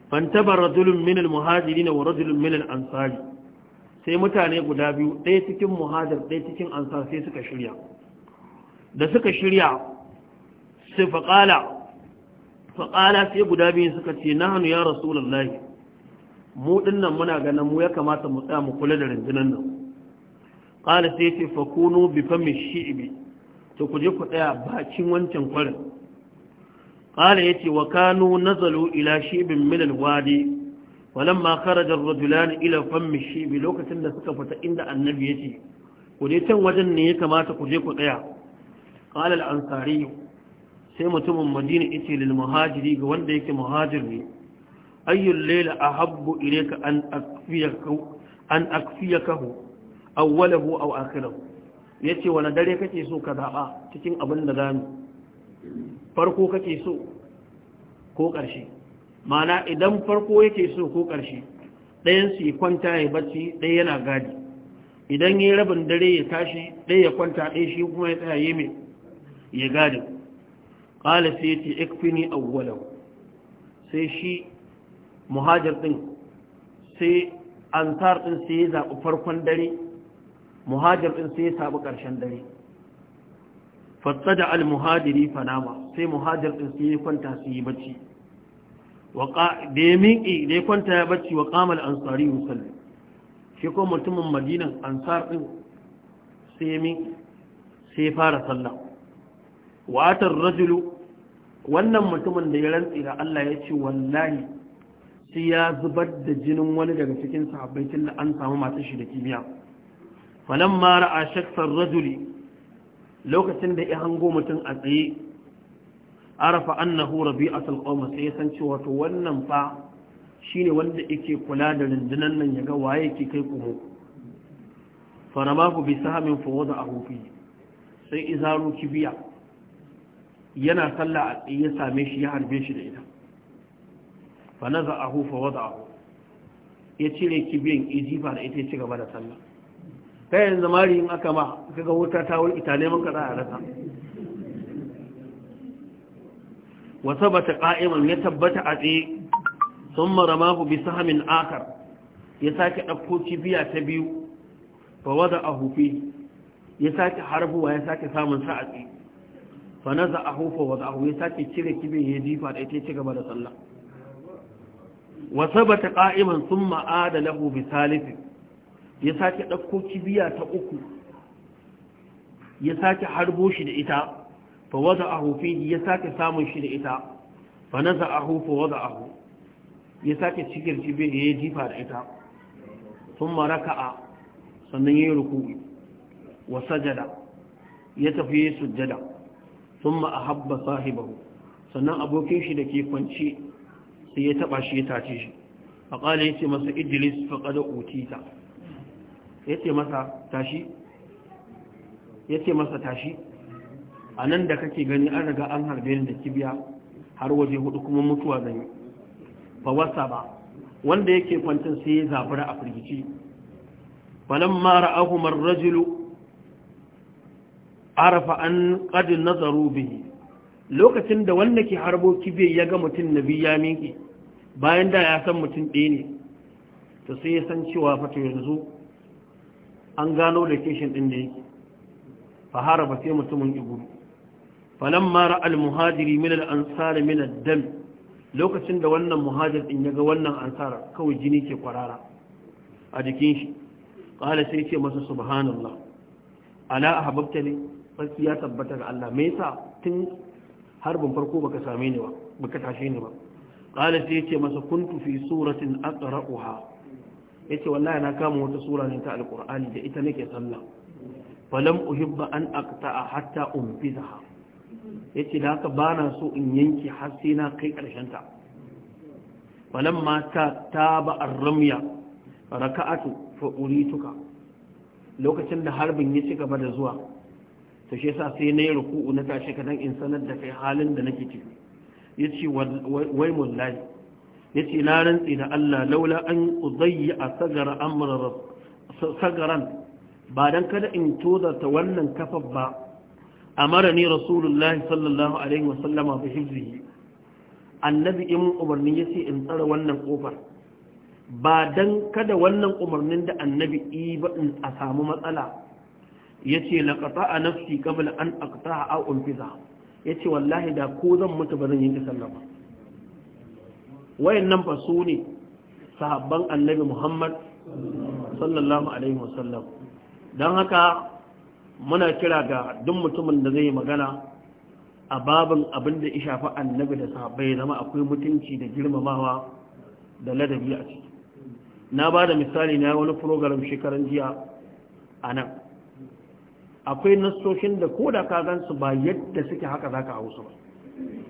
fantabar rajulun min al-muhajiri wa rajulun min al-ansari sai mutane guda biyu ɗaya cikin muhajir ɗaya cikin ansar sai suka shirya da suka shirya sai faƙala faƙala sai guda biyu suka ce nahanu ya rasulullahi mu dinnan muna ganin mu ya kamata mu tsaya mu kula da rundunar nan qala sai ce fakunu bi fami shi'bi to ku je ku tsaya bakin wancan kwarin qala yace wa kanu nazalu ila shi'bin min alwadi walamma kharaja ar-rajulan ila fami shi'bi lokacin da suka fita inda annabi yace ku je can wajen ne ya kamata ku je ku tsaya qala al-ansari sai mutumin madina yace lil muhajiri ga wanda yake muhajir ne ayyul layla ahabbu ilayka an akfiyakahu an akfiyakahu awwalahu aw akhirahu yace wani dare kake so ka zaɓa cikin abin da zamu farko kake so ko ƙarshe mana idan farko yake so ko ƙarshe ɗayan su yi kwanta ya bacci ɗaya yana gadi idan ya rabin dare ya tashi ɗaya ya kwanta ɗaya shi kuma ya tsaye mai ya gadi ƙalasa ya ce ikfini awwalahu sai shi muhajir din sai ansar din sai ya zaɓi farkon dare muhajir din sai ya sabu ƙarshen dare fattaja al-muhajiri fanama sai muhajir din sai ya kwanta sai ya bacci da ya minƙi da ya kwanta ya bacci wa ƙamal ansari musalli shi ko mutumin madinan ansar ɗin sai ya minki sai fara sallah wa'atar rajulu wannan mutumin da ya rantsi da Allah ya ce wallahi sai ya zubar da jinin wani daga cikin sahabbai tun da an samu masu shi da kimiyya falan mara a shaksar rajuli lokacin da ya hango mutum a tsaye arafa annahu a qawm sai ya san cewa wannan fa ne wanda yake kula da rundunan nan ya ga waye yake kai kuma faramahu bi sahamin fa wada'ahu fi sai izaru kibiya yana sallah a tsaye ya same shi ya harbe shi da ita fa wadda fa wada'ahu ya cire kibiyan ijifa da ita ya ci gaba da sallah Ta yanzu mari yin aka ma ga wuta ta wuri ita neman kada a rasa wata bata ƙa'iman ya tabbata a tsaye sun mara mafi bi hamin akar ya sake dauko kibiya ta biyu fa a fi ya sake harbuwa ya sake samun sa a tsaye fa naza'ahu fa wada'ahu ya sake cire kibiyan ya jifa da ita ya ci gaba da sallah wa sabata qa'iman thumma ada lahu bi ya sake dauko kibiya ta uku ya sake harbo shi da ita fa a fihi ya sake samun shi da ita fa naza'ahu fa wada'ahu ya sake cikin cibiyar ya jifa da ita thumma raka'a sannan yi ruku wa sajada ya tafi sujjada thumma ahabba sahibahu sannan abokin shi da ke kwance sai ya taba shi ya tace shi a ya ce masa idris faƙada otita ya ce masa tashi a nan da kake gani an riga an harbe ni da kibiya har waje hudu kuma mutuwa zan yi ba wasa ba wanda yake kwantar sai ya zabura a firgici balan mara ahumar rajulu arafa an ƙadin nazaru bihi lokacin da wanda ke harbo kibiyar ya ga mutum na biya miki bayan da ya san mutum ɗaya ne to sai ya san cewa fata yanzu an gano location ɗin da yake fahara ba sai mutumin iguru. falan mara al-muhajiri min al min dam lokacin da wannan muhajir ya ga wannan ansara kawai jini ke kwarara a jikin shi ƙala sai ce masa subhanallah ala a li ne ya tabbatar ga Allah me sa tun harbin farko baka same ni ba baka tashe ni ba qala sai ce masa kuntu fi suratin aqra'uha yace wallahi na kama wata sura ne ta alqur'ani da ita nake sallah falam uhibba an aqta'a hatta umfizaha yace da haka bana so in yanke har sai na kai karshen ta falam ma ta taba ar-ramya raka'atu fa urituka lokacin da harbin ya ci gaba da zuwa to shi yasa sai nayi ruku'u na tashi kadan in sanar da kai halin da nake ciki ya ce wai mullahi ya ce na rantsi da Allah laula an uzayyi a sagaran ba don kada in tozarta wannan kafaf ba a mara ne rasulullahi sallallahu alaihi wasallama ba hibzihi annabi in umarni ya ce in tsara wannan kofar ba don kada wannan umarnin da annabi iba in a samu matsala ya ce laƙata a nafsi kabla an aƙata a unfiza ya ce wallahi da ko zan mutu ba zan yi sallah ba wayan nan fa su ne sahabban annabi muhammad sallallahu alaihi wasallam don haka muna kira ga duk mutumin da zai magana a babin abin da shafa annabi da sahabbai zama akwai mutunci da girmamawa da ladabi a ciki na ba da misali na wani program shekaran jiya a nan akwai nassoshin da ko da ka gansu ba yadda suke haka zaka hau su ba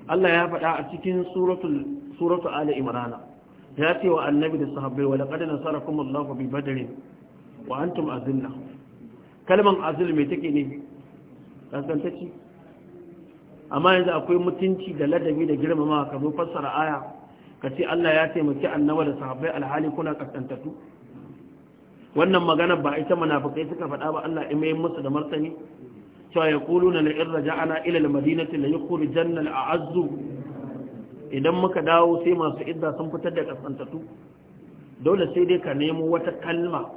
Allah ya faɗa a cikin suratul ali imran ya ce wa annabi da sahabbai wa laqad nasarakum Allahu bi badr wa antum azilla kalman azil me take ne kasantaci amma yanzu akwai mutunci da ladabi da girmamawa, ka zo fassara aya ka ce Allah ya taimaki annaba da sahabbai alhali kuna kasantatu wannan magana ba ita munafikai suka faɗa ba Allah ya mai musu da martani cewa kulu la in raja'ana ila al-madinati la yukhrijanna al-a'azzu idan muka dawo sai masu idda sun fitar da kasantatu dole sai dai ka nemo wata kalma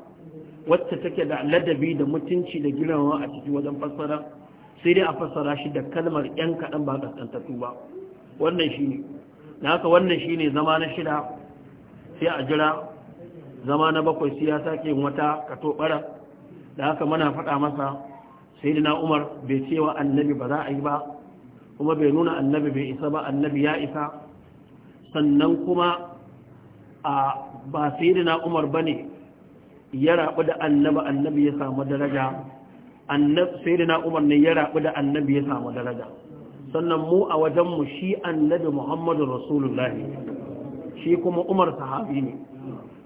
wacce take da ladabi da mutunci da girmama a cikin wajen fassara sai dai a fassara shi da kalmar yan kaɗan ba kasantatu ba wannan shine na haka wannan shine zama na shida sai a jira zama na bakwai sai ya sake wata katobara da haka mana faɗa masa sai na umar bai cewa annabi ba za a yi ba kuma bai nuna annabi bai isa ba annabi ya isa sannan kuma a ba sai na umar ba ne ya rabu da annabi annabi ya samu daraja sai na umar ne ya rabu da annabi ya samu daraja sannan mu a wajenmu shi annabi muhammadu rasulullahi shi kuma umar sahabi ne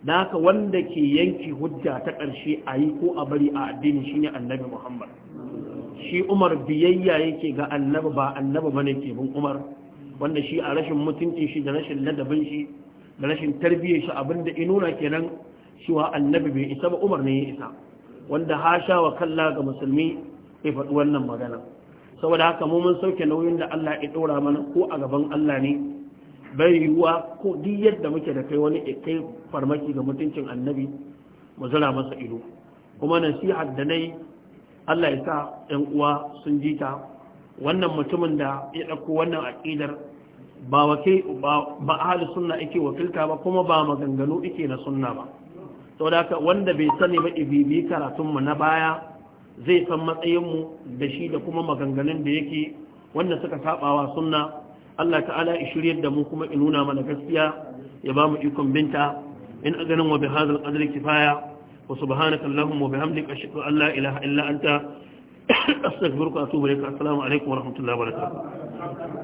da haka wanda ke yanki hujja ta ƙarshe a yi ko a bari a addini shine annabi muhammad shi umar biyayya yake ga annabi ba annabi ne ke bin umar wanda shi a rashin mutuncin shi da rashin ladabin shi da rashin tarbiyyar shi abinda inuna kenan shi wa annabi bai isa ba umar ne ya isa wanda hasha wa kalla ga musulmi ya faɗi wannan magana saboda haka mu mun sauke nauyin da Allah ya ɗora mana ko a gaban Allah ne bai yiwuwa ko duk yadda muke da kai wani kai farmaki ga mutuncin annabi mu zura masa ido kuma nasihar da nai Allah ya sa ƴan uwa sun ji ta wannan mutumin da ya ɗauko wannan aƙidar ba wake ba ahli sunna yake wakilta ba kuma ba maganganu yake na sunna ba saboda ka wanda bai sani ba ibibi karatun mu na baya zai san matsayin mu da shi da kuma maganganun da yake wanda suka sabawa sunna Allah ta'ala ya shiryar da mu kuma in nuna mana gaskiya ya ba mu ikon binta in a ganin wa bi hadal qadri kifaya wa subhanaka allahumma wa bihamdika ashhadu an la ilaha illa anta astaghfiruka wa atubu ilaik assalamu alaikum wa rahmatullahi wa barakatuh